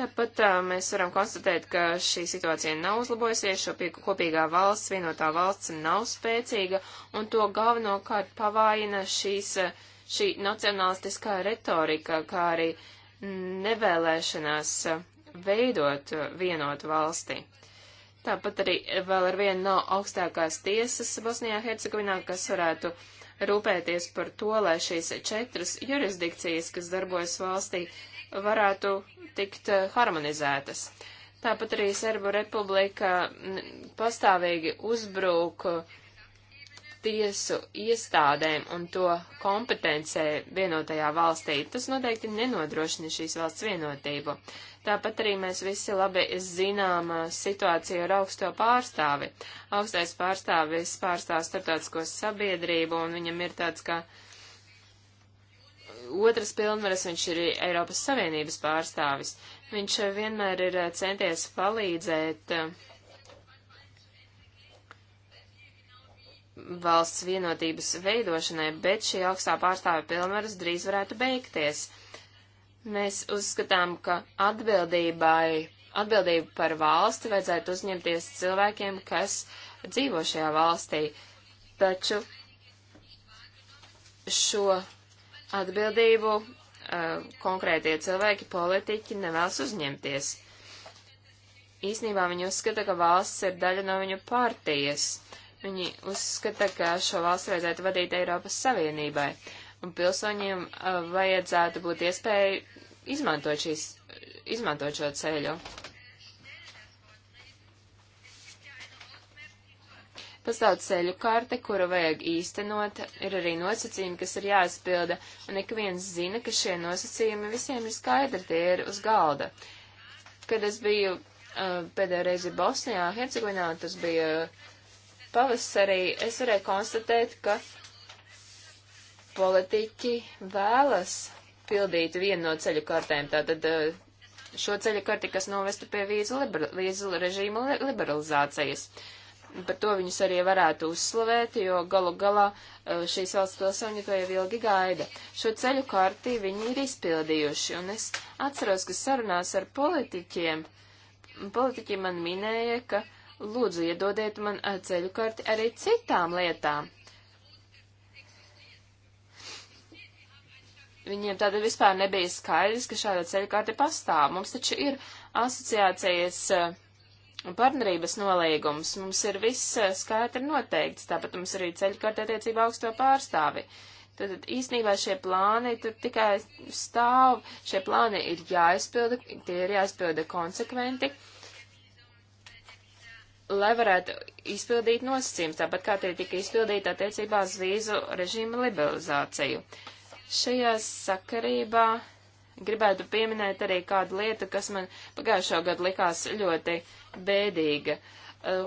Tāpat uh, mēs varam konstatēt, ka šī situācija nav uzlabojusies, šo pie, kopīgā valsts, vienotā valsts nav spēcīga, un to galvenokārt pavājina šīs, uh, šī nacionalistiskā retorika, kā arī nevēlēšanās veidot vienotu valsti. Tāpat arī vēl ar vienu nav augstākās tiesas Bosnijā Hercegovinā, kas varētu uh, rūpēties par to, lai šīs četras jurisdikcijas, kas darbojas valstī, varētu tikt eh, harmonizētas. Tāpat arī Serbu republika pastāvīgi uzbrūk tiesu iestādēm un to kompetencē vienotajā valstī. Tas noteikti nenodrošina šīs valsts vienotību. Tāpat arī mēs visi labi zinām situāciju ar augsto pārstāvi. Augstais pārstāvis pārstāv starptautisko sabiedrību, un viņam ir tāds kā otras pilnvaras, viņš ir Eiropas Savienības pārstāvis. Viņš vienmēr ir centies palīdzēt valsts vienotības veidošanai, bet šī augstā pārstāve pilnvaras drīz varētu beigties. Mēs uzskatām, ka atbildībai, atbildību par valsti vajadzētu uzņemties cilvēkiem, kas dzīvo šajā valstī, taču šo atbildību uh, konkrētie cilvēki, politiķi nevēlas uzņemties. Īsnībā viņi uzskata, ka valsts ir daļa no viņu partijas. Viņi uzskata, ka šo valsti vajadzētu vadīt Eiropas Savienībai, un pilsoņiem uh, vajadzētu būt iespēju izmantot, šīs, izmantot šo ceļu. Pastāv ceļu karte, kuru vajag īstenot, ir arī nosacījumi, kas ir jāizpilda, un ik viens zina, ka šie nosacījumi visiem ir skaidri, tie ir uz galda. Kad es biju uh, pēdējo reizi Bosnijā, Hercegovinā, tas bija pavasarī, es varēju konstatēt, ka politiķi vēlas pildīt vienu no ceļu kartēm, tātad eh, šo ceļu karti, kas novestu pie vīzu, liber, vīzu režīma liberalizācijas. Par to viņus arī varētu uzslavēt, jo galu galā eh, šīs valsts pilsoņi to jau ilgi gaida. Šo ceļu karti viņi ir izpildījuši, un es atceros, ka sarunās ar politiķiem, politiķi man minēja, ka lūdzu iedodiet man eh, ceļu karti arī citām lietām. Viņiem tātad vispār nebija skaidrs, ka šāda ceļkārte pastāv. Mums taču ir asociācijas eh, partnerības nolīgums, mums ir viss eh, skaidri noteikts, tāpat mums arī ceļkārte attiecībā augsto pārstāvi. Tad īsnībā šie plāni tikai stāv, šie plāni ir jāizpilda, tie ir jāizpilda konsekventi, lai varētu izpildīt nosacījums, tāpat kā tie tika izpildīti attiecībā uz vīzu režīmu liberalizāciju. Uh, Šajā sakarībā gribētu pieminēt arī kādu lietu, kas man pagājušā gada likās ļoti bēdīga.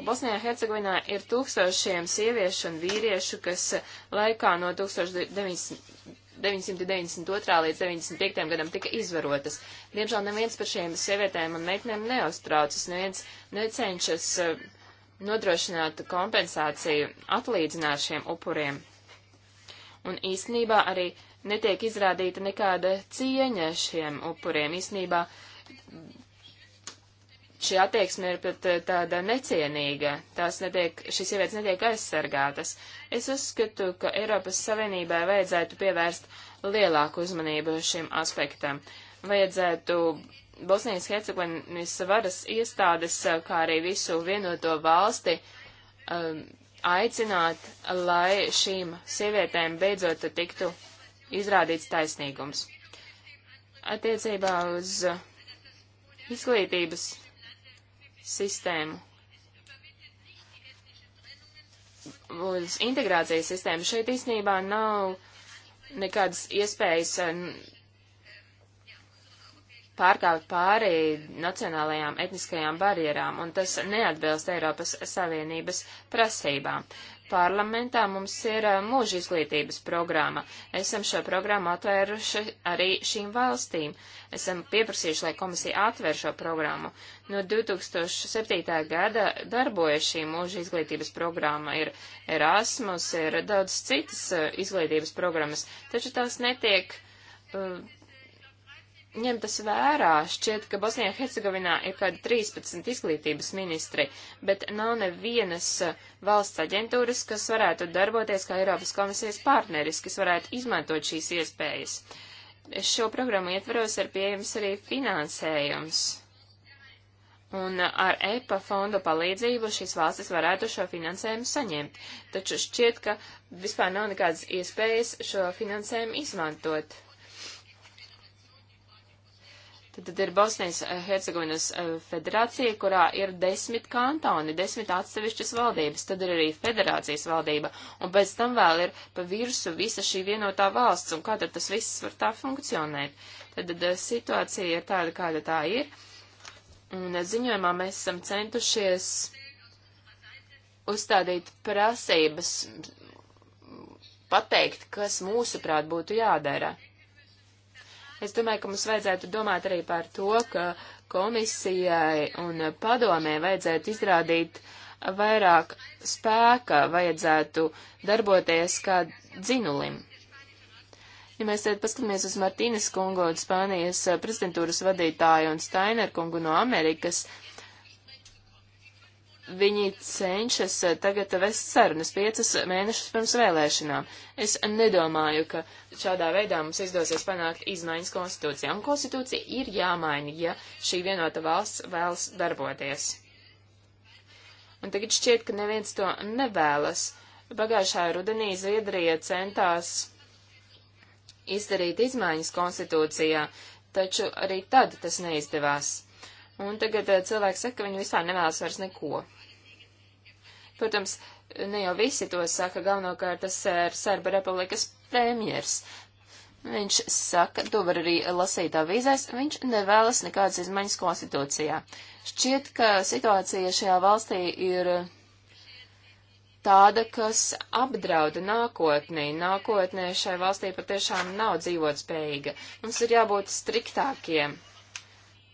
Bosnijā Hercegovinā ir tūkstošiem sieviešu un vīriešu, kas laikā no 1992. līdz 95. gadam tika izvarotas. Diemžēl neviens par šiem sievietēm un meitenēm neuztraucas, neviens necenšas nodrošināt kompensāciju, atlīdzināt šiem upuriem. Un īstenībā arī uh, netiek izrādīta nekāda cieņa šiem upuriem. Īsnībā šī attieksme ir pat eh, tāda necienīga. Tās netiek, šīs sievietes netiek aizsargātas. Es uzskatu, ka Eiropas Savienībai vajadzētu pievērst lielāku uzmanību šim aspektam. Vajadzētu Bosnijas Hercegovinas varas iestādes, eh, kā arī visu vienoto valsti um, aicināt, lai šīm sievietēm beidzot tiktu izrādīts taisnīgums. Attiecībā uz izglītības sistēmu, uz integrācijas sistēmu, šeit īstenībā nav nekādas iespējas eh, pārkāpt pāri nacionālajām etniskajām barjerām, un tas neatbilst Eiropas Savienības prasībām. Parlamentā mums ir mūža izglītības programma. Esam šo programmu atvēruši arī šīm valstīm. Esam pieprasījuši, lai komisija atver šo programmu. No 2007. gada darbojas šī mūža izglītības programma. Ir Erasmus, ir daudz citas izglītības programmas, taču tās netiek uh, ņemtas vērā. Šķiet, ka Bosnijā Hercegovinā ir kādi 13 izglītības ministri, bet nav nevienas uh, valsts aģentūras, kas varētu darboties kā Eiropas komisijas partneris, kas varētu izmantot šīs iespējas. Šo programmu ietvaros ir pieejams arī finansējums. Un uh, ar EPA fondu palīdzību šīs valstis varētu šo finansējumu saņemt, taču šķiet, ka vispār nav nekādas iespējas šo finansējumu izmantot. Tad, tad ir Bosnijas eh, Hercegovinas eh, federācija, kurā ir desmit kantoni, desmit atsevišķas valdības, tad ir arī federācijas valdība, un pēc tam vēl ir pa virsu visa šī vienotā valsts, un kā tad tas viss var tā funkcionēt. Tad, tad eh, situācija ir tāda, kāda tā ir, un ziņojumā mēs esam centušies uzstādīt prasības, pateikt, kas mūsuprāt būtu jādara. Es domāju, ka mums vajadzētu domāt arī par to, ka komisijai un padomē vajadzētu izrādīt vairāk spēka, vajadzētu darboties kā dzinulim. Ja mēs tagad paskatāmies uz Martīnas kungu un Spānijas prezidentūras vadītāju un Steiner kungu no Amerikas, uh, viņi cenšas tagad vest sarunas piecas mēnešus pirms vēlēšanām. Es nedomāju, ka šādā veidā mums izdosies panākt izmaiņas konstitūcijā. Un konstitūcija ir jāmaina, ja šī vienota valsts vēlas darboties. Un tagad šķiet, ka neviens to nevēlas. Pagājušā rudenī Zviedrija centās izdarīt izmaiņas konstitūcijā, taču arī tad tas neizdevās. Un tagad eh, cilvēki saka, ka viņi vispār nevēlas vairs neko. Protams, ne jau visi to saka, galvenokārt tas ir Serba republikas premjers. Viņš saka, to var arī lasīt avīzēs, viņš nevēlas nekādas izmaiņas konstitūcijā. Šķiet, ka situācija šajā valstī ir tāda, kas apdrauda nākotnī. Nākotnē šai valstī patiešām nav dzīvotspējīga. Mums ir jābūt striktākiem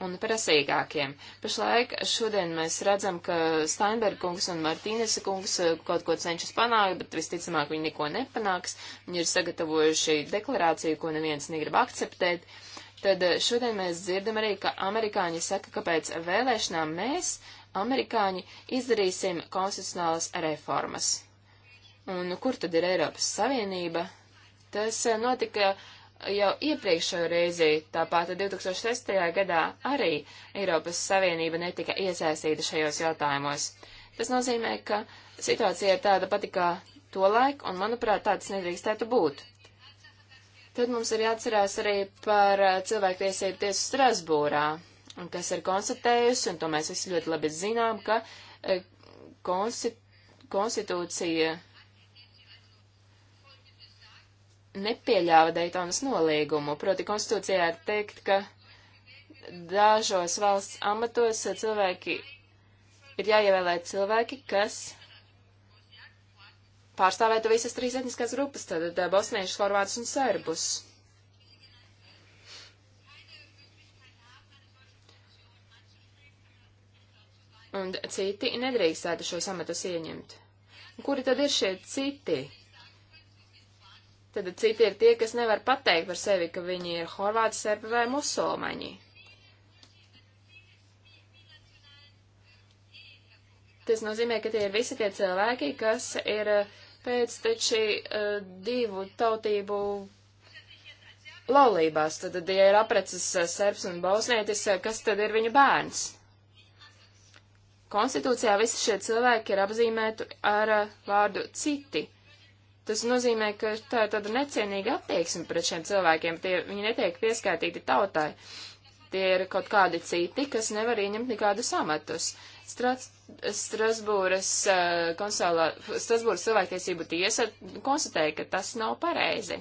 un prasīgākiem. Pašlaik šodien mēs redzam, ka Steinberga kungs un Martīnesa kungs eh, kaut ko cenšas panākt, bet visticamāk viņi neko nepanāks. Viņi ir sagatavojuši deklarāciju, ko neviens negrib akceptēt. Tad eh, šodien mēs dzirdam arī, ka amerikāņi saka, ka pēc vēlēšanām mēs, amerikāņi, izdarīsim konstitucionālas reformas. Un kur tad ir Eiropas Savienība? Tas eh, notika jau iepriekšējo reizi, tāpat 2006. gadā arī Eiropas Savienība netika iesaistīta šajos jautājumos. Tas nozīmē, ka situācija ir tāda pati kā to laiku, un manuprāt, tāds nedrīkstētu būt. Tad mums ir jāatcerās arī par eh, cilvēktiesību tiesu Strasbūrā, kas ir konstatējusi, un to mēs visi ļoti labi zinām, ka eh, konstitūcija nepieļāva Daytonas nolīgumu. Proti konstitūcijā ir teikt, ka dažos valsts amatos cilvēki ir jāievēlē cilvēki, kas pārstāvētu visas trīs etniskās grupas, tad uh, bosniešus, horvātus un serbus. Un citi nedrīkstētu šos amatus ieņemt. Un kuri tad ir šie citi? Tad citi ir tie, kas nevar pateikt par sevi, ka viņi ir horvāti, serbi vai musulmaņi. Tas nozīmē, ka tie ir visi tie cilvēki, kas ir eh, pēc taču eh, divu tautību laulībās. Tad, ja ir aprecis eh, serbs un bausnietis, kas tad ir viņa bērns? Konstitūcijā visi šie cilvēki ir apzīmēti ar vārdu citi. Tas nozīmē, ka tā ir tāda necienīga attieksme pret šiem cilvēkiem. Tie, viņi netiek pieskaitīti tautai. Tie ir kaut kādi citi, kas nevar ieņemt nekādus amatus. Strats, Strasbūras, eh, konsolā, Strasbūras cilvēktiesību tiesa konstatēja, ka tas nav pareizi.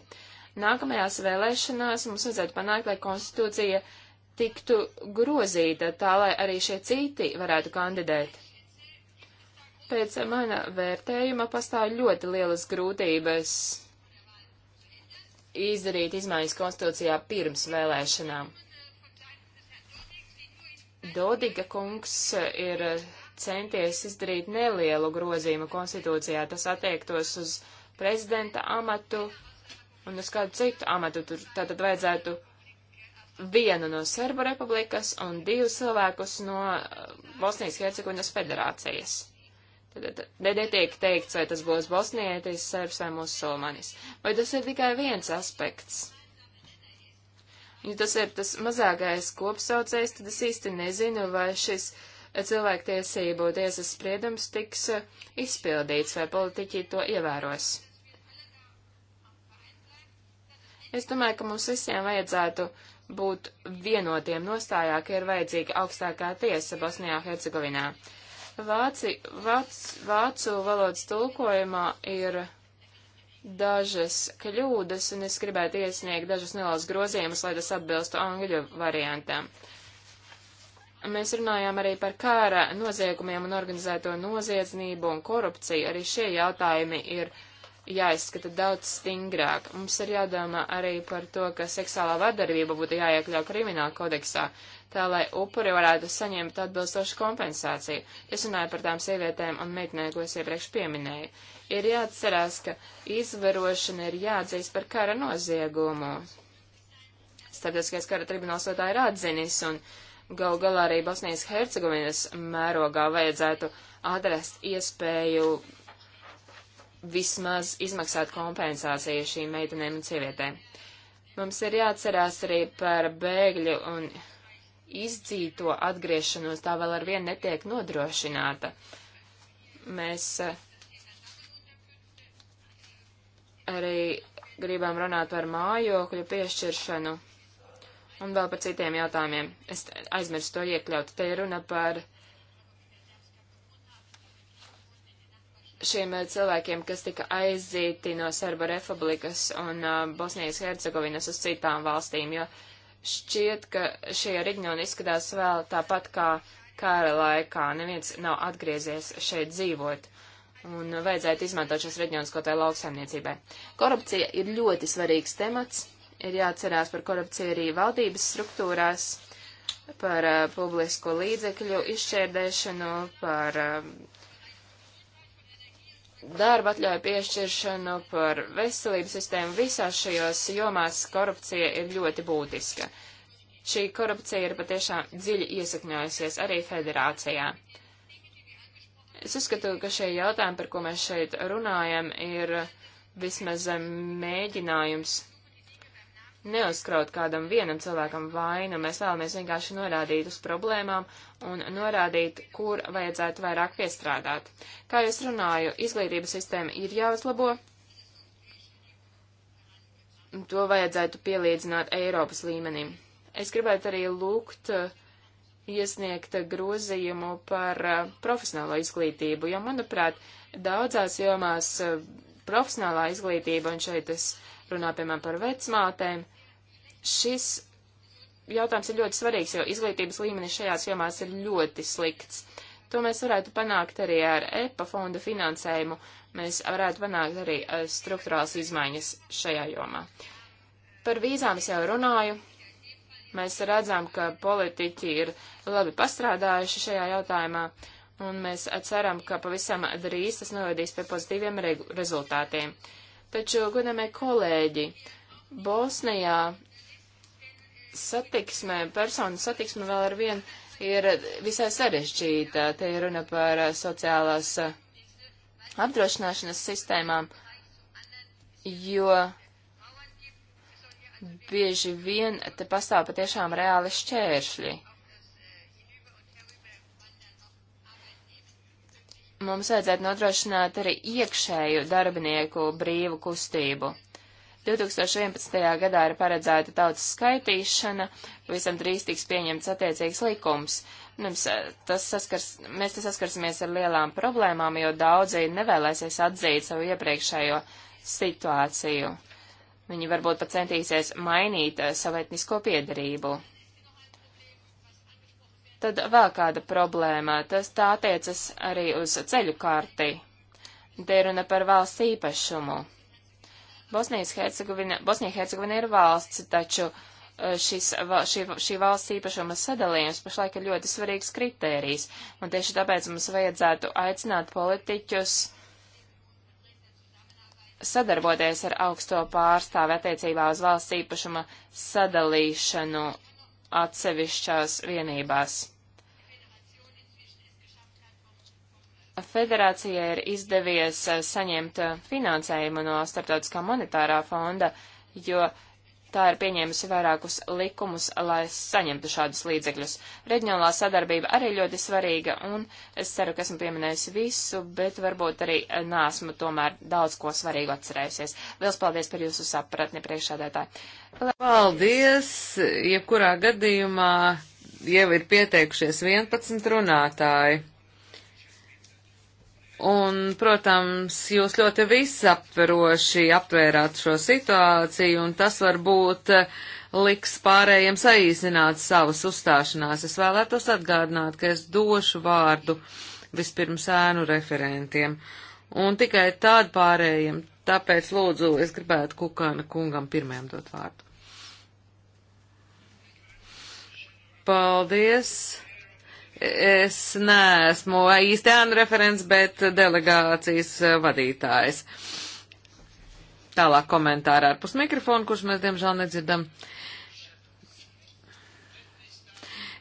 Nākamajās vēlēšanās mums vajadzētu panākt, lai konstitūcija tiktu grozīta tā, lai arī šie citi varētu kandidēt. Pēc mana vērtējuma pastāv ļoti lielas grūtības izdarīt izmaiņas konstitūcijā pirms vēlēšanām. Dodiga kungs ir centies izdarīt nelielu grozījumu konstitūcijā. Tas attiektos uz prezidenta amatu un uz kādu citu amatu. Tur tātad vajadzētu vienu no Serbu republikas un divus cilvēkus no uh, Bosnijas Hercegovinas federācijas netiek teikts, vai tas būs bosnietis, serbs vai musulmanis. Vai tas ir tikai viens aspekts? Ja tas ir tas mazākais kopsaucējs, tad es īsti nezinu, vai šis cilvēktiesību tiesas spriedums tiks eh, izpildīts, vai politiķi to ievēros. Es domāju, ka mums visiem vajadzētu būt vienotiem nostājā, ka ir vajadzīga augstākā tiesa Bosnijā Hercegovinā. Vāci, vāc, vācu valodas tulkojumā ir dažas kļūdas, un es gribētu iesniegt dažus nelielus grozījumus, lai tas atbilstu angļu variantam. Mēs runājām arī par kāra noziegumiem un organizēto noziedznību un korupciju. Arī šie jautājumi ir jāizskata daudz stingrāk. Mums ir jādomā arī par to, ka seksuālā vardarbība būtu jāiekļau krimināla kodeksā. Uh, tā lai upuri varētu saņemt atbilstošu kompensāciju. Es runāju par tām sievietēm un meitenēm, ko es iepriekš pieminēju. Ir jāatcerās, ka izvarošana ir jāatzīst par kara noziegumu. Starptautiskais kara tribunāls to tā ir atzinis un gal galā arī Bosnijas Hercegovinas mērogā vajadzētu atrast iespēju vismaz izmaksāt kompensāciju šīm meitenēm un sievietēm. Mums ir jāatcerās arī par bēgļu un izdzīto atgriešanos tā vēl ar vienu netiek nodrošināta. Mēs eh, arī gribam runāt par mājokļu piešķiršanu un vēl par citiem jautājumiem. Es aizmirsu to iekļaut. Te ir runa par šiem eh, cilvēkiem, kas tika aizdzīti no Serba republikas un uh, Bosnijas Hercegovinas uz citām valstīm, jo uh, Šķiet, ka šie reģioni izskatās vēl tāpat kā kara laikā. Neviens nav atgriezies šeit dzīvot. Un vajadzētu izmantot šos reģionus kaut kādai lauksaimniecībai. Korupcija ir ļoti svarīgs temats. Ir jāatcerās par korupciju arī valdības struktūrās par uh, publisko līdzekļu izšķērdēšanu, par uh, darba atļauju piešķiršanu, par veselības sistēmu. Visās šajos jomās korupcija ir ļoti būtiska. Šī korupcija ir patiešām dziļi iesakņojusies arī federācijā. Es uzskatu, ka šie jautājumi, par ko mēs šeit runājam, ir vismaz mēģinājums neuzkraut kādam vienam cilvēkam vainu, mēs vēlamies vienkārši norādīt uz problēmām un norādīt, kur vajadzētu vairāk piestrādāt. Kā es runāju, izglītības sistēma ir jāuzlabo. To vajadzētu pielīdzināt Eiropas līmenim. Es gribētu arī lūgt uh, iesniegt grozījumu par uh, profesionālo izglītību, jo, manuprāt, daudzās jomās uh, profesionālā izglītība, un šeit es runāju, piemēram, par vecmātēm, Šis jautājums ir ļoti svarīgs, jo izglītības līmenis šajās jomās ir ļoti slikts. To mēs varētu panākt arī ar EPA fonda finansējumu. Mēs varētu panākt arī eh, struktūrāls izmaiņas šajā jomā. Par vīzām es jau runāju. Mēs redzam, ka politiķi ir labi pastrādājuši šajā jautājumā, un mēs ceram, ka pavisam drīz tas novedīs pie pozitīviem rezultātiem. Taču, godamie kolēģi, Bosnijā satiksme, personu satiksme vēl ar vienu ir visai sarežģīta. Te ir runa par eh, sociālās eh, apdrošināšanas sistēmām, jo bieži vien te pastāv patiešām reāli šķēršļi. Mums vajadzētu nodrošināt arī iekšēju darbinieku brīvu kustību. 2011. gadā ir paredzēta tautas skaitīšana, pavisam drīz tiks pieņemts attiecīgs likums. Mums, nu, tas saskars, mēs te saskarsimies ar lielām problēmām, jo daudzi nevēlēsies atzīt savu iepriekšējo situāciju. Viņi varbūt pat centīsies mainīt eh, savu etnisko piedarību. Tad vēl kāda problēma, tas tā attiecas arī uz ceļu karti. Te runa par valsts īpašumu. Bosnija-Hercegovina Bosnija ir valsts, taču e, šis, šī, šī valsts īpašuma sadalījums pašlaik ir ļoti svarīgs kritērijs, un tieši tāpēc mums vajadzētu aicināt politiķus sadarboties ar augsto pārstāvi attiecībā uz valsts īpašuma sadalīšanu atsevišķās vienībās. federācijai ir izdevies eh, saņemt eh, finansējumu no Startautiskā monetārā fonda, jo tā ir pieņēmusi vairākus likumus, lai saņemtu šādus līdzekļus. Reģionālā sadarbība arī ļoti svarīga, un es ceru, ka esmu pieminējusi visu, bet varbūt arī eh, nāsmu tomēr daudz ko svarīgu atcerējusies. Liels paldies par jūsu sapratni priekšādētāji. Paldies! Jebkurā gadījumā jau ir pieteikušies 11 runātāji. Un, protams, jūs ļoti visaptveroši aptvērāt šo situāciju, un tas varbūt eh, liks pārējiem saīsināt savas uzstāšanās. Es vēlētos atgādināt, ka es došu vārdu vispirms ēnu referentiem, un tikai tād pārējiem. Tāpēc, lūdzu, es gribētu Kukana kungam pirmajam dot vārdu. Paldies! Es neesmu īsti ēnu referents, bet delegācijas eh, vadītājs. Tālāk komentāri ārpus mikrofonu, kurus mēs diemžēl nedzirdam.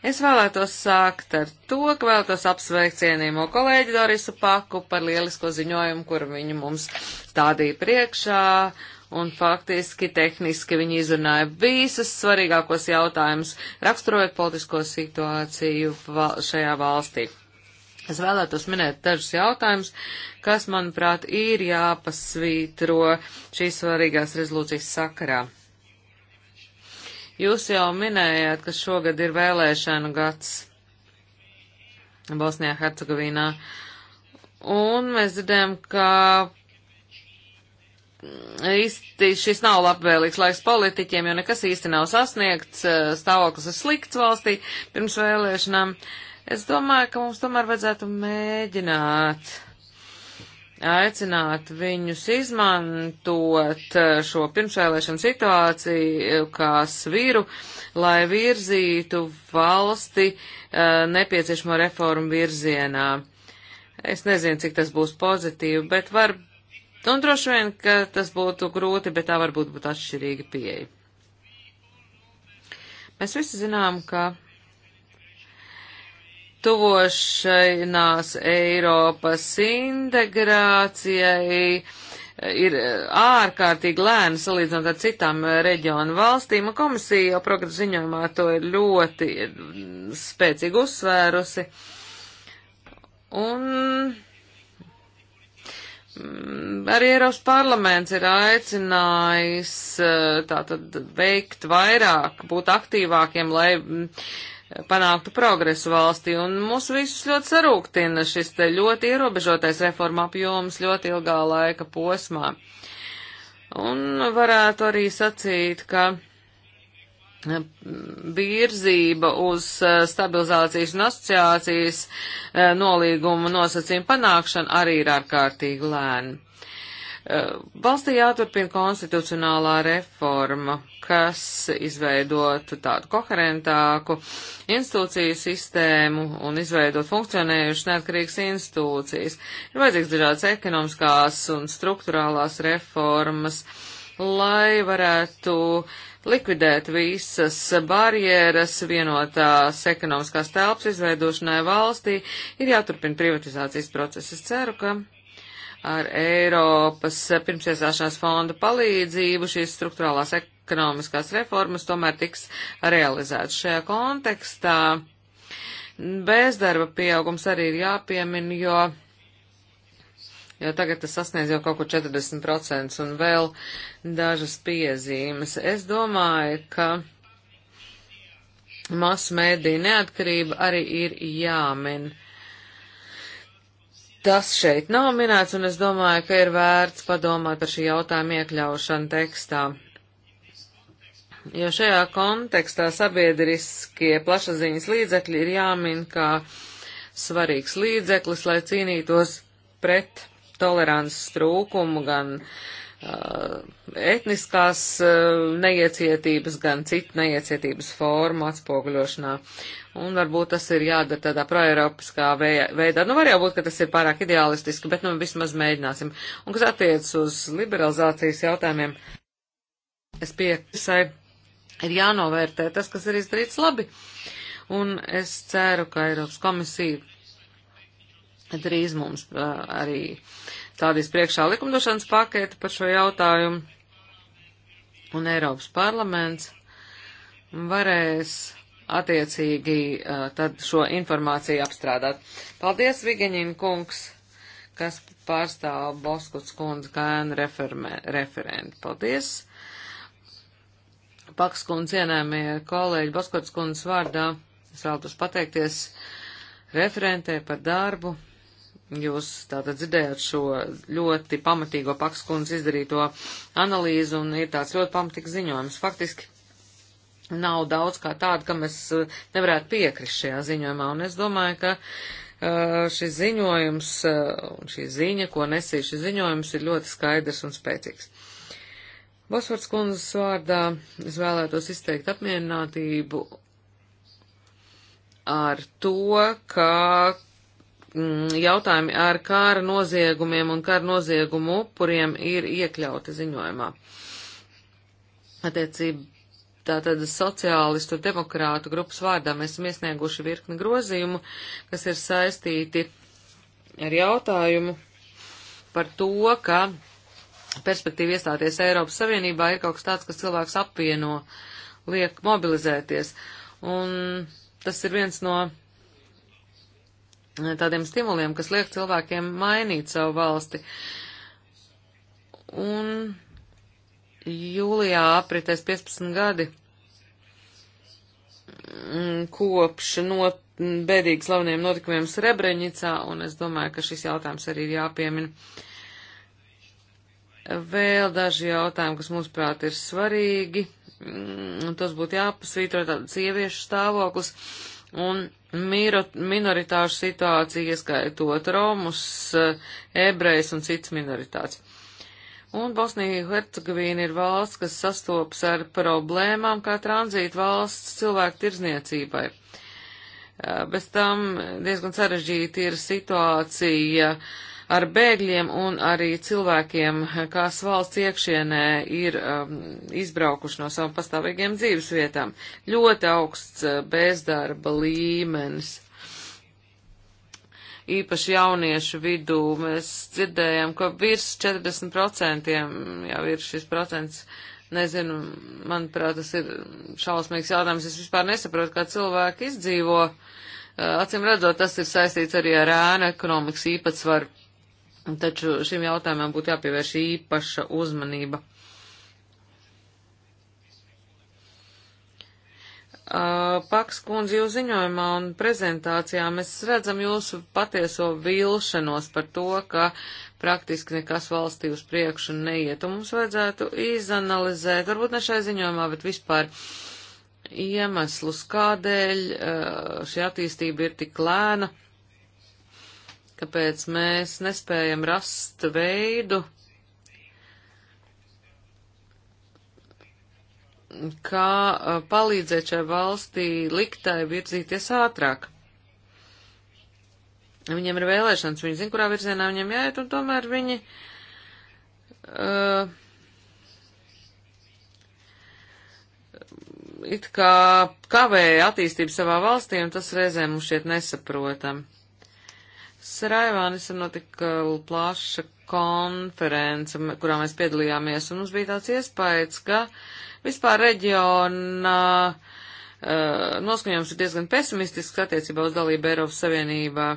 Es vēlētos sākt ar to, ka vēlētos apsveikt cienīmo kolēģi Dorisu Paku par lielisko ziņojumu, kur viņu mums stādīja priekšā. Uh, un faktiski tehniski viņi izrunāja visus svarīgākos jautājumus, raksturojot politisko situāciju val šajā valstī. Es vēlētos minēt dažus jautājumus, kas, manuprāt, ir jāpasvītro šīs svarīgās rezolūcijas sakarā. Jūs jau minējāt, ka šogad ir vēlēšanu gads Bosnijā, Hercegovīnā, un mēs dzirdējam, ka īsti šis nav labvēlīgs laiks politiķiem, jo nekas īsti nav sasniegts, stāvoklis ir slikts valstī pirms vēlēšanām. Es domāju, ka mums tomēr vajadzētu mēģināt aicināt viņus izmantot šo pirmsvēlēšanu situāciju kā sviru, lai virzītu valsti nepieciešamo reformu virzienā. Es nezinu, cik tas būs pozitīvi, bet varbūt Nu, un droši vien, ka tas būtu grūti, bet tā varbūt būtu atšķirīga pieeja. Mēs visi zinām, ka tuvošainās Eiropas integrācijai ir ārkārtīgi lēna salīdzinot ar citām reģionu valstīm, un komisija jau progresa ziņojumā to ir ļoti spēcīgi uzsvērusi. Un Mm, arī Eiropas parlaments ir aicinājis eh, tātad veikt vairāk, būt aktīvākiem, lai mm, panāktu progresu valstī, un mūs visus ļoti sarūktina šis te ļoti ierobežotais reforma apjoms ļoti ilgā laika posmā. Un varētu arī sacīt, ka virzība uz eh, stabilizācijas un asociācijas eh, nolīgumu nosacījumu panākšana arī ir ārkārtīgi lēna. Eh, valstī jāturpina konstitucionālā reforma, kas izveidotu tādu koherentāku institūciju sistēmu un izveidot funkcionējušas neatkarīgas institūcijas. Ir vajadzīgs dažādas ekonomiskās un struktūrālās reformas, lai varētu uh, likvidēt visas barjeras vienotās ekonomiskās telpas izveidošanai valstī, ir jāturpina privatizācijas process. Es ceru, ka ar Eiropas pirmsiesāšanās fonda palīdzību šīs struktūrālās ekonomiskās reformas tomēr tiks realizētas šajā kontekstā. Bezdarba pieaugums arī ir jāpiemina, jo jo tagad tas sasniedz jau kaut kur 40% un vēl dažas piezīmes. Es domāju, ka masu mēdīja neatkarība arī ir jāmin. Tas šeit nav minēts, un es domāju, ka ir vērts padomāt par šī jautājuma iekļaušanu tekstā. Jo šajā kontekstā sabiedriskie plašaziņas līdzekļi ir jāmin kā svarīgs līdzeklis, lai cīnītos pret tolerances trūkumu, gan uh, etniskās uh, neiecietības, gan citu neiecietības formu atspoguļošanā. Un varbūt tas ir jādara tādā proeiropiskā veidā. Nu, var jau būt, ka tas ir pārāk ideālistiski, bet nu vismaz mēģināsim. Un kas attiec uz liberalizācijas jautājumiem, es piekrisai, ir jānovērtē tas, kas ir izdarīts labi. Un es ceru, ka Eiropas komisija Drīz mums arī stādīs priekšā likumdošanas paketi par šo jautājumu, un Eiropas parlaments varēs attiecīgi tad šo informāciju apstrādāt. Paldies, Vigaņina kungs, kas pārstāv Boskuts kundz gēnu referentu. Paldies! Paks kundz cienējamie kolēģi Boskuts kundz vārdā. Es vēlos pateikties referentē par darbu. Jūs tātad dzirdējāt šo ļoti pamatīgo pakskundas izdarīto analīzi un ir tāds ļoti pamatīgs ziņojums. Faktiski nav daudz kā tāda, kam es eh, nevarētu piekrist šajā ziņojumā, un es domāju, ka eh, šis ziņojums eh, un šī ziņa, ko nesīja šis ziņojums, ir ļoti skaidrs un spēcīgs. Bosfords kundzes vārdā es vēlētos izteikt apmierinātību ar to, ka Mm, jautājumi ar kāra noziegumiem un kāra noziegumu upuriem ir iekļauti ziņojumā. Attiecība tātad sociālistu demokrātu grupas vārdā mēs esam iesnieguši virkni grozījumu, kas ir saistīti ar jautājumu par to, ka perspektīva iestāties Eiropas Savienībā ir kaut kas tāds, kas cilvēks apvieno, liek mobilizēties. Un tas ir viens no tādiem stimuliem, kas liek cilvēkiem mainīt savu valsti. Un jūlijā apritēs 15 gadi mm, kopš no bēdīgi slaveniem notikumiem Srebrenicā, un es domāju, ka šis jautājums arī ir jāpiemina. Vēl daži jautājumi, kas mums prāt ir svarīgi, un mm, tas būtu jāpasvītro tāds sieviešu stāvoklis, un minoritāšu situāciju, ieskaitot romus, ebrejs un cits minoritāts. Un Bosnija Hercegovina ir valsts, kas sastopas ar problēmām kā tranzīta valsts cilvēku tirzniecībai. Bez tam diezgan sarežģīta ir situācija uh, ar bēgļiem un arī cilvēkiem, kas valsts iekšienē ir um, izbraukuši no savām pastāvīgiem dzīves vietām. Ļoti augsts uh, bezdarba līmenis. Īpaši jauniešu vidū mēs dzirdējam, ka virs 40% jau ir šis procents. Nezinu, manuprāt, tas ir šausmīgs jautājums. Es vispār nesaprotu, kā cilvēki izdzīvo. Uh, Acim redzot, tas ir saistīts arī ar ēnu ekonomikas īpatsvaru Taču šim jautājumam būtu jāpievērš īpaša uzmanība. Uh, Paks kundze, jūs ziņojumā un prezentācijā mēs redzam jūsu patieso vilšanos par to, ka praktiski nekas valstī uz priekšu neiet. Un mums vajadzētu izanalizēt, varbūt ne šai ziņojumā, bet vispār iemeslus, kādēļ uh, šī attīstība ir tik lēna. Uh, kāpēc mēs nespējam rast veidu, kā palīdzēt šai valstī liktai virzīties ātrāk. Viņiem ir vēlēšanas, viņi zina, kurā virzienā viņiem jāiet, un tomēr viņi uh, it kā kavēja attīstību savā valstī, un tas reizēm mums šķiet nesaprotam. Sarajevānisam notika plaša konference, kurā mēs piedalījāmies, un mums bija tāds iespējas, ka vispār reģiona uh, noskaņojums ir diezgan pesimistisks attiecībā uz dalību Eiropas Savienībā.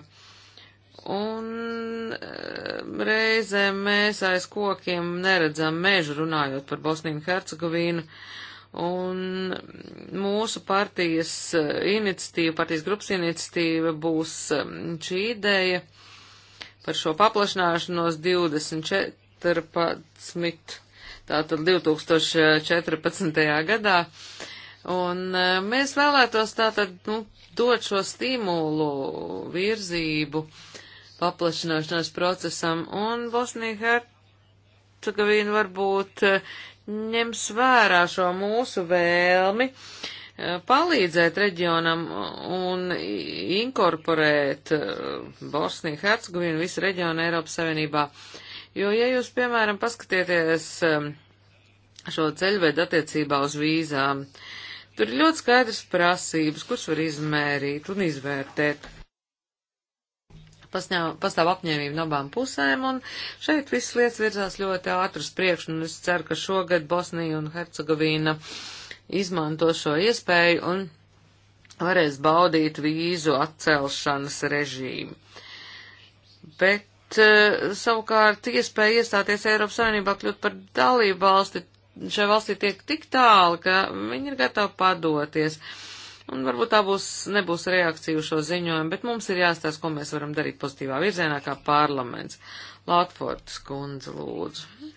Un uh, reizēm mēs aiz kokiem neredzam mežu runājot par Bosniju un Hercegovīnu. Uh, Un mūsu partijas eh, iniciatīva, partijas grupas iniciatīva būs eh, šī ideja par šo paplašināšanos 2014, tātad 2014. gadā. Un eh, mēs vēlētos tātad, nu, dot šo stimulu, virzību paplašināšanās procesam, un Bosnija Hercegovina varbūt ņems vērā šo mūsu vēlmi eh, palīdzēt reģionam un inkorporēt eh, Bosniju, Hercegovinu, visu reģionu Eiropas Savienībā. Jo, ja jūs, piemēram, paskatieties eh, šo ceļvedu attiecībā uz vīzām, tur ir ļoti skaidrs prasības, kuras var izmērīt un izvērtēt pasņā, pastāv apņēmība no abām pusēm, un šeit visas lietas virzās ļoti ātras priekš, un es ceru, ka šogad Bosnija un Hercegovīna izmanto šo iespēju un varēs baudīt vīzu atcelšanas režīmu. Bet eh, savukārt iespēja iestāties Eiropas Savienībā kļūt par dalību valsti, šai valstī tiek tik tālu, ka viņi ir gatavi padoties. Uh, Un varbūt tā būs, nebūs reakcija uz šo ziņojumu, bet mums ir jāstāsta, ko mēs varam darīt pozitīvā virzienā kā parlaments. Latfords kundze lūdzu.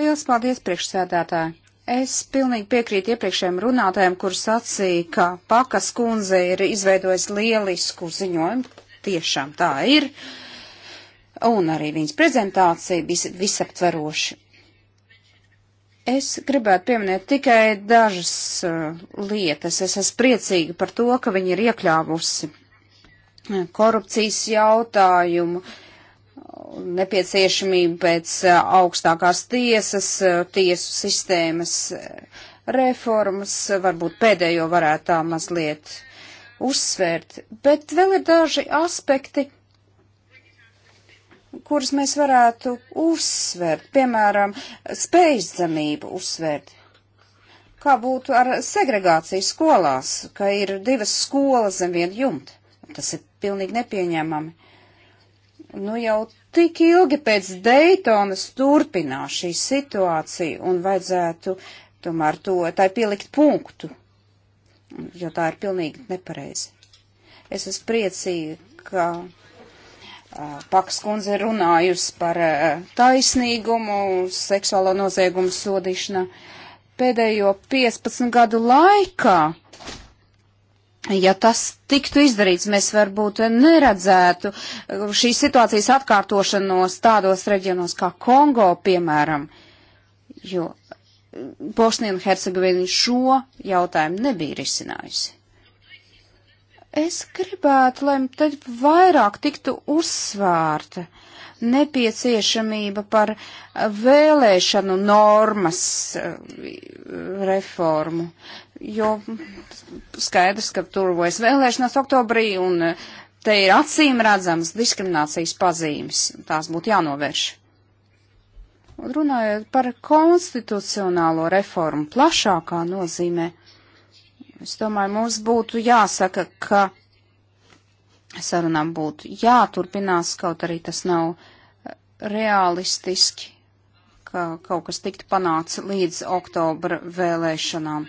Liels paldies priekšsēdētāji. Es pilnīgi piekrītu iepriekšējiem runātājiem, kur sacīja, ka Pakas kundze ir izveidojusi lielisku ziņojumu. Tiešām tā ir. Un arī viņas prezentācija vis, visaptveroši. Es gribētu pieminēt tikai dažas uh, lietas. Es esmu priecīga par to, ka viņi ir iekļāvusi uh, korupcijas jautājumu, nepieciešamību pēc uh, augstākās tiesas, uh, tiesu sistēmas uh, reformas, varbūt pēdējo varētu tā mazliet uzsvērt, bet vēl ir daži aspekti, kurus mēs varētu uzsvērt, piemēram, spējas uzsvērt. Kā būtu ar segregāciju skolās, ka ir divas skolas zem vienu jumtu? Tas ir pilnīgi nepieņemami. Nu jau tik ilgi pēc Daytonas turpinās šī situācija un vajadzētu tomēr to, tai pielikt punktu, jo tā ir pilnīgi nepareizi. Es esmu priecīga, ka Paks kundze ir runājusi par eh, taisnīgumu, seksuālo noziegumu sodīšanu pēdējo 15 gadu laikā. Ja tas tiktu izdarīts, mēs varbūt neredzētu eh, šīs situācijas atkārtošanos tādos reģionos kā Kongo, piemēram, jo Bosnija un Hercegovina šo jautājumu nebija risinājusi. Es gribētu, lai tad vairāk tiktu uzsvērta nepieciešamība par vēlēšanu normas eh, reformu, jo skaidrs, ka turvojas vēlēšanas oktobrī un eh, te ir acīm redzams diskriminācijas pazīmes, tās būtu jānovērš. Runājot par konstitucionālo reformu plašākā nozīmē Es domāju, mums būtu jāsaka, ka sarunām būtu jāturpinās, kaut arī tas nav eh, realistiski, ka kaut kas tiktu panāts līdz oktobra vēlēšanām.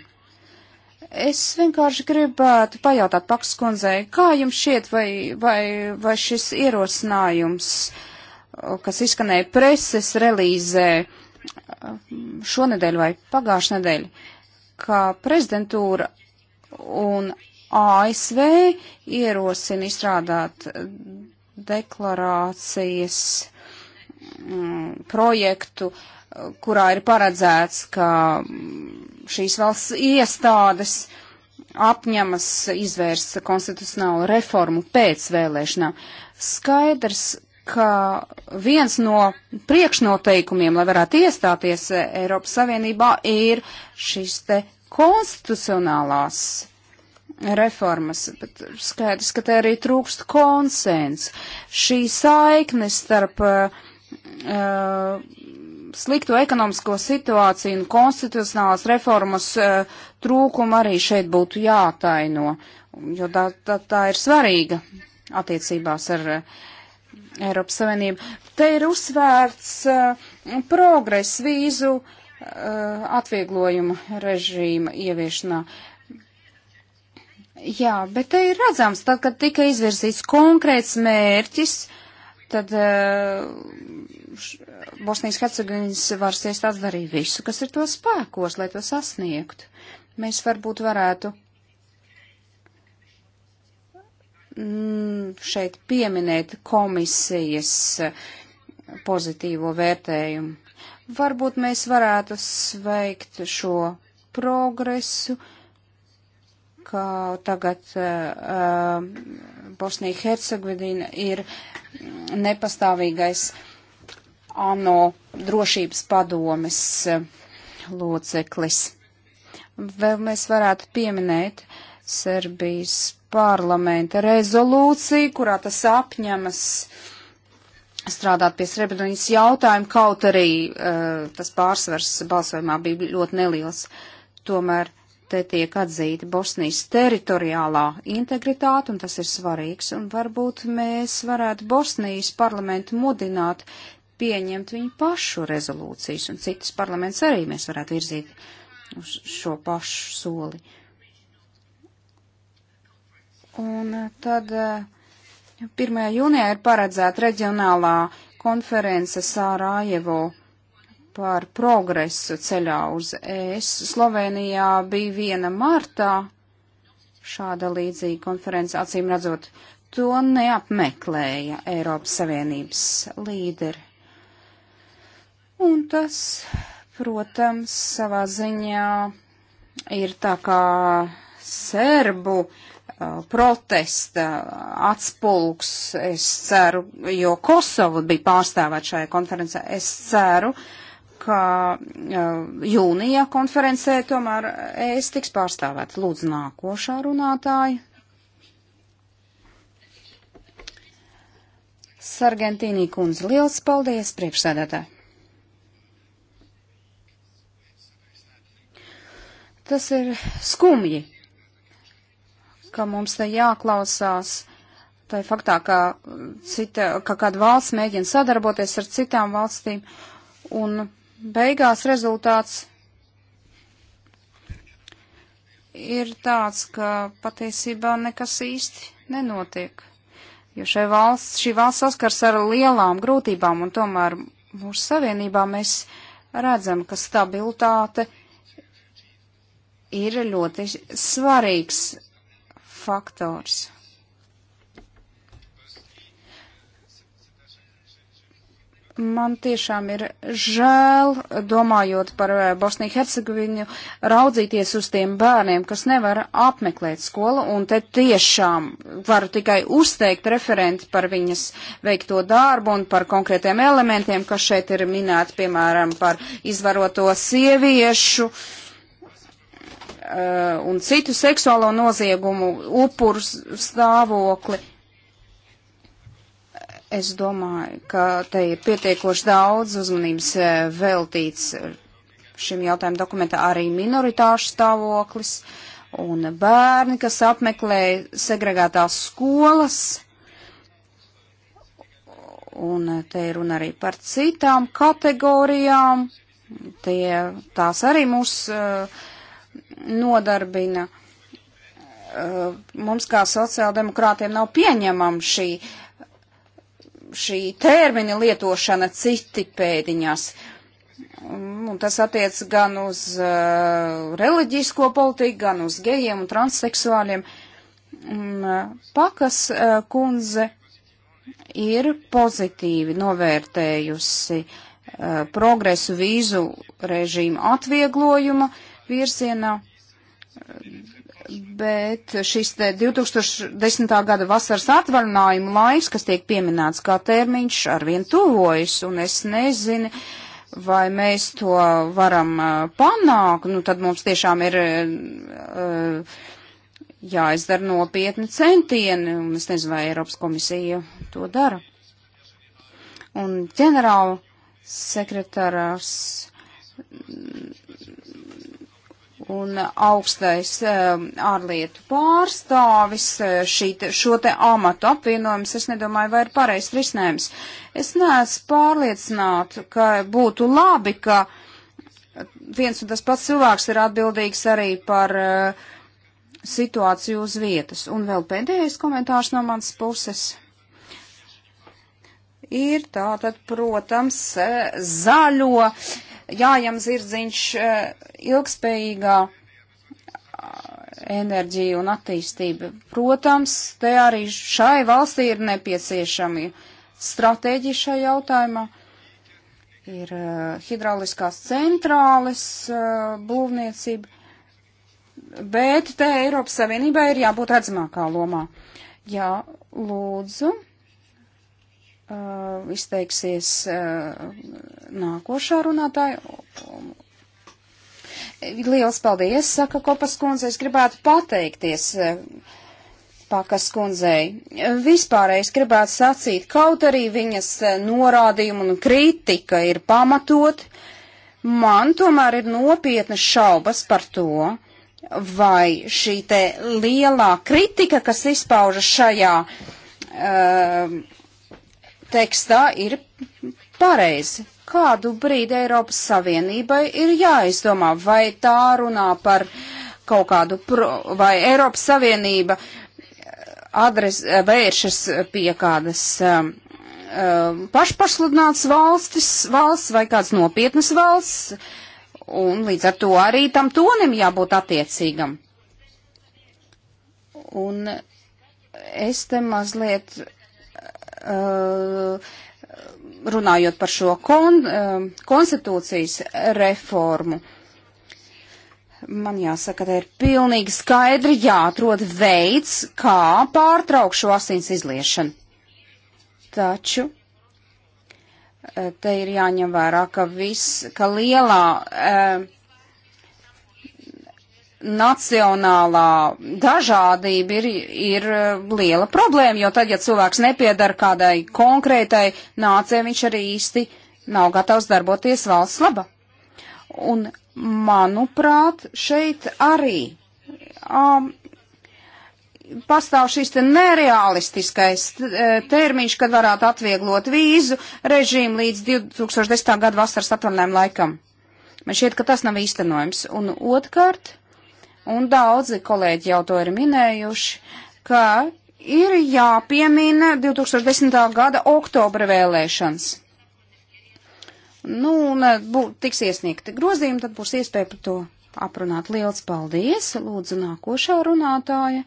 Es vienkārši gribētu pajautāt Paks kundzei, kā jums šķiet, vai, vai, vai šis ierosinājums, eh, kas izskanēja preses relīzē eh, šonedēļ vai pagājušajā nedēļ, ka prezidentūra un ASV ierosina izstrādāt deklarācijas mm, projektu, kurā ir paredzēts, ka šīs valsts iestādes apņemas izvērst konstitucionālu reformu pēc vēlēšanām. Skaidrs, ka viens no priekšnoteikumiem, lai varētu iestāties Eiropas Savienībā, ir šis te konstitucionālās reformas, bet skaidrs, ka te arī trūkst konsens. Šī saikne starp uh, slikto ekonomisko situāciju un konstitucionālās reformas uh, trūkumu arī šeit būtu jātaino, jo tā, tā, tā ir svarīga attiecībās ar uh, Eiropas Savienību. Te ir uzsvērts uh, progress vīzu uh, Uh, atvieglojuma režīma ieviešanā. Jā, bet te ir redzams, tad, kad tika izvirzīts konkrēts mērķis, tad uh, Bosnijas Hercegovinas varas iestādes darīja visu, kas ir to spēkos, lai to sasniegtu. Mēs varbūt varētu mm, šeit pieminēt komisijas pozitīvo vērtējumu. Varbūt mēs varētu sveikt šo progresu, ka tagad uh, Bosnija Hercegovina ir nepastāvīgais ANO drošības padomes eh, loceklis. Vēl mēs varētu pieminēt Serbijas parlamenta rezolūciju, kurā tas apņemas uh, strādāt pie Srebrenikas jautājuma, kaut arī uh, tas pārsvars balsojumā bija ļoti neliels. Tomēr te tiek atzīta Bosnijas teritoriālā integritāte, un tas ir svarīgs, un varbūt mēs varētu Bosnijas parlamentu mudināt pieņemt viņu pašu rezolūcijas, un citas parlaments arī mēs varētu virzīt uz šo pašu soli. Un e, tad uh, 1. jūnijā ir paredzēta reģionālā konference Sārājevo par progresu ceļā uz ES. Slovenijā bija viena martā šāda līdzīga konference, acīm redzot, to neapmeklēja Eiropas Savienības līderi. Un tas, protams, savā ziņā ir tā kā serbu uh, Uh, protesta atspulgs, es ceru, jo Kosovu bija pārstāvēt šajā konferencē, es ceru, ka uh, jūnijā konferencē tomēr es tiks pārstāvēt. Lūdzu, nākošā runātāja. Sargentīnī kundze, liels paldies priekšsēdētāji! Tas ir skumji, ka mums te jāklausās tai faktā, ka, cita, ka kāda valsts mēģina sadarboties ar citām valstīm, un beigās rezultāts ir tāds, ka patiesībā nekas īsti nenotiek. Jo šī valsts, šī valsts saskars ar lielām grūtībām, un tomēr mūsu savienībā mēs redzam, ka stabilitāte ir ļoti svarīgs faktors. Man tiešām ir žēl, domājot par eh, Bosniju Hercegoviņu, raudzīties uz tiem bērniem, kas nevar apmeklēt skolu, un te tiešām varu tikai uzteikt referenti par viņas veikto darbu un par konkrētiem elementiem, kas šeit ir minēti, piemēram, par izvaroto sieviešu uh, Uh, un citu seksuālo noziegumu upuru stāvokli. Es domāju, ka te ir pietiekoši daudz uzmanības uh, veltīts šim jautājumam dokumentā arī minoritāšu stāvoklis un bērni, kas apmeklē segregētās skolas. Un uh, te ir runa arī par citām kategorijām. Tie, tās arī mūs uh, nodarbina. Eh, mums kā sociāldemokrātiem nav pieņemama šī, šī termina lietošana citi pēdiņās. Un tas attiec gan uz uh, reliģisko politiku, gan uz gejiem un transseksuāļiem. Un, uh, pakas uh, kundze ir pozitīvi novērtējusi uh, progresu vīzu režīmu atvieglojuma virzienā. Bet šis 2010. gada vasaras atvaļinājuma laiks, kas tiek pieminēts kā termiņš, arvien tuvojas, un es nezinu, vai mēs to varam panākt, nu tad mums tiešām ir jāizdara nopietni centieni, un es nezinu, vai Eiropas komisija to dara. Un ģenerāla sekretārs un augstais um, ārlietu pārstāvis uh, šīt, šo te amatu apvienojums, es nedomāju, vai ir pareizs risinājums. Es neesmu pārliecināta, ka būtu labi, ka viens un tas pats cilvēks ir atbildīgs arī par uh, situāciju uz vietas. Un vēl pēdējais komentārs no manas puses ir tātad, protams, uh, zaļo jājam zirdziņš eh, ilgspējīgā eh, enerģija un attīstība. Protams, te arī šai valstī ir nepieciešami stratēģi šajā jautājumā. Ir eh, hidrauliskās centrāles būvniecība, bet te Eiropas Savienībā ir jābūt redzamākā lomā. Jā, lūdzu uh, izteiksies uh, nākošā runātāja. Liels paldies, saka Kopas kundze. Es gribētu pateikties uh, Pakas kundzei. Vispārējais gribētu sacīt, kaut arī viņas uh, norādījumi un kritika ir pamatot, man tomēr ir nopietnas šaubas par to, vai šī te lielā kritika, kas izpaužas šajā uh, tekstā ir pareizi. Kādu brīdi Eiropas Savienībai ir jāizdomā, vai tā runā par kaut kādu, pro, vai Eiropas Savienība eh, adres, eh, vēršas pie kādas um, eh, pašpasludināts valstis, valsts vai kāds nopietnas valsts, un līdz ar to arī tam tonim jābūt attiecīgam. Un es te mazliet Uh, runājot par šo kon, uh, konstitūcijas reformu. Man jāsaka, ka ir pilnīgi skaidri jāatrod veids, kā pārtraukt šo asins izliešanu. Taču uh, te ir jāņem vērā, ka, vis, ka lielā nacionālā dažādība ir, ir eh, liela problēma, jo tad, ja cilvēks nepiedara kādai konkrētai nācijai, viņš arī īsti nav gatavs darboties valsts laba. Un, manuprāt, šeit arī um, pastāv šis te nereālistiskais eh, termiņš, kad varētu atvieglot vīzu režīmu līdz 2010. gada vasaras atvaļinājumu laikam. Man šķiet, ka tas nav īstenojams. Un otrkārt, un daudzi kolēģi jau to ir minējuši, ka ir jāpiemina 2010. gada oktobra vēlēšanas. Nu, un eh, bū, tiks iesniegti grozījumi, tad būs iespēja par to aprunāt. Liels paldies! Lūdzu, nākošā runātāja.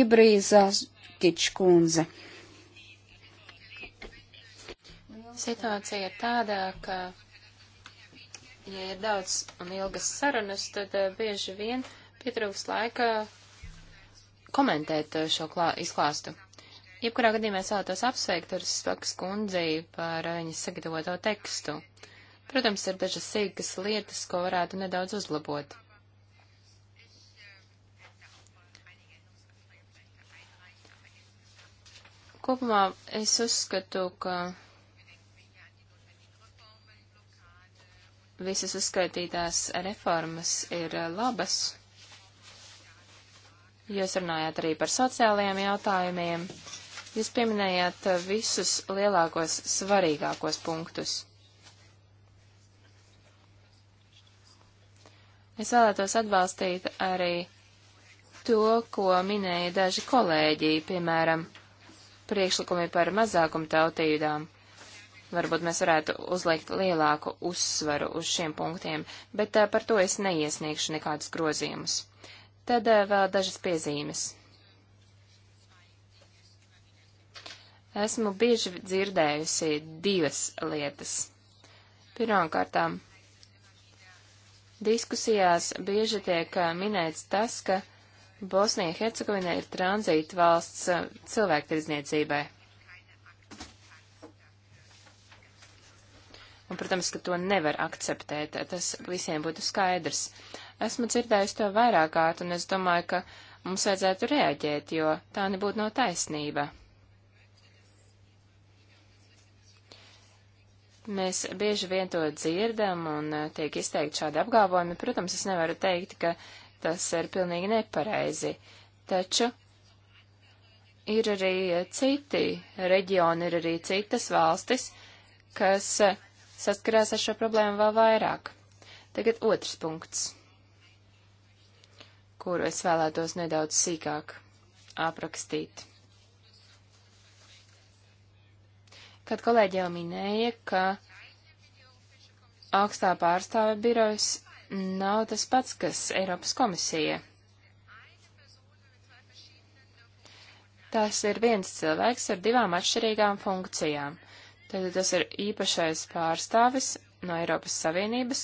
Ibrīzās Kičkundze. Situācija ir tāda, ka, ja ir daudz un ilgas sarunas, tad eh, bieži vien pietrūks laika komentēt eh, šo klā, izklāstu. Jebkurā gadījumā es vēlētos apsveikt ar Spakas kundzi par eh, viņas sagatavoto tekstu. Protams, ir dažas sīkas lietas, ko varētu nedaudz uzlabot. Kopumā es uzskatu, ka visas uzskaitītās reformas ir eh, labas. Jūs runājāt arī par sociālajiem jautājumiem. Jūs pieminējāt eh, visus lielākos, svarīgākos punktus. Es vēlētos atbalstīt arī to, ko minēja daži kolēģi, piemēram, priekšlikumi par mazākumtautībām. Varbūt mēs varētu uzlikt lielāku uzsvaru uz šiem punktiem, bet uh, par to es neiesniegšu nekādus grozījumus. Tad uh, vēl dažas piezīmes. Esmu bieži dzirdējusi divas lietas. Pirmkārtām, diskusijās bieži tiek minēts tas, ka Bosnija-Hercegovina ir tranzīta valsts cilvēktirdzniecībai. Un, protams, ka to nevar akceptēt, tas visiem būtu skaidrs. Esmu dzirdējusi to vairāk kārt, un es domāju, ka mums vajadzētu reaģēt, jo tā nebūtu nav taisnība. Mēs bieži vien to dzirdam un eh, tiek izteikti šādi apgalvojumi. Protams, es nevaru teikt, ka tas ir pilnīgi nepareizi, taču ir arī citi reģioni, ir arī citas valstis, kas eh, saskarās ar šo problēmu vēl vairāk. Tagad otrs punkts, kuru es vēlētos nedaudz sīkāk aprakstīt. Kad kolēģi jau minēja, ka augstā pārstāve birojas nav tas pats, kas Eiropas komisija. Tas ir viens cilvēks ar divām atšķirīgām funkcijām. Tātad tas ir īpašais pārstāvis no Eiropas Savienības,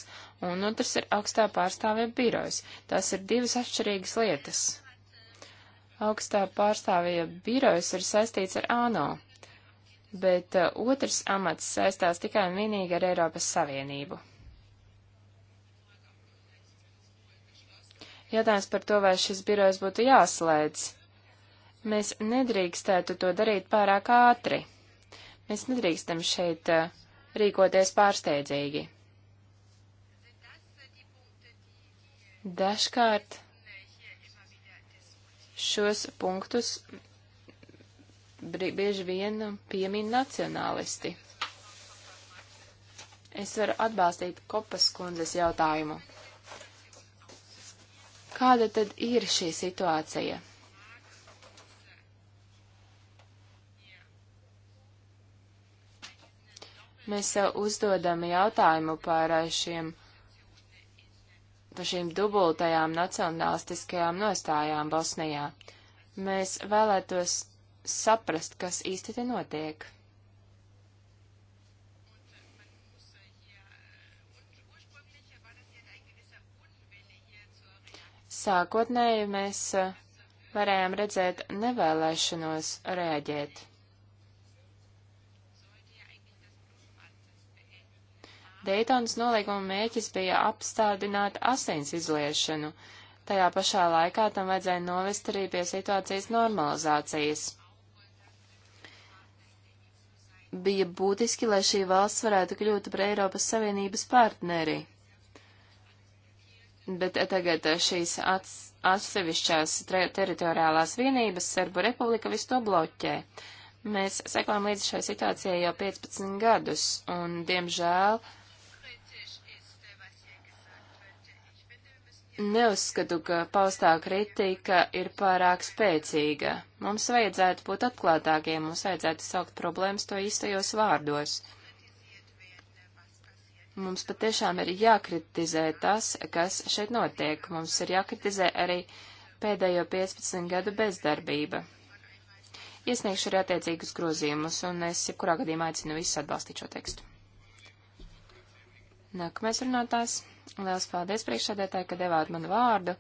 un otrs ir augstā pārstāvja birojs. Tas ir divas atšķirīgas lietas. Augstā pārstāvja birojs ir saistīts ar ANO, bet uh, otrs amats saistās tikai un vienīgi ar Eiropas Savienību. Jautājums par to, vai šis birojs būtu jāslēdz. Mēs nedrīkstētu to darīt pārāk ātri. Mēs nedrīkstam šeit eh, rīkoties pārsteidzīgi. Dažkārt šos punktus bieži vien piemin nacionālisti. Es varu atbalstīt kopas kundzes jautājumu. Kāda tad ir šī situācija? Mēs sev uzdodam jautājumu par eh, šiem, par šīm dubultajām nacionālistiskajām nostājām Bosnijā. Mēs vēlētos saprast, kas īsti te notiek. Sākotnēji mēs eh, varējām redzēt nevēlēšanos rēģēt. Daytonas nolīguma mēķis bija apstādināt asins izliešanu. Tajā pašā laikā tam vajadzēja novest arī pie situācijas normalizācijas. Bija būtiski, lai šī valsts varētu kļūt par Eiropas Savienības partneri. Bet tagad šīs atsevišķās teritoriālās vienības Serbu republika visu to bloķē. Mēs sekojam līdz šai situācijai jau 15 gadus, un, diemžēl, uh, Neuzskatu, ka paustā kritika ir pārāk spēcīga. Mums vajadzētu būt atklātākiem, mums vajadzētu saukt problēmas to īstajos vārdos. Mums patiešām ir jākritizē tas, kas šeit notiek. Mums ir jākritizē arī pēdējo 15 gadu bezdarbība. Iesniegšu arī attiecīgus grozījumus, un es jebkurā gadījumā aicinu visus atbalstīt šo tekstu. Nākamais runātājs. Liels paldies priekšsēdētāji, ka devāt man vārdu.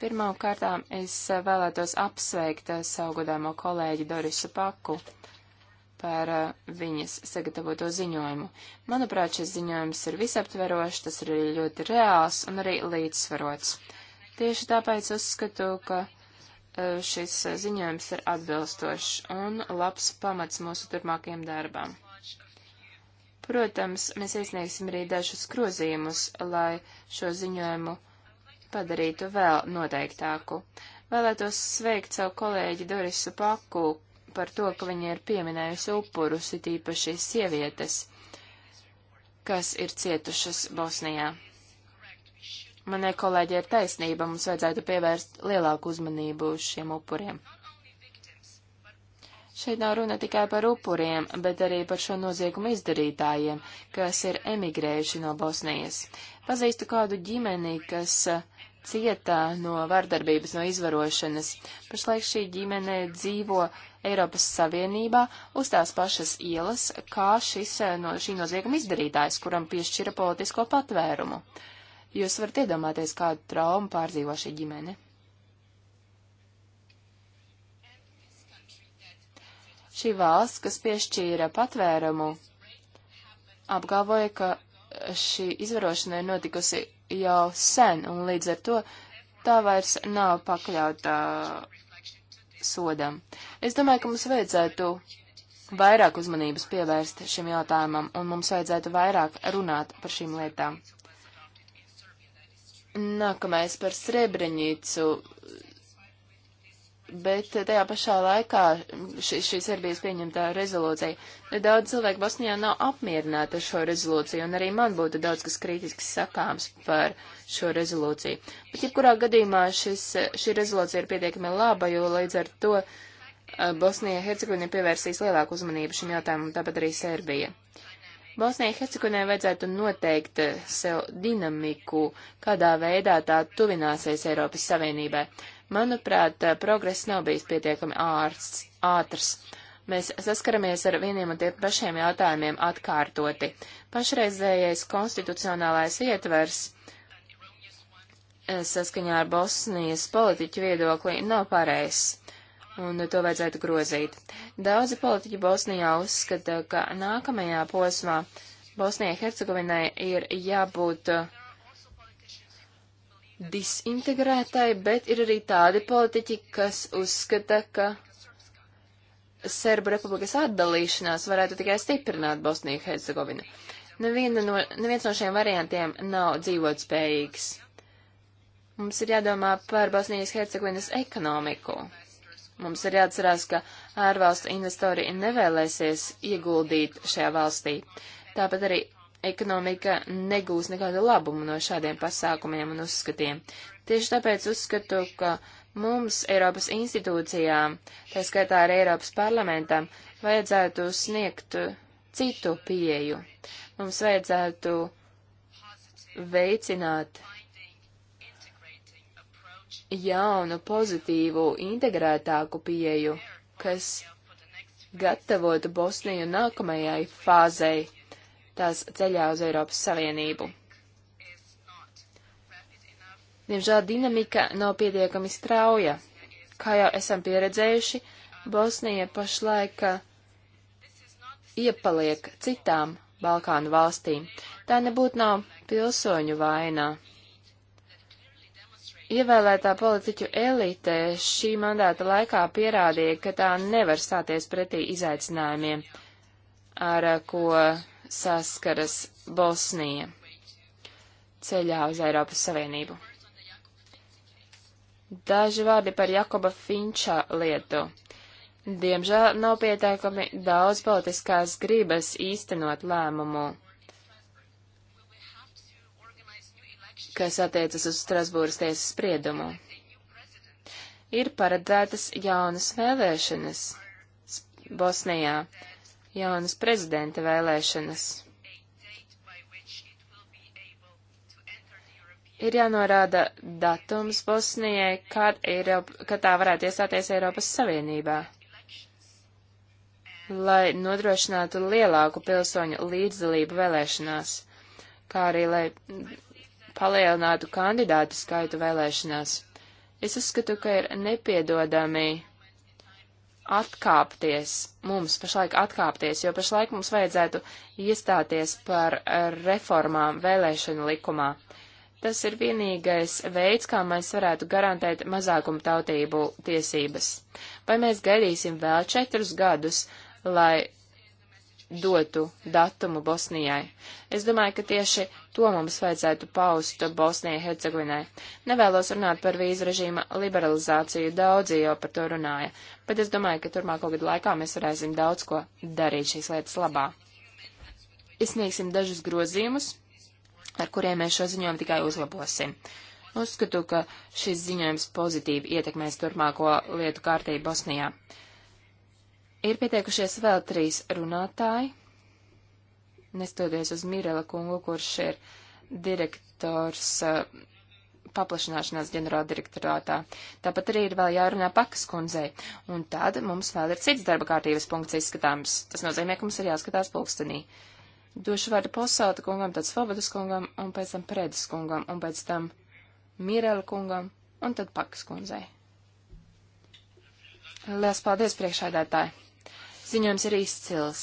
Pirmām kārtām es vēlētos apsveikt savu godāmo kolēģi Dorisu Paku par uh, viņas sagatavoto ziņojumu. Manuprāt, šis ziņojums ir visaptverošs, tas ir ļoti reāls un arī līdzsvarots. Tieši tāpēc uzskatu, ka uh, šis ziņojums ir atbilstošs un labs pamats mūsu turpmākajam darbam. Protams, mēs iesniegsim arī dažus grozījumus, lai šo ziņojumu padarītu vēl noteiktāku. Vēlētos sveikt savu kolēģi Dorisu Paku par to, ka viņa ir pieminējusi upurus, it īpaši sievietes, kas ir cietušas Bosnijā. Manai kolēģi ir taisnība, mums vajadzētu pievērst lielāku uzmanību šiem upuriem. Šeit nav runa tikai par upuriem, bet arī par šo noziegumu izdarītājiem, kas ir emigrējuši no Bosnijas. Pazīstu kādu ģimeni, kas uh, cieta no vardarbības, no izvarošanas. Pašlaik šī ģimene dzīvo Eiropas Savienībā uz tās pašas ielas, kā šis uh, no šī nozieguma izdarītājs, kuram piešķira politisko patvērumu. Jūs varat iedomāties, kādu traumu pārdzīvo šī ģimene. Šī valsts, kas piešķīra patvērumu, apgalvoja, ka šī izvarošana ir notikusi jau sen, un līdz ar to tā vairs nav pakļauta uh, sodam. Es domāju, ka mums vajadzētu vairāk uzmanības pievērst šim jautājumam, un mums vajadzētu vairāk runāt par šīm lietām. Nākamais par Srebrenicu bet tajā pašā laikā šī, šī Serbijas pieņemtā rezolūcija. Daudz cilvēku Bosnijā nav apmierināti ar šo rezolūciju, un arī man būtu daudz kas kritisks sakāms par šo rezolūciju. Bet, ja kurā gadījumā šis, šī rezolūcija ir pietiekami laba, jo līdz ar to eh, Bosnija Hercegovina pievērsīs lielāku uzmanību šim jautājumam, tāpat arī Serbija. Bosnijai Hercegovinai vajadzētu noteikt eh, sev dinamiku, kādā veidā tā tuvināsies Eiropas Savienībai. Manuprāt, progress nav bijis pietiekami ārsts, ātrs. Mēs saskaramies ar vieniem un tiem pašiem jautājumiem atkārtoti. Pašreizējais konstitucionālais ietvers saskaņā ar Bosnijas politiķu viedokli nav pareizs, un to vajadzētu grozīt. Daudzi politiķi Bosnijā uzskata, ka nākamajā posmā Bosnijai Hercegovinai ir jābūt uh, disintegrētai, bet ir arī tādi politiķi, kas uzskata, ka Serbu republikas atdalīšanās varētu tikai stiprināt Bosniju Hercegovinu. Neviena no, neviens no šiem variantiem nav dzīvot spējīgs. Mums ir jādomā par Bosnijas Hercegovinas ekonomiku. Mums ir jāatcerās, ka ārvalstu investori nevēlēsies ieguldīt šajā valstī. Tāpat arī ekonomika negūs nekādu labumu no šādiem pasākumiem un uzskatiem. Tieši tāpēc uzskatu, ka mums Eiropas institūcijām, tā skaitā arī Eiropas parlamentam, vajadzētu sniegt citu pieju. Mums vajadzētu veicināt jaunu, pozitīvu, integrētāku pieju, kas gatavotu Bosniju nākamajai fāzei tās ceļā uz Eiropas Savienību. Diemžēl dinamika nav pietiekami strauja. Kā jau esam pieredzējuši, Bosnija pašlaik uh, iepaliek citām Balkānu valstīm. Tā nebūtu nav pilsoņu vainā. Ievēlētā politiķu elite šī mandāta laikā pierādīja, ka tā nevar stāties pretī izaicinājumiem, ar uh, ko saskaras Bosnija ceļā uz Eiropas Savienību. Daži vārdi par Jakoba Finča lietu. Diemžēl nav pietiekami daudz politiskās gribas īstenot lēmumu, kas attiecas uz Strasbūras tiesas spriedumu. Ir paredzētas jaunas vēlēšanas Bosnijā jaunas prezidenta vēlēšanas. Ir jānorāda datums Bosnijai, kad, Eiropa, kad tā varētu iestāties Eiropas Savienībā. Lai nodrošinātu lielāku pilsoņu līdzdalību vēlēšanās, kā arī lai palielinātu kandidātu skaitu vēlēšanās. Es uzskatu, ka ir nepiedodami atkāpties, mums pašlaik atkāpties, jo pašlaik mums vajadzētu iestāties par reformām vēlēšanu likumā. Tas ir vienīgais veids, kā mēs varētu garantēt mazākumu tautību tiesības. Vai mēs gaidīsim vēl četrus gadus, lai dotu datumu Bosnijai. Es domāju, ka tieši to mums vajadzētu paust Bosnijai Hercegovinai. Nevēlos runāt par vīzu režīma liberalizāciju, daudzi jau par to runāja, bet es domāju, ka turmāko gadu laikā mēs varēsim daudz ko darīt šīs lietas labā. Izsniegsim dažus grozījumus, ar kuriem mēs šo ziņojumu tikai uzlabosim. Uzskatu, ka šis ziņojums pozitīvi ietekmēs turpmāko lietu kārtību Bosnijā. Ir pieteikušies vēl trīs runātāji, nestoties uz Mirela kungu, kurš ir direktors eh, paplašināšanās ģenerāldirektorātā. Tāpat arī ir vēl jārunā pakas kundzei, un tad mums vēl ir cits darba kārtības punkts izskatāms. Tas nozīmē, ka mums ir jāskatās pulkstenī. Došu vārdu posauta kungam, tad svobodas kungam, un pēc tam predes kungam, un pēc tam Mirela kungam, un tad pakas kundzei. Lielas paldies priekšādētāji! Ziņojums ir izcils.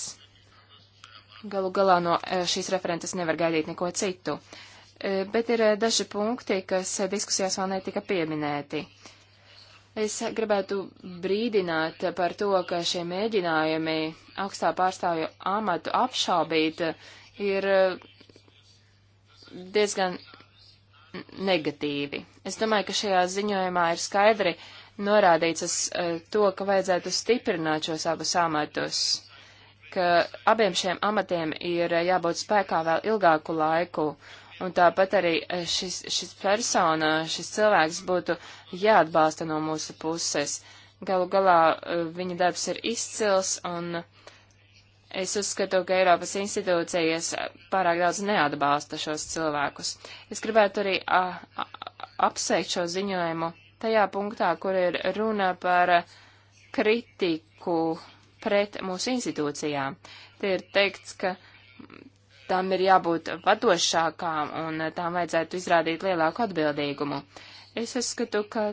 Galu galā no e, šīs referentes nevar gaidīt neko citu. E, bet ir e, daži punkti, kas diskusijās vēl netika pieminēti. Es gribētu brīdināt par to, ka šie mēģinājumi augstā pārstāvju amatu apšaubīt ir diezgan negatīvi. Es domāju, ka šajā ziņojumā ir skaidri uh, norādīts uz eh, to, ka vajadzētu stiprināt šos abus amatus, ka abiem šiem amatiem ir eh, jābūt spēkā vēl ilgāku laiku, un tāpat arī eh, šis, šis persona, šis cilvēks būtu jāatbalsta no mūsu puses. Galu galā viņa darbs ir izcils, un es uzskatu, ka Eiropas institūcijas pārāk daudz neatbalsta šos cilvēkus. Es gribētu arī ah, a, a, apsveikt šo ziņojumu tajā punktā, kur ir runa par kritiku pret mūsu institūcijām. Te ir teikts, ka tām ir jābūt vadošākām un tām vajadzētu izrādīt lielāku atbildīgumu. Es uzskatu, ka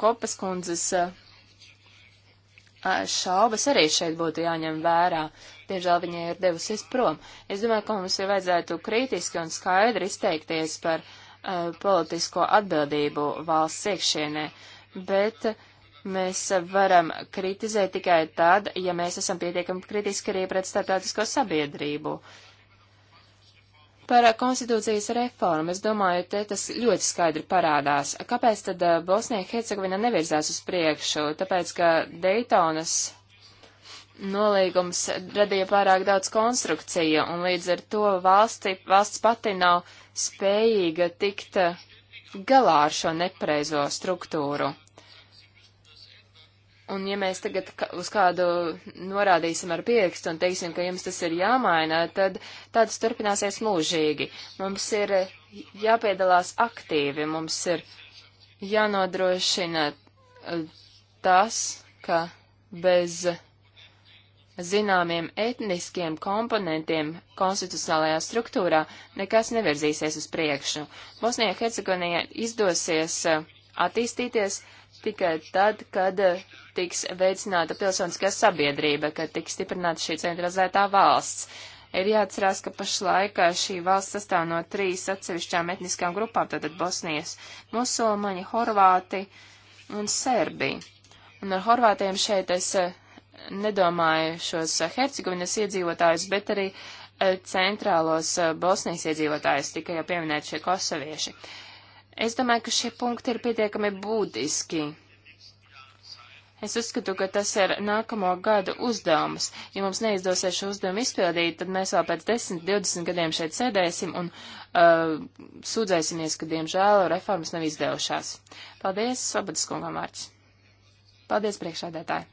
Kopas kundzes šaubas arī šeit būtu jāņem vērā. Diemžēl viņai ir devusies prom. Es domāju, ka mums ir vajadzētu kritiski un skaidri izteikties par uh, Uh, politisko atbildību valsts iekšienē, bet mēs varam kritizēt tikai tad, ja mēs esam pietiekami kritiski arī pret starptautisko sabiedrību. Par konstitūcijas reformu, es domāju, te tas ļoti skaidri parādās. Kāpēc tad uh, Bosnija Hercegovina nevirzās uz priekšu? Tāpēc, ka Daytonas nolīgums radīja pārāk daudz konstrukciju, un līdz ar to valsti, valsts pati nav spējīga tikt eh, galā ar šo nepreizo struktūru. Un ja mēs tagad uz kādu norādīsim ar piekstu un teiksim, ka jums tas ir jāmaina, tad tāds turpināsies mūžīgi. Mums ir jāpiedalās aktīvi, mums ir jānodrošina eh, tas, ka bez uh, zināmiem etniskiem komponentiem konstitucionālajā struktūrā nekas nevirzīsies uz priekšu. Bosnijā Hercegonijā izdosies eh, attīstīties tikai tad, kad eh, tiks veicināta pilsoniskā sabiedrība, kad tiks stiprināta šī centralizētā valsts. Ir jāatcerās, ka pašlaik eh, šī valsts sastāv no trīs atsevišķām etniskām grupām, tātad Bosnijas musulmaņi, horvāti un serbi. Un ar horvātiem šeit es nedomāju šos eh, Hercegovinas iedzīvotājus, bet arī eh, centrālos eh, Bosnijas iedzīvotājus, tika jau pieminēti šie kosovieši. Es domāju, ka šie punkti ir pietiekami būtiski. Es uzskatu, ka tas ir nākamo gadu uzdevums. Ja mums neizdosies šo uzdevumu izpildīt, tad mēs vēl pēc 10, 20 gadiem šeit sēdēsim un uh, sūdzēsimies, ka, diemžēl, reformas nav izdevušās. Paldies, Svabadas kungam vārds. Paldies, priekšādētāji.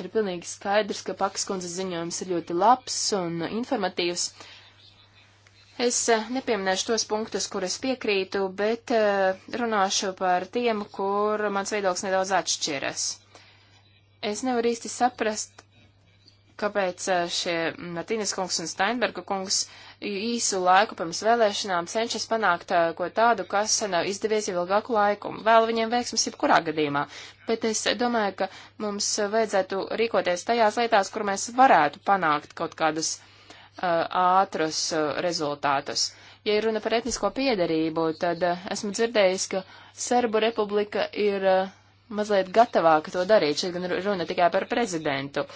ir pilnīgi skaidrs, ka Pakas kundzes ziņojums ir ļoti labs un informatīvs. Es eh, nepieminēšu tos punktus, kur es piekrītu, bet eh, runāšu par tiem, kur mans viedoklis nedaudz atšķiras. Es nevaru īsti saprast, kāpēc eh, šie Martīnes kungs un Steinberga kungs uh, īsu laiku pirms vēlēšanām cenšas panākt ko tādu, kas nav izdevies jau ilgāku laiku. Vēl viņiem veiksmas jebkurā gadījumā, bet es domāju, ka mums vajadzētu rīkoties tajās lietās, kur mēs varētu panākt kaut kādus uh, ātrus uh, rezultātus. Ja runa par etnisko piedarību, tad uh, esmu dzirdējis, ka Serbu republika ir mazliet gatavāka to darīt, šeit gan runa tikai par prezidentu.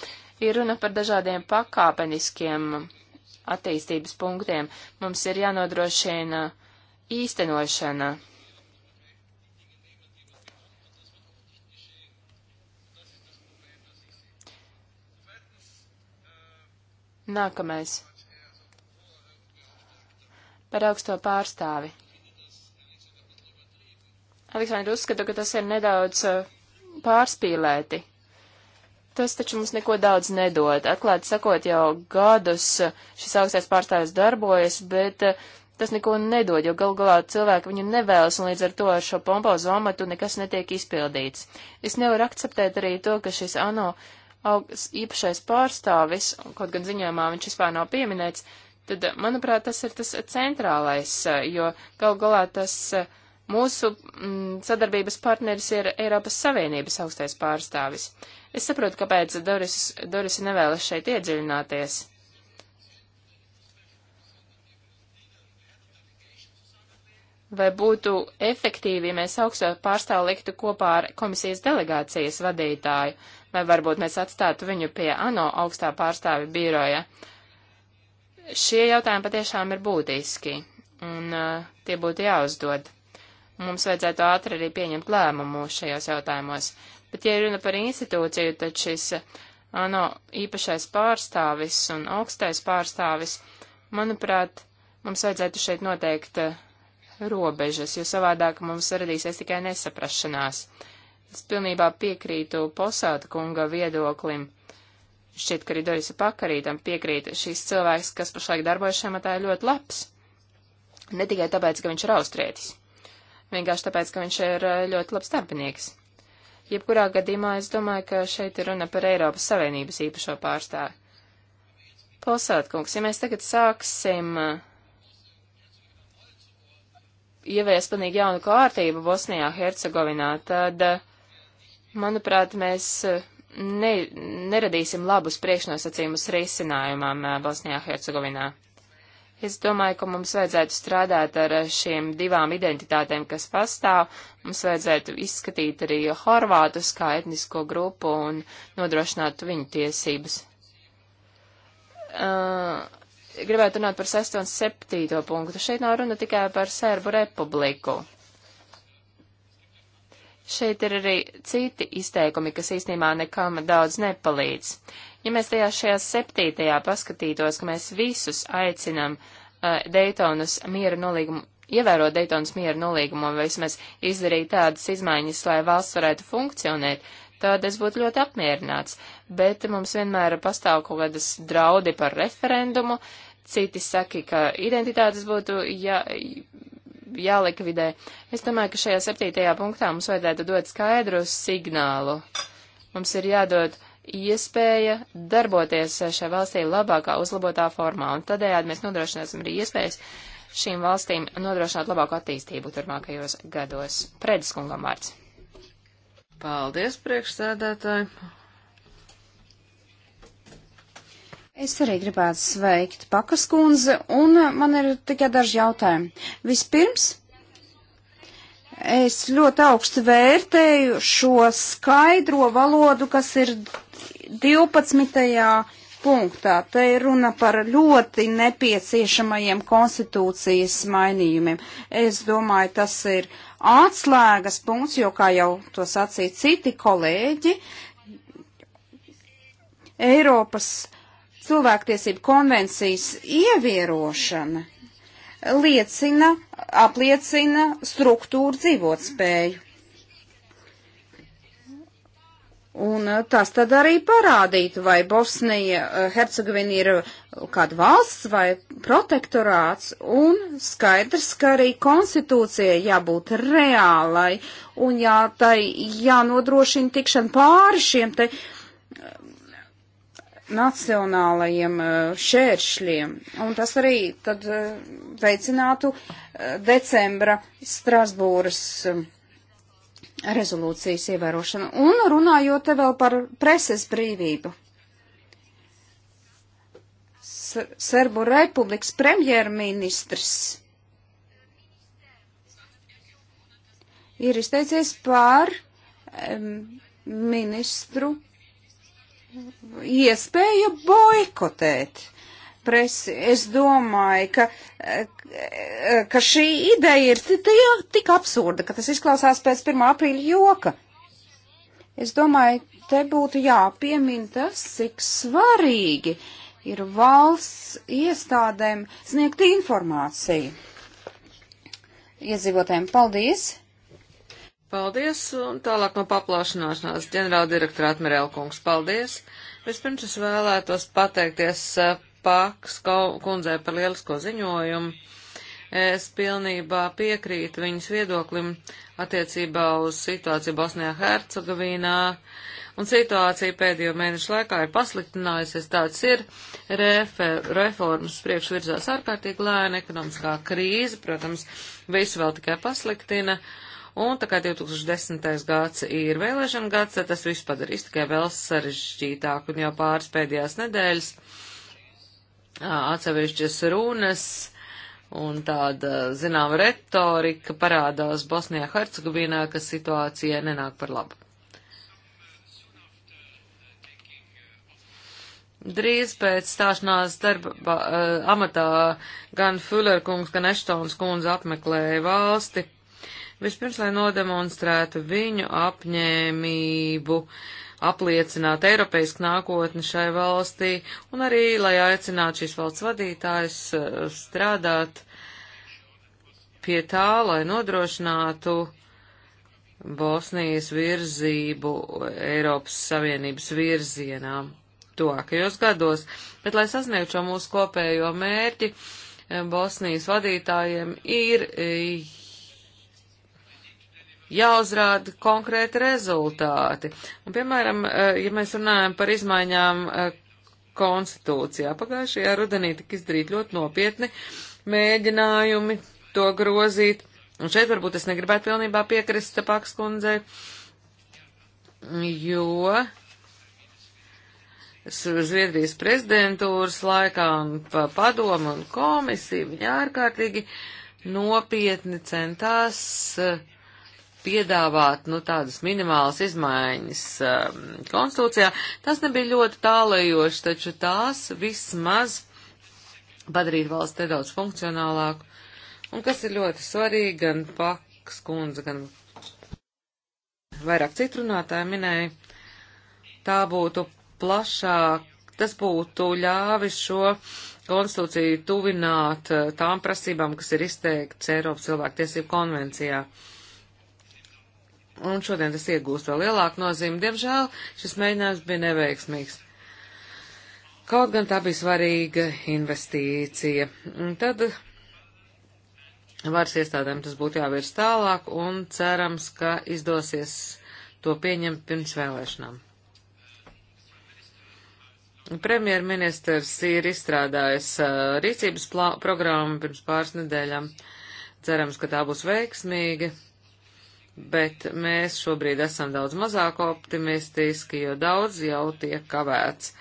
Ir runa par dažādiem pakāpeniskiem attīstības punktiem. Mums ir jānodrošina īstenošana. Nākamais. Par augsto pārstāvi. Aleksandrs uzskata, ka tas ir nedaudz uh, pārspīlēti. Tas taču mums neko daudz nedod. Atklāti sakot, jau gadus šis augstais pārstāvis darbojas, bet eh, tas neko nedod, jo gal galā cilvēki viņu nevēlas, un līdz ar to ar šo pompozu amatu nekas netiek izpildīts. Es nevaru akceptēt arī to, ka šis ANO augs, īpašais pārstāvis, kaut gan ziņojumā viņš vispār nav pieminēts, tad, eh, manuprāt, tas ir tas centrālais, eh, jo gal galā tas. Uh, Mūsu mm, sadarbības partneris ir Eiropas Savienības augstais pārstāvis. Es saprotu, kāpēc Doris, Doris nevēlas šeit iedziļināties. Vai būtu efektīvi, ja mēs augsto pārstāvu liktu kopā ar komisijas delegācijas vadītāju, vai varbūt mēs atstātu viņu pie ANO augstā pārstāvi biroja? Šie jautājumi patiešām ir būtiski, un uh, tie būtu jāuzdod. Mums vajadzētu ātri arī pieņemt lēmumu šajos jautājumos. Bet, ja runa par institūciju, tad šis uh, ANO īpašais pārstāvis un augstais pārstāvis, manuprāt, mums vajadzētu šeit noteikt uh, robežas, jo savādāk mums radīsies tikai nesaprašanās. Es pilnībā piekrītu posāta kunga viedoklim. Šķiet, ka arī Dorisa pakarītam piekrīt šīs cilvēks, kas pašlaik darbojas šajā matā, ir ļoti labs. Ne tikai tāpēc, ka viņš ir austrietis vienkārši tāpēc, ka viņš ir eh, ļoti labs darbinieks. Jebkurā gadījumā es domāju, ka šeit ir runa par Eiropas Savienības īpašo pārstāvi. Pilsētkungs, ja mēs tagad sāksim eh, ieviest pilnīgi jaunu kārtību Bosnijā, Hercegovinā, tad, eh, manuprāt, mēs ne, neradīsim labus priekšnosacījumus risinājumam Bosnijā, Hercegovinā. Es domāju, ka mums vajadzētu strādāt ar šiem divām identitātēm, kas pastāv. Mums vajadzētu izskatīt arī horvātus kā etnisko grupu un nodrošināt viņu tiesības. Uh, gribētu runāt par 6. un 7. punktu. Šeit nav runa tikai par Sērbu republiku. Šeit ir arī citi izteikumi, kas īstenībā nekam daudz nepalīdz. Uh, Ja mēs tajā šajā septītajā paskatītos, ka mēs visus aicinam uh, eh, Daytonas miera nolīgumu, ievērot Daytonas miera nolīgumu un vismaz izdarīt tādas izmaiņas, lai valsts varētu funkcionēt, tad es būtu ļoti apmierināts. Bet mums vienmēr pastāv kaut kādas draudi par referendumu, citi saki, ka identitātes būtu jā, jālikvidē. Es domāju, ka šajā septītajā punktā mums vajadzētu dot skaidru signālu. Mums ir jādod iespēja darboties šai valstī labākā, uzlabotā formā, un tādējādi mēs nodrošināsim arī iespējas šīm valstīm nodrošināt labāku attīstību turpmākajos gados. Predis kungam vārds. Paldies, priekšsēdētāji! Es arī gribētu sveikt Pakas kundze, un man ir tikai daži jautājumi. Vispirms, es ļoti augstu vērtēju šo skaidro valodu, kas ir 12. punktā. Te ir runa par ļoti nepieciešamajiem konstitūcijas mainījumiem. Es domāju, tas ir atslēgas punkts, jo, kā jau to sacīja citi kolēģi, Eiropas cilvēktiesību konvencijas ievierošana liecina, apliecina struktūru dzīvotspēju. Un eh, tas tad arī parādītu, vai Bosnija, eh, Hercegovina ir eh, kāda valsts vai protektorāts, un skaidrs, ka arī konstitūcijai jābūt reālai, un jā, tai jānodrošina tikšana pāri šiem te nacionālajiem šēršļiem, un tas arī tad veicinātu decembra Strasbūras rezolūcijas ievērošanu. Un runājot te vēl par preses brīvību. S Serbu republikas premjerministrs ir izteicies par um, ministru iespēju boikotēt presi. Es domāju, ka, eh, ka šī ideja ir tik absurda, ka tas izklausās pēc 1. aprīļa joka. Es domāju, te būtu jāpiemina tas, cik svarīgi ir valsts iestādēm sniegt informāciju. Iedzīvotēm paldies! Paldies, un tālāk no paplašanāšanās ģenerāla direktora Atmerēlkungs, paldies. Vispirms es vēlētos pateikties eh, Paks kundzē par lielisko ziņojumu. Es pilnībā piekrītu viņas viedoklim attiecībā uz situāciju Bosnijā Hercegovīnā, un situācija pēdējo mēnešu laikā ir pasliktinājusies, tāds ir, refer, reformas priekšvirzās ārkārtīgi lēna, ekonomiskā krīze, protams, visu vēl tikai pasliktina, un tā kā 2010. gads ir vēlēšana gads, tas viss padarīs tikai vēl sarežģītāk, un jau pāris pēdējās nedēļas atsevišķas runas un tāda, zinām, retorika parādās Bosnijā Hercegovinā, kas situācija nenāk par labu. Drīz pēc stāšanās darba uh, amatā gan Fuller kungs, gan Eštons kundze apmeklēja valsti. Vispirms, lai nodemonstrētu viņu apņēmību uh, apliecināt eiropeisku nākotni šai valstī un arī, lai aicinātu šīs valsts vadītājs eh, strādāt pie tā, lai nodrošinātu Bosnijas virzību Eiropas Savienības virzienā tuvākajos gados. Bet, lai sasniegtu šo mūsu kopējo mērķi, eh, Bosnijas vadītājiem ir eh, jāuzrāda konkrēti rezultāti. Un, piemēram, e, ja mēs runājam par izmaiņām e, konstitūcijā, pagājušajā rudenī tika izdarīt ļoti nopietni mēģinājumi to grozīt. Un šeit varbūt es negribētu pilnībā piekrist Paks kundzei, jo Zviedrijas prezidentūras laikā un pa padomu un komisiju viņa ārkārtīgi nopietni centās uh, piedāvāt, nu, tādas minimālas izmaiņas um, konstitūcijā. Tas nebija ļoti tālajoši, taču tās vismaz padarīt valsts nedaudz funkcionālāku. Un kas ir ļoti svarīgi, gan Pakas kundze, gan vairāk citrunātāji minēja, tā būtu plašāk, tas būtu ļāvis šo konstitūciju tuvināt uh, tām prasībām, kas ir izteikts Eiropas cilvēktiesību konvencijā. Uh, un šodien tas iegūst vēl lielāku nozīmi. Diemžēl šis mēģinājums bija neveiksmīgs. Kaut gan tā bija svarīga investīcija. Un tad varas iestādēm tas būtu jāvirs tālāk un cerams, ka izdosies to pieņemt pirms vēlēšanām. Premjerministrs ir izstrādājis uh, rīcības programmu pirms pāris nedēļām. Cerams, ka tā būs veiksmīga bet mēs šobrīd esam daudz mazāk optimistiski, jo daudz jau tiek kavēts,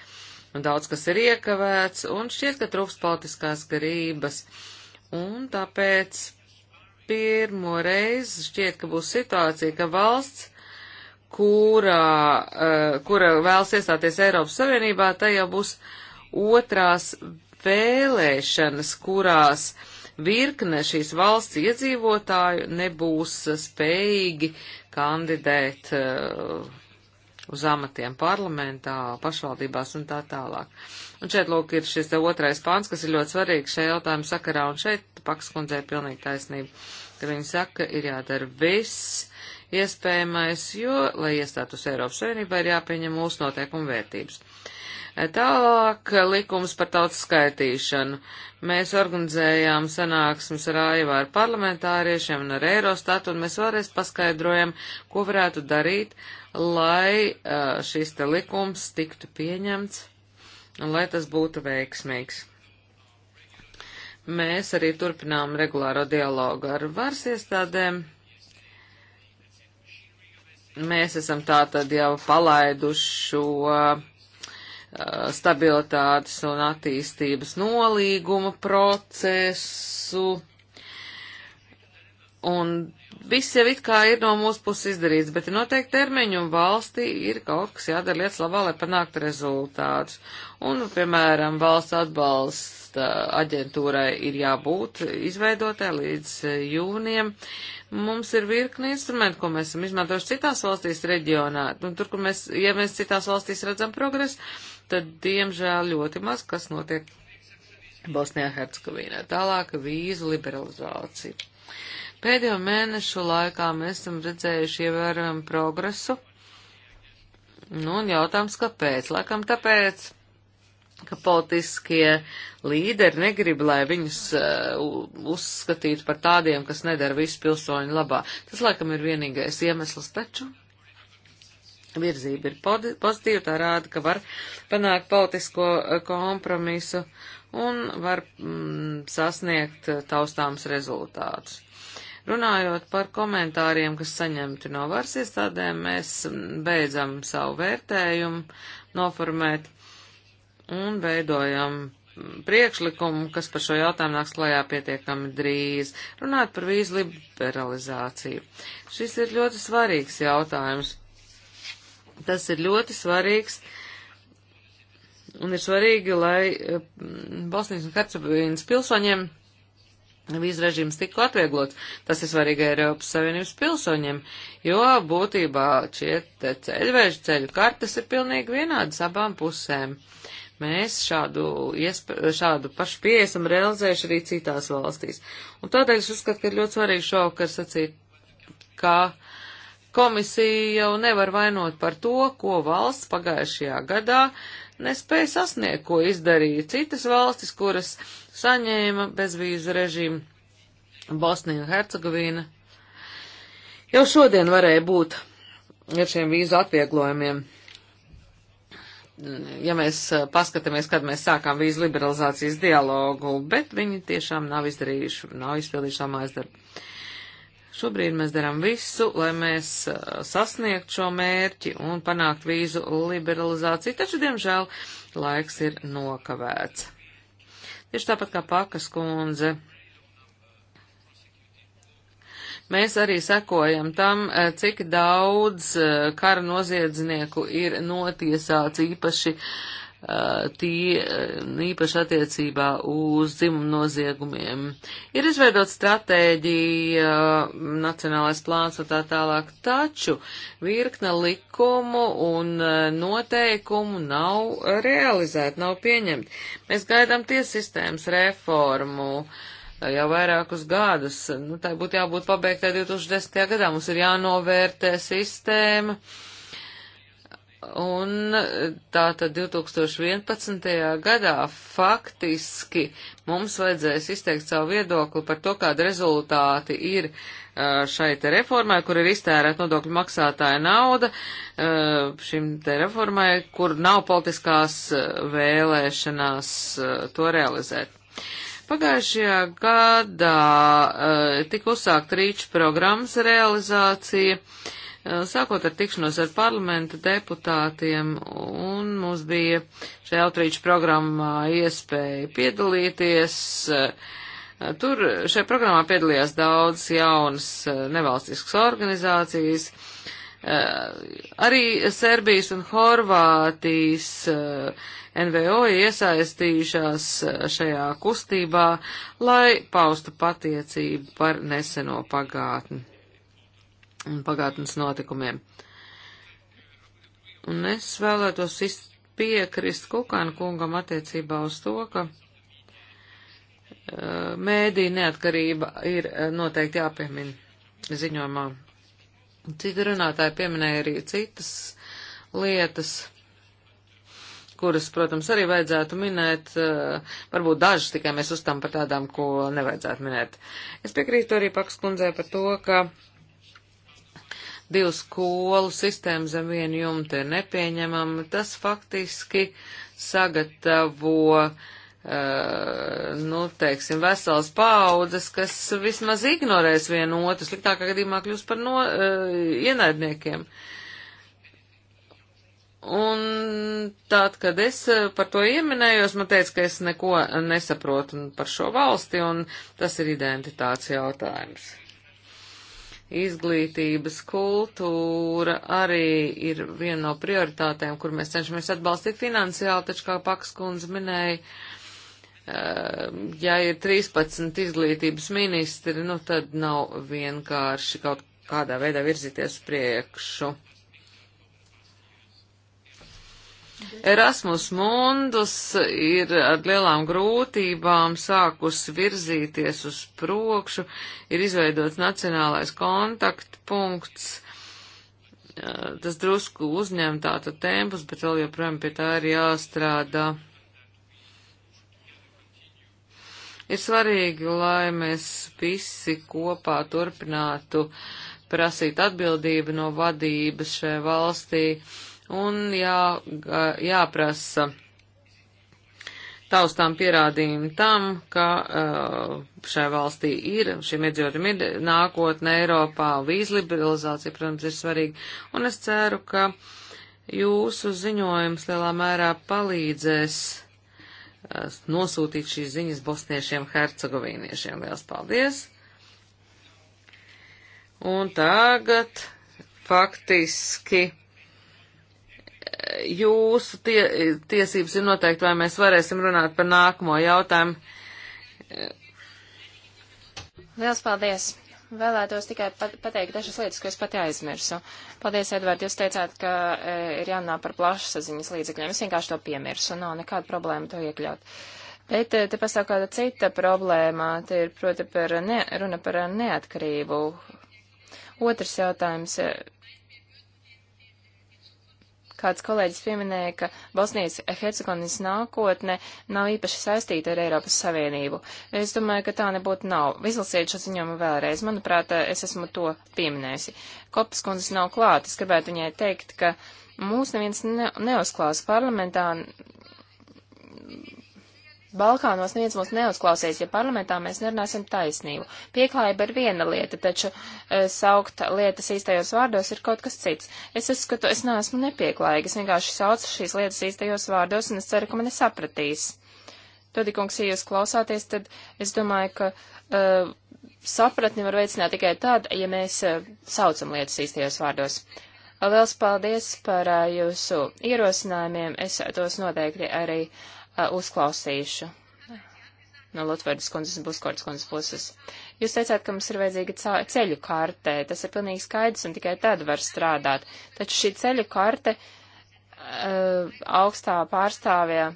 un daudz kas ir iekavēts, un šķiet, ka trūks politiskās garības, un tāpēc pirmo reizi šķiet, ka būs situācija, ka valsts, kurā, eh, kura vēlas iestāties Eiropas Savienībā, tai jau būs otrās vēlēšanas, kurās uh, virkne šīs valsts iedzīvotāju nebūs eh, spējīgi kandidēt eh, uz amatiem parlamentā, pašvaldībās un tā tālāk. Un šeit, lūk, ir šis otrais pāns, kas ir ļoti svarīgs šajā jautājuma sakarā, un šeit pakskundzē pilnīgi taisnība, ka viņi saka, ir jādara viss, iespējamais, jo, lai iestātos Eiropas Savienībā, ir jāpieņem mūsu noteikumu vērtības. Tālāk likums par tautas skaitīšanu. Mēs organizējām sanāksmes ar AIVA ar parlamentāriešiem un ar Eirostatu, un mēs vēlreiz paskaidrojam, ko varētu darīt, lai šis te likums tiktu pieņemts un lai tas būtu veiksmīgs. Mēs arī turpinām regulāro dialogu ar varas iestādēm. Mēs esam tātad jau palaiduši šo uh, Uh, stabilitātes un attīstības nolīguma procesu. Un viss jau it kā ir no mūsu puses izdarīts, bet ir noteikti termiņi un valstī ir kaut kas jādara lietas labā, lai panāktu rezultātus. Un, piemēram, valsts atbalsta aģentūrai ir jābūt izveidotai līdz jūnijam. Mums ir virkni instrumenti, ko mēs esam izmantojuši citās valstīs reģionā. Un tur, kur mēs, ja mēs citās valstīs redzam progresu, tad, diemžēl, ļoti maz kas notiek Bosnijā Hercegovīnā. Tālāk vīzu liberalizācija. Pēdējo mēnešu laikā mēs esam redzējuši ievērojumu progresu. Nu, un jautājums, kāpēc? Laikam tāpēc, ka politiskie līderi negrib, lai viņus uh, uzskatītu par tādiem, kas nedara visu pilsoņu labā. Tas, laikam, ir vienīgais iemesls, taču virzība ir pozitīva, tā rāda, ka var panākt politisko eh, kompromisu un var mm, sasniegt eh, taustāms rezultātus. Runājot par komentāriem, kas saņemti no varas iestādēm, mēs mm, beidzam savu vērtējumu noformēt un veidojam mm, priekšlikumu, kas par šo jautājumu nāks klajā pietiekami drīz. Runāt par vīzu liberalizāciju. Šis ir ļoti svarīgs jautājums Tas ir ļoti svarīgs. Un ir svarīgi, lai eh, Bosnijas un Hercegovinas pilsoņiem vīzu režīms tiktu atvieglots. Tas ir svarīgi Eiropas Savienības pilsoņiem, jo būtībā šie ceļveži, ceļu kartas ir pilnīgi vienādas abām pusēm. Mēs šādu, šādu pašu pieeju esam realizējuši arī citās valstīs. Un tādēļ es uzskatu, ka ir ļoti svarīgi šovakar sacīt, kā Komisija jau nevar vainot par to, ko valsts pagājušajā gadā nespēja sasniegt, ko izdarīja citas valstis, kuras saņēma bezvīzu režīmu Bosnija un Hercegovina. Jau šodien varēja būt ar šiem vīzu atvieglojumiem. Ja mēs uh, paskatāmies, kad mēs sākām vīzu liberalizācijas dialogu, bet viņi tiešām nav izdarījuši, nav izpildījuši savu mājas darbu. Šobrīd mēs darām visu, lai mēs uh, sasniegtu šo mērķi un panāktu vīzu liberalizāciju, taču, diemžēl, laiks ir nokavēts. Tieši tāpat kā Pakas kundze. Mēs arī sekojam tam, uh, cik daudz uh, kara noziedznieku ir notiesāts īpaši uh, Eh, tie eh, īpaši attiecībā uz dzimumu noziegumiem. Ir izveidot stratēģija, eh, nacionālais plāns un tā tālāk, taču virkne likumu un noteikumu nav realizēta, nav pieņemta. Mēs gaidām tiesistēmas reformu. Uh, jau vairākus gadus. Nu, tā būtu jābūt pabeigtai 2010. gadā. Mums ir jānovērtē sistēma. Uh, Un tā tad 2011. gadā faktiski mums vajadzēs izteikt savu viedokli par to, kāda rezultāti ir uh, šai te reformai, kur ir iztērēt nodokļu maksātāja nauda, uh, šim te reformai, kur nav politiskās uh, vēlēšanās to realizēt. Pagājušajā gadā tika uzsākt rīču programmas realizācija. Uh, Eh, sākot ar tikšanos ar parlamenta deputātiem, un mums bija šajā outreach programmā iespēja piedalīties. Eh, tur šajā programmā piedalījās daudz jaunas eh, nevalstiskas organizācijas, arī Serbijas un Horvātijas NVO iesaistījušās šajā kustībā, lai paustu patiecību par neseno pagātni un pagātnes notikumiem. Un es vēlētos piekrist Kukāna kungam attiecībā uz to, ka e, mēdī neatkarība ir e, noteikti jāpiemina ziņojumā. Citi runātāji pieminēja arī citas lietas, kuras, protams, arī vajadzētu minēt, e, varbūt dažas tikai mēs uzstām par tādām, ko nevajadzētu minēt. Es piekrītu arī Paks kundzei par to, ka divu skolu sistēmu zem vienu jumtu ir nepieņemama, tas faktiski sagatavo, uh, nu, teiksim, veselas paaudzes, kas vismaz ignorēs vienu otru, sliktākā gadījumā kļūs par no, uh, ienaidniekiem. Un tad, kad es eh, par to ieminējos, man teica, ka es neko nesaprotu par šo valsti, un tas ir identitāts jautājums izglītības kultūra arī ir viena no prioritātēm, kur mēs cenšamies atbalstīt finansiāli, taču kā Paks kundze minēja, ehm, ja ir 13 izglītības ministri, nu tad nav vienkārši kaut kādā veidā virzīties priekšu. Erasmus Mundus ir ar lielām grūtībām sākus virzīties uz prokšu, ir izveidots nacionālais kontaktpunkts, tas drusku uzņem tādu tempus, bet vēl joprojām pie tā ir jāstrādā. Ir svarīgi, lai mēs visi kopā turpinātu prasīt atbildību no vadības šajā valstī un jā, jāprasa taustām pierādījumi tam, ka uh, šai valstī ir, šiem iedzīvotājiem ir nākotne Eiropā, vīz liberalizācija, protams, ir svarīga, un es ceru, ka jūsu ziņojums lielā mērā palīdzēs uh, nosūtīt šīs ziņas bosniešiem, hercegovīniešiem. Lielas paldies! Un tagad faktiski jūsu tie, tiesības ir noteikti, vai mēs varēsim runāt par nākamo jautājumu. Liels paldies! Vēlētos tikai pateikt dažas lietas, ko es pati aizmirsu. Paldies, Edvard, jūs teicāt, ka e, ir jārunā par plašsaziņas līdzekļiem. Es vienkārši to piemirsu, nav nekāda problēma to iekļaut. Bet te, te pastāv kāda cita problēma, te ir, proti, par ne, runa par neatkarību. Otrs jautājums e, Kāds kolēģis pieminēja, ka Bosnijas Hercegovinas nākotne nav īpaši saistīta ar Eiropas Savienību. Es domāju, ka tā nebūtu nav. Izlasiet šo ziņojumu vēlreiz. Manuprāt, es esmu to pieminējusi. Kopas kundzes nav klāt. Es gribētu viņai teikt, ka mūs neviens ne neuzklāsa parlamentā Balkānos neviens mūs neuzklausīs, ja parlamentā mēs nerunāsim taisnību. Pieklājība ir viena lieta, taču e, saukt lietas īstajos vārdos ir kaut kas cits. Es uzskatu, es neesmu nepieklājīga, es vienkārši saucu šīs lietas īstajos vārdos un es ceru, ka mani sapratīs. Todikungs, ja jūs klausāties, tad es domāju, ka uh, e, sapratni var veicināt tikai tad, ja mēs uh, e, saucam lietas īstajos vārdos. Liels paldies par uh, jūsu ierosinājumiem, es tos noteikti arī uh, uzklausīšu no Lutvardas kundzes un Buskordas kundzes puses. Jūs teicāt, ka mums ir vajadzīga ceļu kartē, tas ir pilnīgi skaidrs un tikai tad var strādāt. Taču šī ceļu karte uh, augstā pārstāvja uh,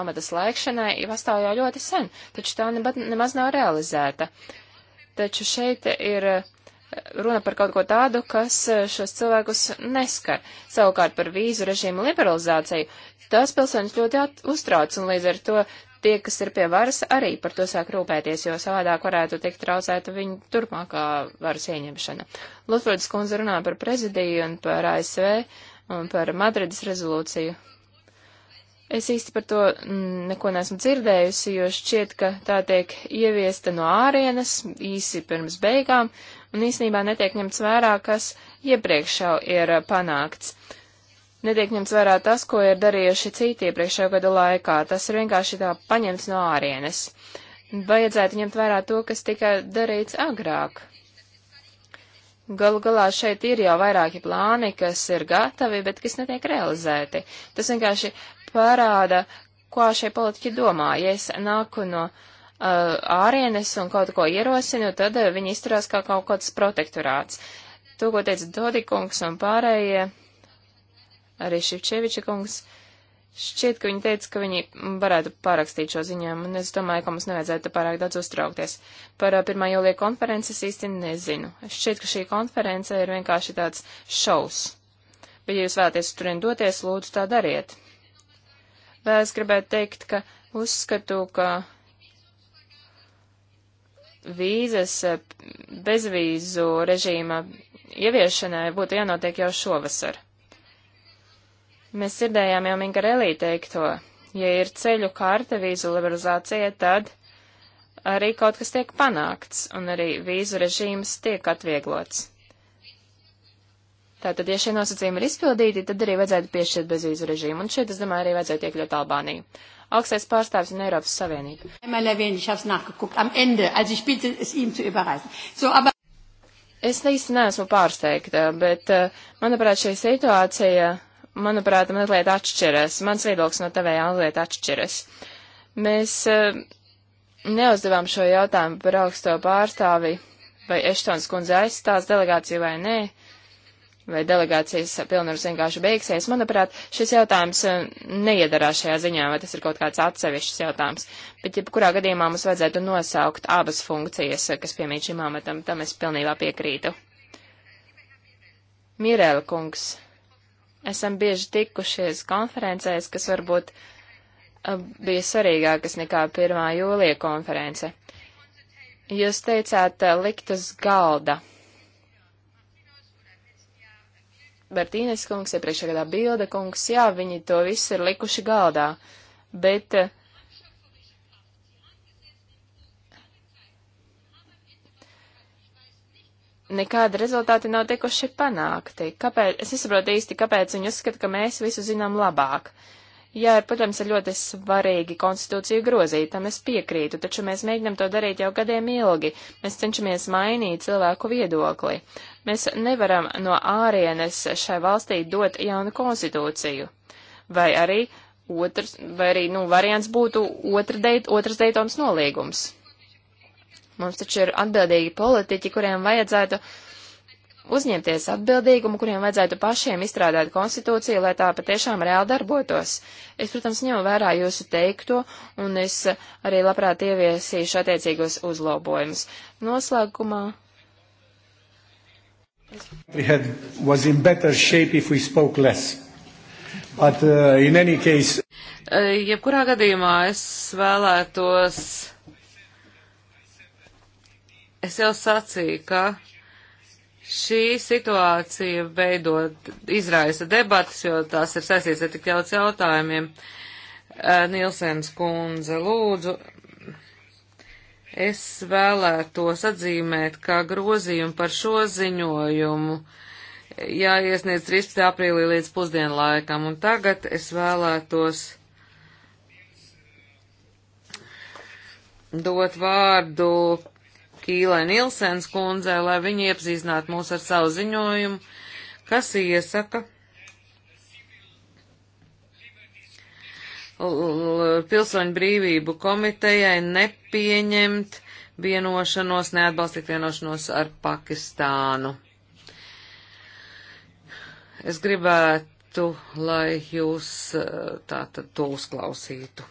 amata slēgšanai pastāv jau ļoti sen, taču tā nebat, nemaz nav realizēta. Taču šeit ir uh, runa par kaut ko tādu, kas eh, šos cilvēkus neskar. Savukārt par vīzu režīmu liberalizāciju tās pilsoņus ļoti uztrauc, un līdz ar to tie, kas ir pie varas, arī par to sāk rūpēties, jo savādāk varētu tikt traucēta viņu turpmākā varas ieņemšana. Lutfords kundze runā par prezidiju un par ASV un par Madrides rezolūciju. Es īsti par to mm, neko neesmu dzirdējusi, jo šķiet, ka tā tiek ieviesta no ārienes īsi pirms beigām, un īsnībā netiek ņemts vērā, kas iepriekš jau ir uh, panākts. Netiek ņemts vērā tas, ko ir darījuši citi iepriekšējo gadu laikā. Tas ir vienkārši tā paņemts no ārienes. Vajadzētu ņemt vērā to, kas tika darīts agrāk. Galu galā šeit ir jau vairāki plāni, kas ir gatavi, bet kas netiek realizēti. Tas vienkārši parāda, ko šie politiķi domā. Ja es nāku no uh, Uh, ārienes un kaut ko ierosina, tad uh, viņi izturās kā kaut kāds protektorāts. To, ko teica Dodikungs un pārējie, arī Šivčeviča kungs, šķiet, ka viņi teica, ka viņi varētu pārakstīt šo ziņojumu, un es domāju, ka mums nevajadzētu pārāk daudz uztraukties. Par 1. Uh, jūlija konferences īsti nezinu. Šķiet, ka šī konference ir vienkārši tāds šaus. Bet, ja jūs vēlaties turien doties, lūdzu tā dariet. Vēl es gribētu teikt, ka uzskatu, ka vīzas eh, bezvīzu režīma ieviešanai būtu jānotiek jau šovasar. Mēs dzirdējām jau Mingarelī teikto, ja ir ceļu karta vīzu liberalizācija, tad arī kaut kas tiek panākts, un arī vīzu režīms tiek atvieglots. Tātad, ja šie nosacījumi ir izpildīti, tad arī vajadzētu piešķirt bezvīzu režīmu, un šeit, es domāju, arī vajadzētu iekļaut Albāniju augstais pārstāvis un Eiropas Savienība. Es īsti neesmu pārsteigta, bet, eh, manuprāt, šī situācija, manuprāt, mazliet atšķiras. Mans viedoklis no tavējā mazliet atšķiras. Mēs eh, neuzdevām šo jautājumu par augsto pārstāvi, vai Eštons kundze aizstās delegāciju vai nē. Ne vai delegācijas pilnvaras vienkārši beigsies. Manuprāt, šis jautājums eh, neiedarās šajā ziņā, vai tas ir kaut kāds atsevišķs jautājums. Bet, ja kurā gadījumā mums vajadzētu nosaukt abas funkcijas, eh, kas piemīt šim amatam, tam es pilnībā piekrītu. Mirēla kungs, esam bieži tikušies konferencēs, kas varbūt eh, bija svarīgākas nekā 1. jūlija konference. Jūs teicāt likt uz galda Bertīnes kungs, iepriekšējā gadā Bilda kungs, jā, viņi to visu ir likuši galdā, bet eh, nekādi rezultāti nav tikuši panākti. Kāpēc, es saprotu īsti, kāpēc viņi uzskata, ka mēs visu zinām labāk. Uh, Jā, ir, protams, ir ļoti svarīgi konstitūciju grozīt, tam es piekrītu, taču mēs mēģinam to darīt jau gadiem ilgi. Mēs cenšamies mainīt cilvēku viedokli. Mēs nevaram no ārienes šai valstī dot jaunu konstitūciju. Vai arī, otrs, vai arī nu, variants būtu otra deit, otrs Deitons nolīgums. Mums taču ir atbildīgi politiķi, kuriem vajadzētu uh, uzņemties atbildīgumu, kuriem vajadzētu pašiem izstrādāt konstitūciju, lai tā patiešām reāli darbotos. Es, protams, ņemu vērā jūsu teikto, un es arī labprāt ieviesīšu attiecīgos uzlabojumus. Noslēgumā. Had, But, uh, case... Jebkurā gadījumā es vēlētos, es jau sacīju, ka Šī situācija veidot izraisa debatas, jo tās ir saistīts ar tik daudz jautājumiem. Eh, Nilsens kundze, lūdzu, es vēlētos atzīmēt, ka grozījumi par šo ziņojumu jāiesniedz 13. aprīlī līdz pusdienlaikam, un tagad es vēlētos dot vārdu Kīlai Nilsens kundzei, lai viņi iepazīstinātu mūs ar savu ziņojumu, kas iesaka pilsoņu brīvību komitejai nepieņemt vienošanos, neatbalstīt vienošanos ar Pakistānu. Es gribētu, lai jūs eh, tā tad to uzklausītu.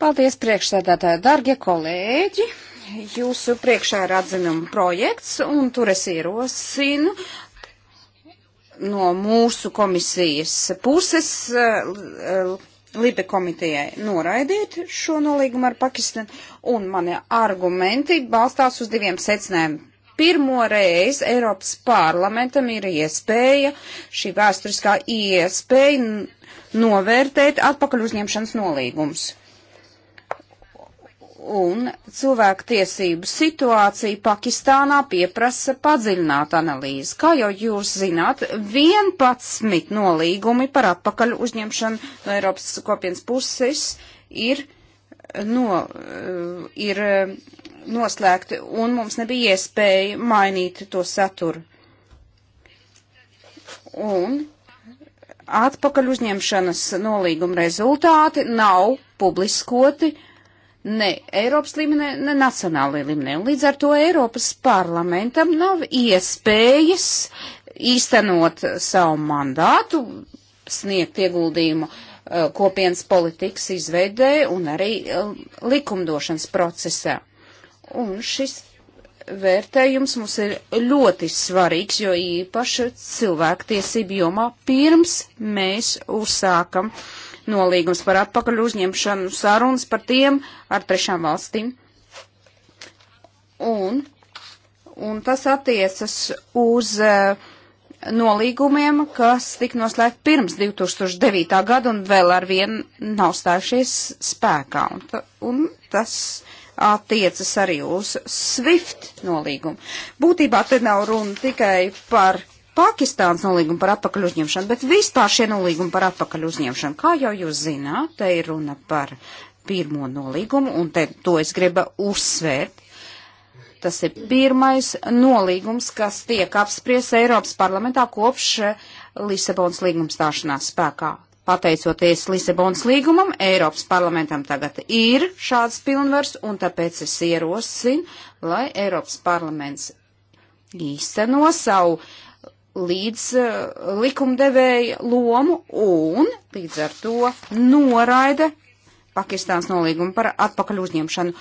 Paldies priekšsēdētāji, dargie kolēģi! Jūsu priekšā ir atzinuma projekts, un tur es ierosinu no mūsu komisijas puses eh, Libe komitejai noraidīt šo nolīgumu ar Pakistanu, un mani argumenti balstās uz diviem secinājumiem pirmo reizi Eiropas parlamentam ir iespēja, šī vēsturiskā iespēja novērtēt atpakaļ uzņemšanas nolīgums. Un cilvēku tiesību situācija Pakistānā pieprasa padziļināt analīzi. Kā jau jūs zināt, 11 nolīgumi par atpakaļ uzņemšanu no Eiropas kopienas puses ir, no, ir eh, noslēgti, un mums nebija iespēja mainīt to saturu. Un atpakaļ uzņemšanas nolīguma rezultāti nav publiskoti ne Eiropas līmenī, ne nacionālajā līmenī. Un līdz ar to Eiropas parlamentam nav iespējas īstenot savu mandātu, sniegt ieguldījumu eh, kopienas politikas izveidē un arī eh, likumdošanas procesā. Un šis vērtējums mums ir ļoti svarīgs, jo īpaši cilvēktiesību jomā pirms mēs uzsākam uh, nolīgums par atpakaļ uzņemšanu, sarunas par tiem ar trešām valstīm. Un, un tas attiecas uz uh, nolīgumiem, kas tika noslēgti pirms 2009. gada un vēl ar vienu nav stājušies spēkā. Un, ta, un tas attiecas arī uz SWIFT nolīgumu. Būtībā te nav runa tikai par Pakistāns nolīguma par atpakaļ uzņemšanu, bet vispār šie nolīgumi par atpakaļ uzņemšanu, kā jau jūs zināt, te ir runa par pirmo nolīgumu, un te, to es gribu uzsvērt. Tas ir pirmais nolīgums, kas tiek apspriests Eiropas parlamentā kopš Lisabonas līguma stāšanās spēkā. Pateicoties Lisabonas līgumam, Eiropas parlamentam tagad ir šāds pilnvars, un tāpēc es ierosinu, lai Eiropas parlaments īsteno savu uh, līdz uh, likumdevēja lomu un līdz ar to noraida Pakistāns nolīgumu par atpakaļ uzņemšanu,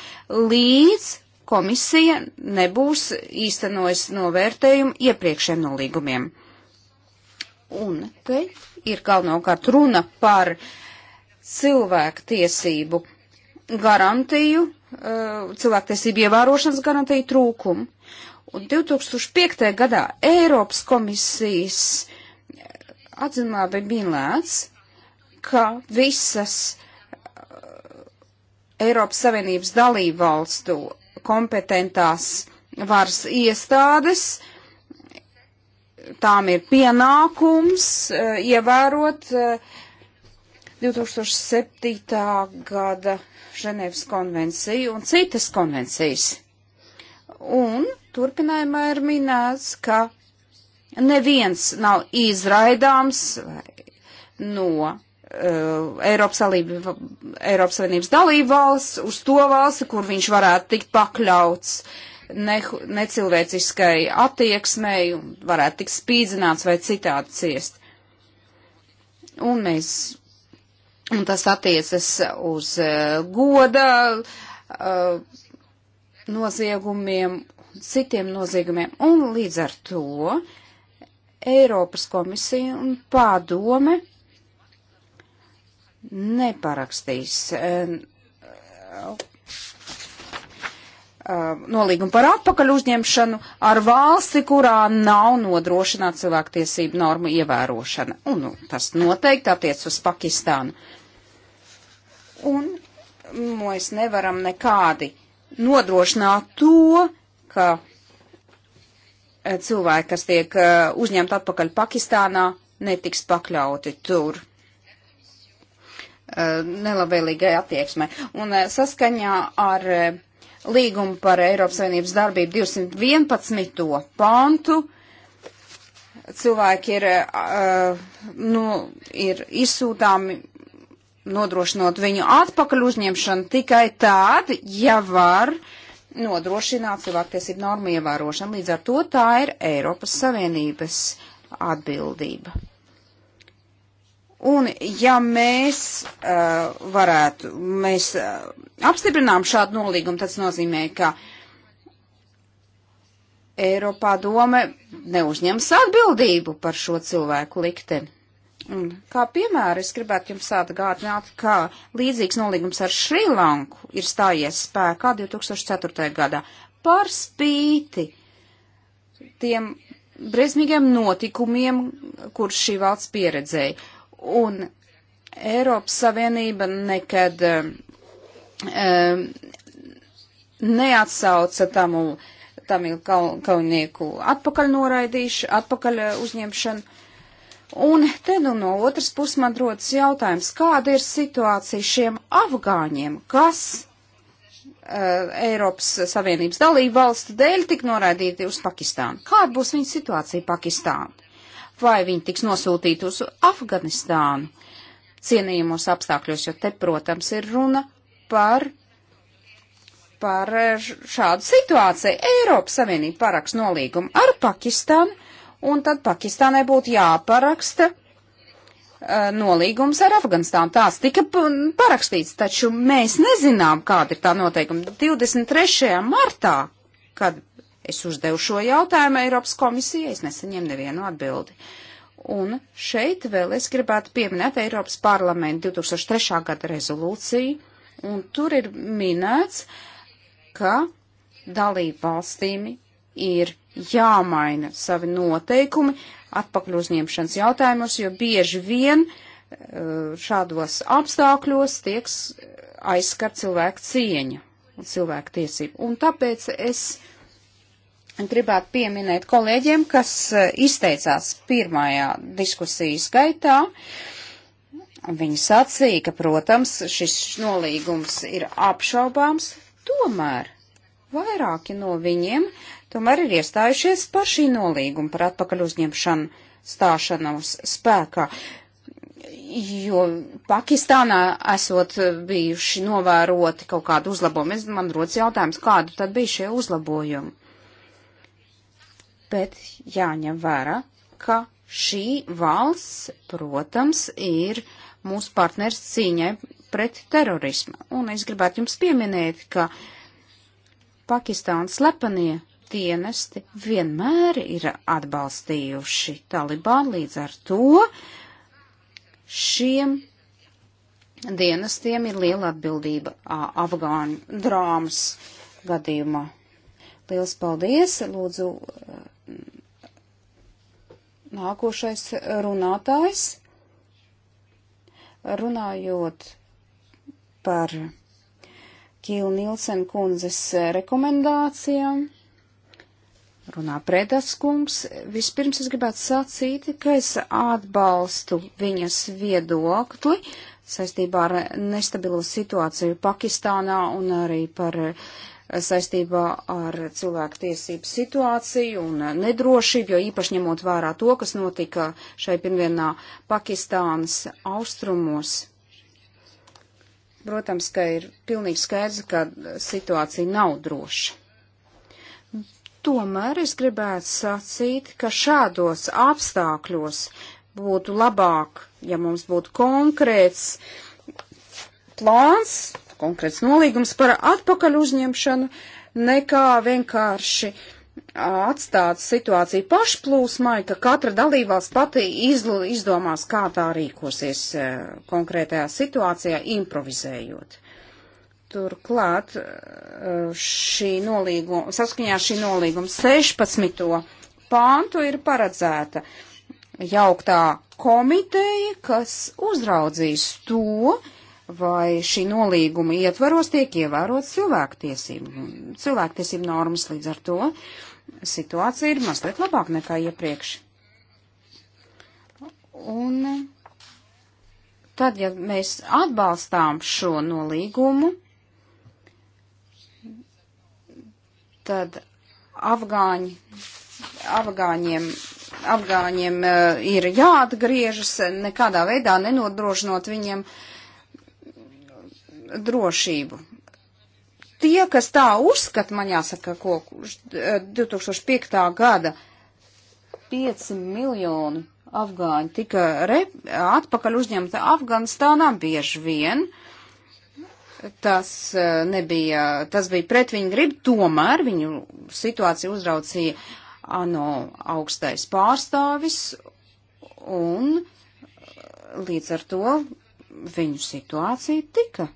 līdz komisija nebūs īstenojis novērtējumu iepriekšējiem nolīgumiem. Un te ir galvenokārt runa par cilvēku tiesību garantiju, eh, cilvēku tiesību ievērošanas garantiju trūkumu. Un 2005. gadā Eiropas komisijas eh, atzinumā bija minēts, ka visas eh, Eiropas Savienības dalībvalstu kompetentās varas iestādes uh, tām ir pienākums eh, ievērot 2007. gada Ženēvas konvenciju un citas konvencijas. Un turpinājumā ir minēts, ka neviens nav izraidāms no eh, Eiropas, salība, Eiropas Savienības dalību valsts uz to valsti, kur viņš varētu tikt pakļauts ne, necilvēciskai attieksmei un varētu tikt spīdzināts vai citādi ciest. Un mēs, un tas attiecas uz uh, goda, uh, noziegumiem, citiem noziegumiem. Un līdz ar to Eiropas komisija un pārdome neparakstīs eh, eh, nolīgumu par atpakaļ uzņemšanu ar valsti, kurā nav nodrošināta cilvēktiesību norma ievērošana. Un nu, tas noteikti attiec uz Pakistānu. Un mm, mēs nevaram nekādi nodrošināt to, ka e, cilvēki, kas tiek e, uzņemti atpakaļ Pakistānā, netiks pakļauti tur e, nelabvēlīgai attieksmē. Un saskaņā ar līgumu par Eiropas Savienības darbību 211. pantu cilvēki ir, nu, ir izsūtāmi nodrošinot viņu atpakaļ uzņemšanu tikai tād, ja var nodrošināt cilvēktiesību normu ievērošanu. Līdz ar to tā ir Eiropas Savienības atbildība. Un ja mēs uh, varētu, mēs uh, apstiprinām šādu nolīgumu, tas nozīmē, ka Eiropā dome neuzņems atbildību par šo cilvēku likteni. Un kā piemēru es gribētu jums atgādināt, ka līdzīgs nolīgums ar Šrilanku ir stājies spēkā 2004. gadā par spīti tiem briesmīgiem notikumiem, kur šī valsts pieredzēja. Un Eiropas Savienība nekad um, neatsauca tamu, tam ir kal, kaunieku atpakaļ noraidīšanu, eh, atpakaļ uzņemšanu Un te nu no otras puses man rodas jautājums, kāda ir situācija šiem afgāņiem, kas uh, Eiropas Savienības dalību valstu dēļ tik noraidīti uz Pakistānu? Kāda būs viņa situācija Pakistānu? Vai viņi tiks nosūtīti uz Afganistānu cienījumos apstākļos, jo te, protams, ir runa par par eh, šādu situāciju. Eiropas Savienība paraks nolīgumu ar Pakistānu, un tad Pakistānai būtu jāparaksta eh, nolīgums ar Afganistānu. Tās tika parakstīts, taču mēs nezinām, kāda ir tā noteikuma. 23. martā, kad es uzdevu šo jautājumu Eiropas komisijai, es nesaņēmu nevienu atbildi. Un šeit vēl es gribētu pieminēt Eiropas parlamentu 2003. gada rezolūciju, un tur ir minēts, ka dalību valstīm ir jāmaina savi noteikumi atpakaļ uzņemšanas jautājumos, jo bieži vien eh, šādos apstākļos tiek aizskart cilvēku cieņa un cilvēku tiesību. Un tāpēc es gribētu pieminēt kolēģiem, kas eh, izteicās pirmajā diskusijas gaitā. Viņi sacīja, ka, protams, šis nolīgums ir apšaubāms, tomēr vairāki no viņiem tomēr ir iestājušies par šī nolīguma par atpakaļ uzņemšanu stāšanos spēkā. Jo Pakistānā esot bijuši novēroti kaut kādu uzlabojumu, man rodas jautājums, kādu tad bija šie uzlabojumi. Bet jāņem vērā, ka šī valsts, protams, ir mūsu partners cīņai pret terorismu. Un es gribētu jums pieminēt, ka Pakistāns slepenie dienesti vienmēr ir atbalstījuši Taliban līdz ar to šiem dienestiem ir liela atbildība Afgāņu drāmas gadījumā. Liels paldies! Lūdzu, nākošais runātājs. Runājot par Kīlu Nilsen kundzes rekomendācijām runā Predas kungs. Vispirms es gribētu sacīt, ka es atbalstu viņas viedokli saistībā ar nestabilo situāciju Pakistānā un arī par saistībā ar cilvēku tiesību situāciju un nedrošību, jo īpaši ņemot vērā to, kas notika šai pirmdienā Pakistānas austrumos. Protams, ka ir pilnīgi skaidrs, ka situācija nav droša. Tomēr es gribētu sacīt, ka šādos apstākļos būtu labāk, ja mums būtu konkrēts plāns, konkrēts nolīgums par atpakaļ uzņemšanu, nekā vienkārši atstāt situāciju pašplūsmai, ka katra dalībvalsts pati izdomās, kā tā rīkosies e, konkrētajā situācijā, improvizējot. Turklāt eh, šī nolīguma, saskaņā šī nolīguma 16. pāntu ir paredzēta jauktā komiteja, kas uzraudzīs to, vai šī nolīguma ietvaros tiek ievērot cilvēktiesību, cilvēktiesību normas līdz ar to. Situācija ir mazliet labāk nekā iepriekš. Un tad, ja mēs atbalstām šo nolīgumu, tad afgāņi, afgāņiem, afgāņiem eh, ir jāatgriežas, nekādā veidā nenodrošinot viņiem drošību. Tie, kas tā uzskata, man jāsaka, ko 2005. Eh, gada 5 miljonu afgāņi tika re, atpakaļ uzņemta Afganistānā bieži vien. Uh, tas eh, nebija, tas bija pret viņu gribu, tomēr viņu situāciju uzraucīja ANO augstais pārstāvis un eh, līdz ar to viņu situācija tika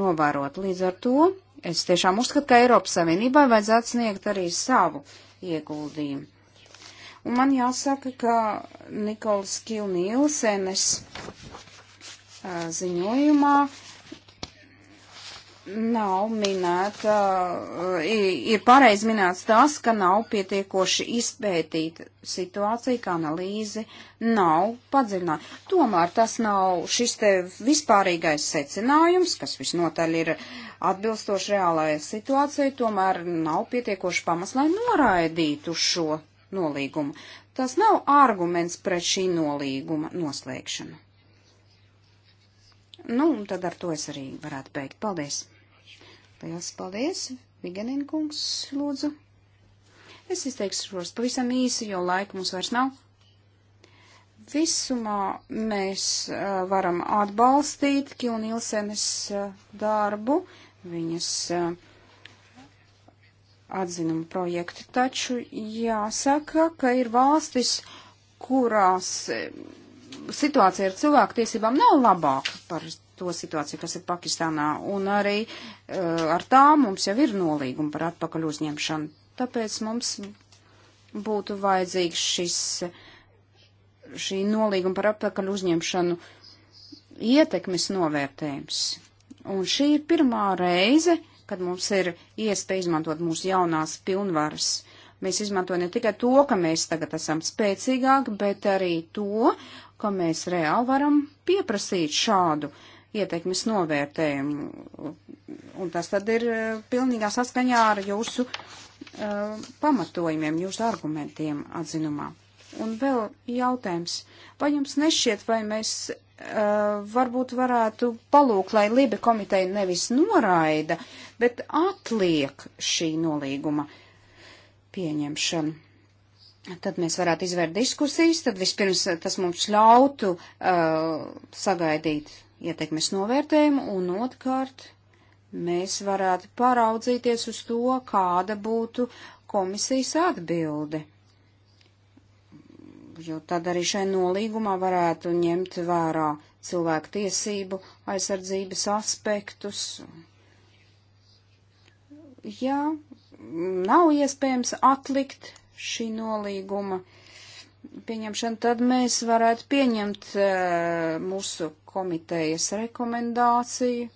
novērot. Līdz ar to es tiešām uzskatu, ka Eiropas Savienībai vajadzētu sniegt arī savu ieguldījumu. Un man jāsaka, ka Nikols Kilnīlsenes ziņojumā nav minēta, ir pareizi minēts tas, ka nav pietiekoši izpētīta situācija, ka analīze nav padziļināta. Tomēr tas nav šis te vispārīgais secinājums, kas visnotaļ ir atbilstoši reālajai situācijai, tomēr nav pietiekoši pamats, lai noraidītu šo nolīgumu. Tas nav arguments pret šī nolīguma noslēgšanu. Nu, un tad ar to es arī varētu beigt. Paldies! Liels paldies! Viganin kungs, lūdzu! Es izteikšos pavisam īsi, jo laika mums vairs nav. Visumā mēs uh, varam atbalstīt Kilnīlsenes uh, darbu, viņas uh, eh, atzinumu projektu, taču jāsaka, ka ir valstis, kurās. Uh, situācija ar cilvēku tiesībām nav labāka par to situāciju, kas ir Pakistānā, un arī uh, ar tā mums jau ir nolīguma par atpakaļ uzņemšanu. Tāpēc mums būtu vajadzīgs šis, šī nolīguma par atpakaļ uzņemšanu ietekmes novērtējums. Un šī ir pirmā reize, kad mums ir iespēja izmantot mūsu jaunās pilnvaras. Mēs izmantojam ne tikai to, ka mēs tagad esam spēcīgāki, bet arī to, ka mēs reāli varam pieprasīt šādu ieteikmes novērtējumu. Un tas tad ir eh, pilnīgā saskaņā ar jūsu uh, pamatojumiem, jūsu argumentiem atzinumā. Un vēl jautājums, vai jums nešķiet, vai mēs uh, varbūt varētu palūkt, lai Libe komiteja nevis noraida, bet atliek šī nolīguma pieņemšanu? tad mēs varētu izvērt diskusijas, tad vispirms eh, tas mums ļautu uh, sagaidīt ietekmes novērtējumu, un otrkārt mēs varētu paraudzīties uz to, kāda būtu komisijas atbilde. Jo tad arī šai nolīgumā varētu ņemt vērā cilvēku tiesību aizsardzības aspektus. Jā, nav iespējams atlikt šī nolīguma pieņemšanu, tad mēs varētu pieņemt e, mūsu komitejas rekomendāciju.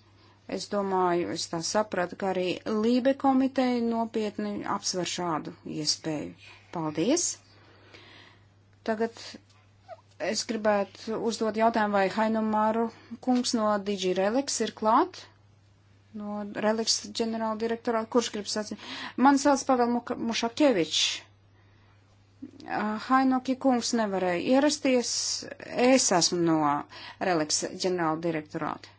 Es domāju, es tā sapratu, ka arī Lībe komiteja nopietni apsver šādu iespēju. Paldies! Tagad es gribētu uzdot jautājumu, vai Hainumāru kungs no Digi Reliks ir klāt? No Reliks ģenerāla direktorā, kurš grib sacīt? Man sauc Pavel Mušakievičs. Ah, Hainoki kungs nevarēja ierasties, es esmu no Releks ģenerāla direktorāta.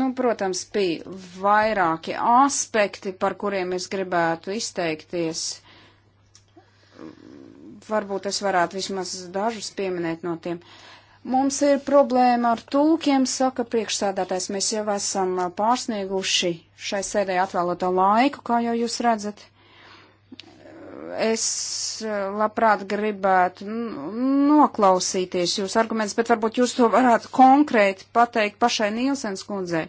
Nu, protams, bija vairāki aspekti, par kuriem es gribētu izteikties. Varbūt es varētu vismaz dažus pieminēt no tiem. Mums ir problēma ar tulkiem, saka priekšsādātājs. Mēs jau esam pārsnieguši šai sēdē atvēloto laiku, kā jau jūs redzat es eh, labprāt gribētu noklausīties jūsu argumentus, bet varbūt jūs to varētu konkrēti pateikt pašai Nielsens kundzei.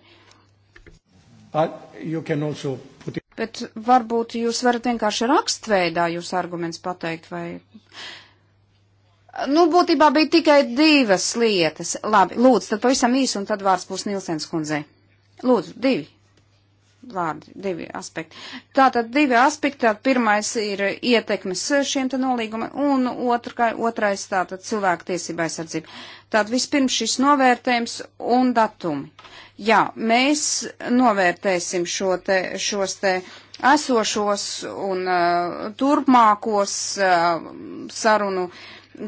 Put... Bet varbūt jūs varat vienkārši rakstveidā jūs arguments pateikt vai. Nu, būtībā bija tikai divas lietas. Labi, lūdzu, tad pavisam īsi un tad vārds būs Nielsens kundzei. Lūdzu, divi vārdi, divi aspekti. Tātad divi aspekti, tātad pirmais ir ietekmes šiem te nolīgumiem, un otrkai, otrais tātad cilvēku tiesība aizsardzība. Tātad vispirms šis novērtējums un datumi. Jā, mēs novērtēsim šo te, šos te esošos un uh, turpmākos uh, sarunu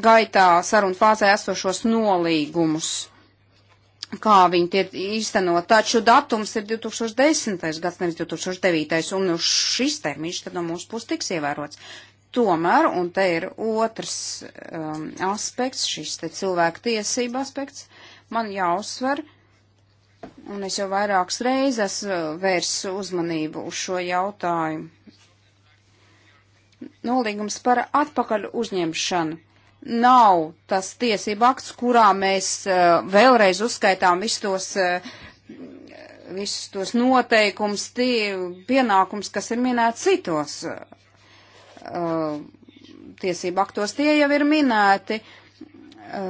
gaitā, sarunu fāzē esošos nolīgumus kā viņi tie īsteno. Taču datums ir 2010. gads, nevis 2009. un šis termiņš tad no mūsu puses tiks ievērots. Tomēr, un te ir otrs um, aspekts, šis te cilvēku tiesība aspekts, man jāuzsver, un es jau vairākas reizes uh, vērsu uzmanību uz šo jautājumu. Nolīgums par atpakaļ uzņemšanu nav tas tiesība akts, kurā mēs uh, vēlreiz uzskaitām visus tos, uh, visus tos noteikums, tie pienākums, kas ir minēti citos uh, eh, tiesību aktos. Tie jau ir minēti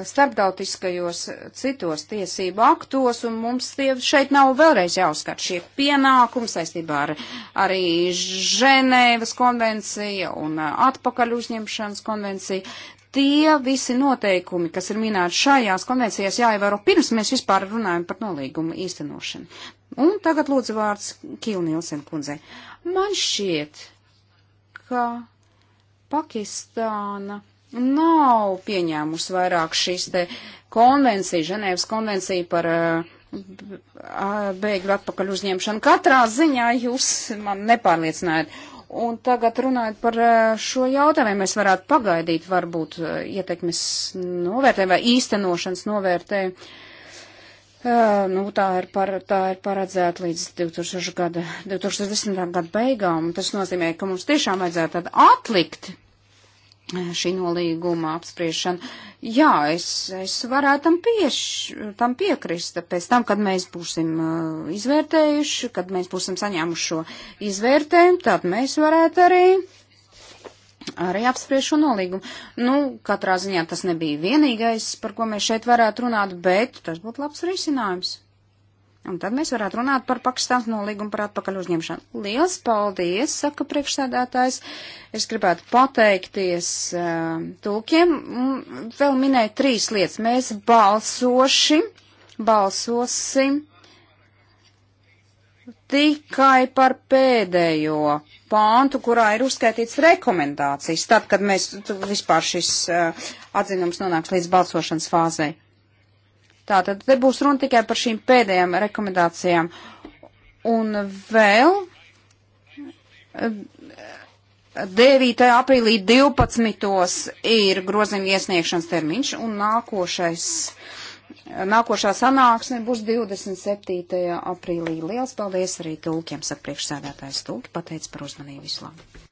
starptautiskajos citos tiesību aktos, un mums tie šeit nav vēlreiz jāuzskat šie pienākumi saistībā ar arī Ženēvas konvencija un atpakaļ uzņemšanas konvencija tie visi noteikumi, kas ir minēti šajās konvencijās, jāievēro pirms mēs vispār runājam par nolīgumu īstenošanu. Un tagad lūdzu vārds Kilnielsen kundzei. Man šķiet, ka Pakistāna nav pieņēmusi vairāk šīs te konvenciju, Ženēvas konvenciju par uh, bēgļu atpakaļ uzņemšanu. Katrā ziņā jūs man nepārliecinājāt. Un tagad runājot par eh, šo jautājumu, mēs varētu pagaidīt varbūt eh, ietekmes novērtējumu vai īstenošanas novērtējumu. Eh, nu, tā ir, par, tā ir paredzēta līdz 2000 gada, 2010. gada beigām. Tas nozīmē, ka mums tiešām vajadzētu tad atlikt šī nolīguma apspriešana. Jā, es, es varētu tam, pieš, tam piekrist, pēc tam, kad mēs būsim uh, izvērtējuši, kad mēs būsim saņēmuši šo izvērtējumu, tad mēs varētu arī, arī apspriest šo nolīgumu. Nu, katrā ziņā tas nebija vienīgais, par ko mēs šeit varētu runāt, bet tas būtu labs risinājums. Un tad mēs varētu runāt par Pakistāns nolīgumu par atpakaļ uzņemšanu. Liels paldies, saka priekšsēdētājs. Es gribētu pateikties uh, um, tūkiem. Vēl minēju trīs lietas. Mēs balsoši, balsosim tikai par pēdējo pāntu, kurā ir uzskaitīts rekomendācijas, tad, kad mēs vispār šis uh, atzinums nonāks līdz balsošanas fāzei. Tātad te būs runa tikai par šīm pēdējām rekomendācijām. Un vēl 9. Eh, aprīlī 12. ir grozījuma iesniegšanas termiņš, un nākošais, nākošā sanāksme būs 27. aprīlī. Liels paldies arī tulkiem, saka priekšsēdētājs tulki, pateic par uzmanību vislabāk.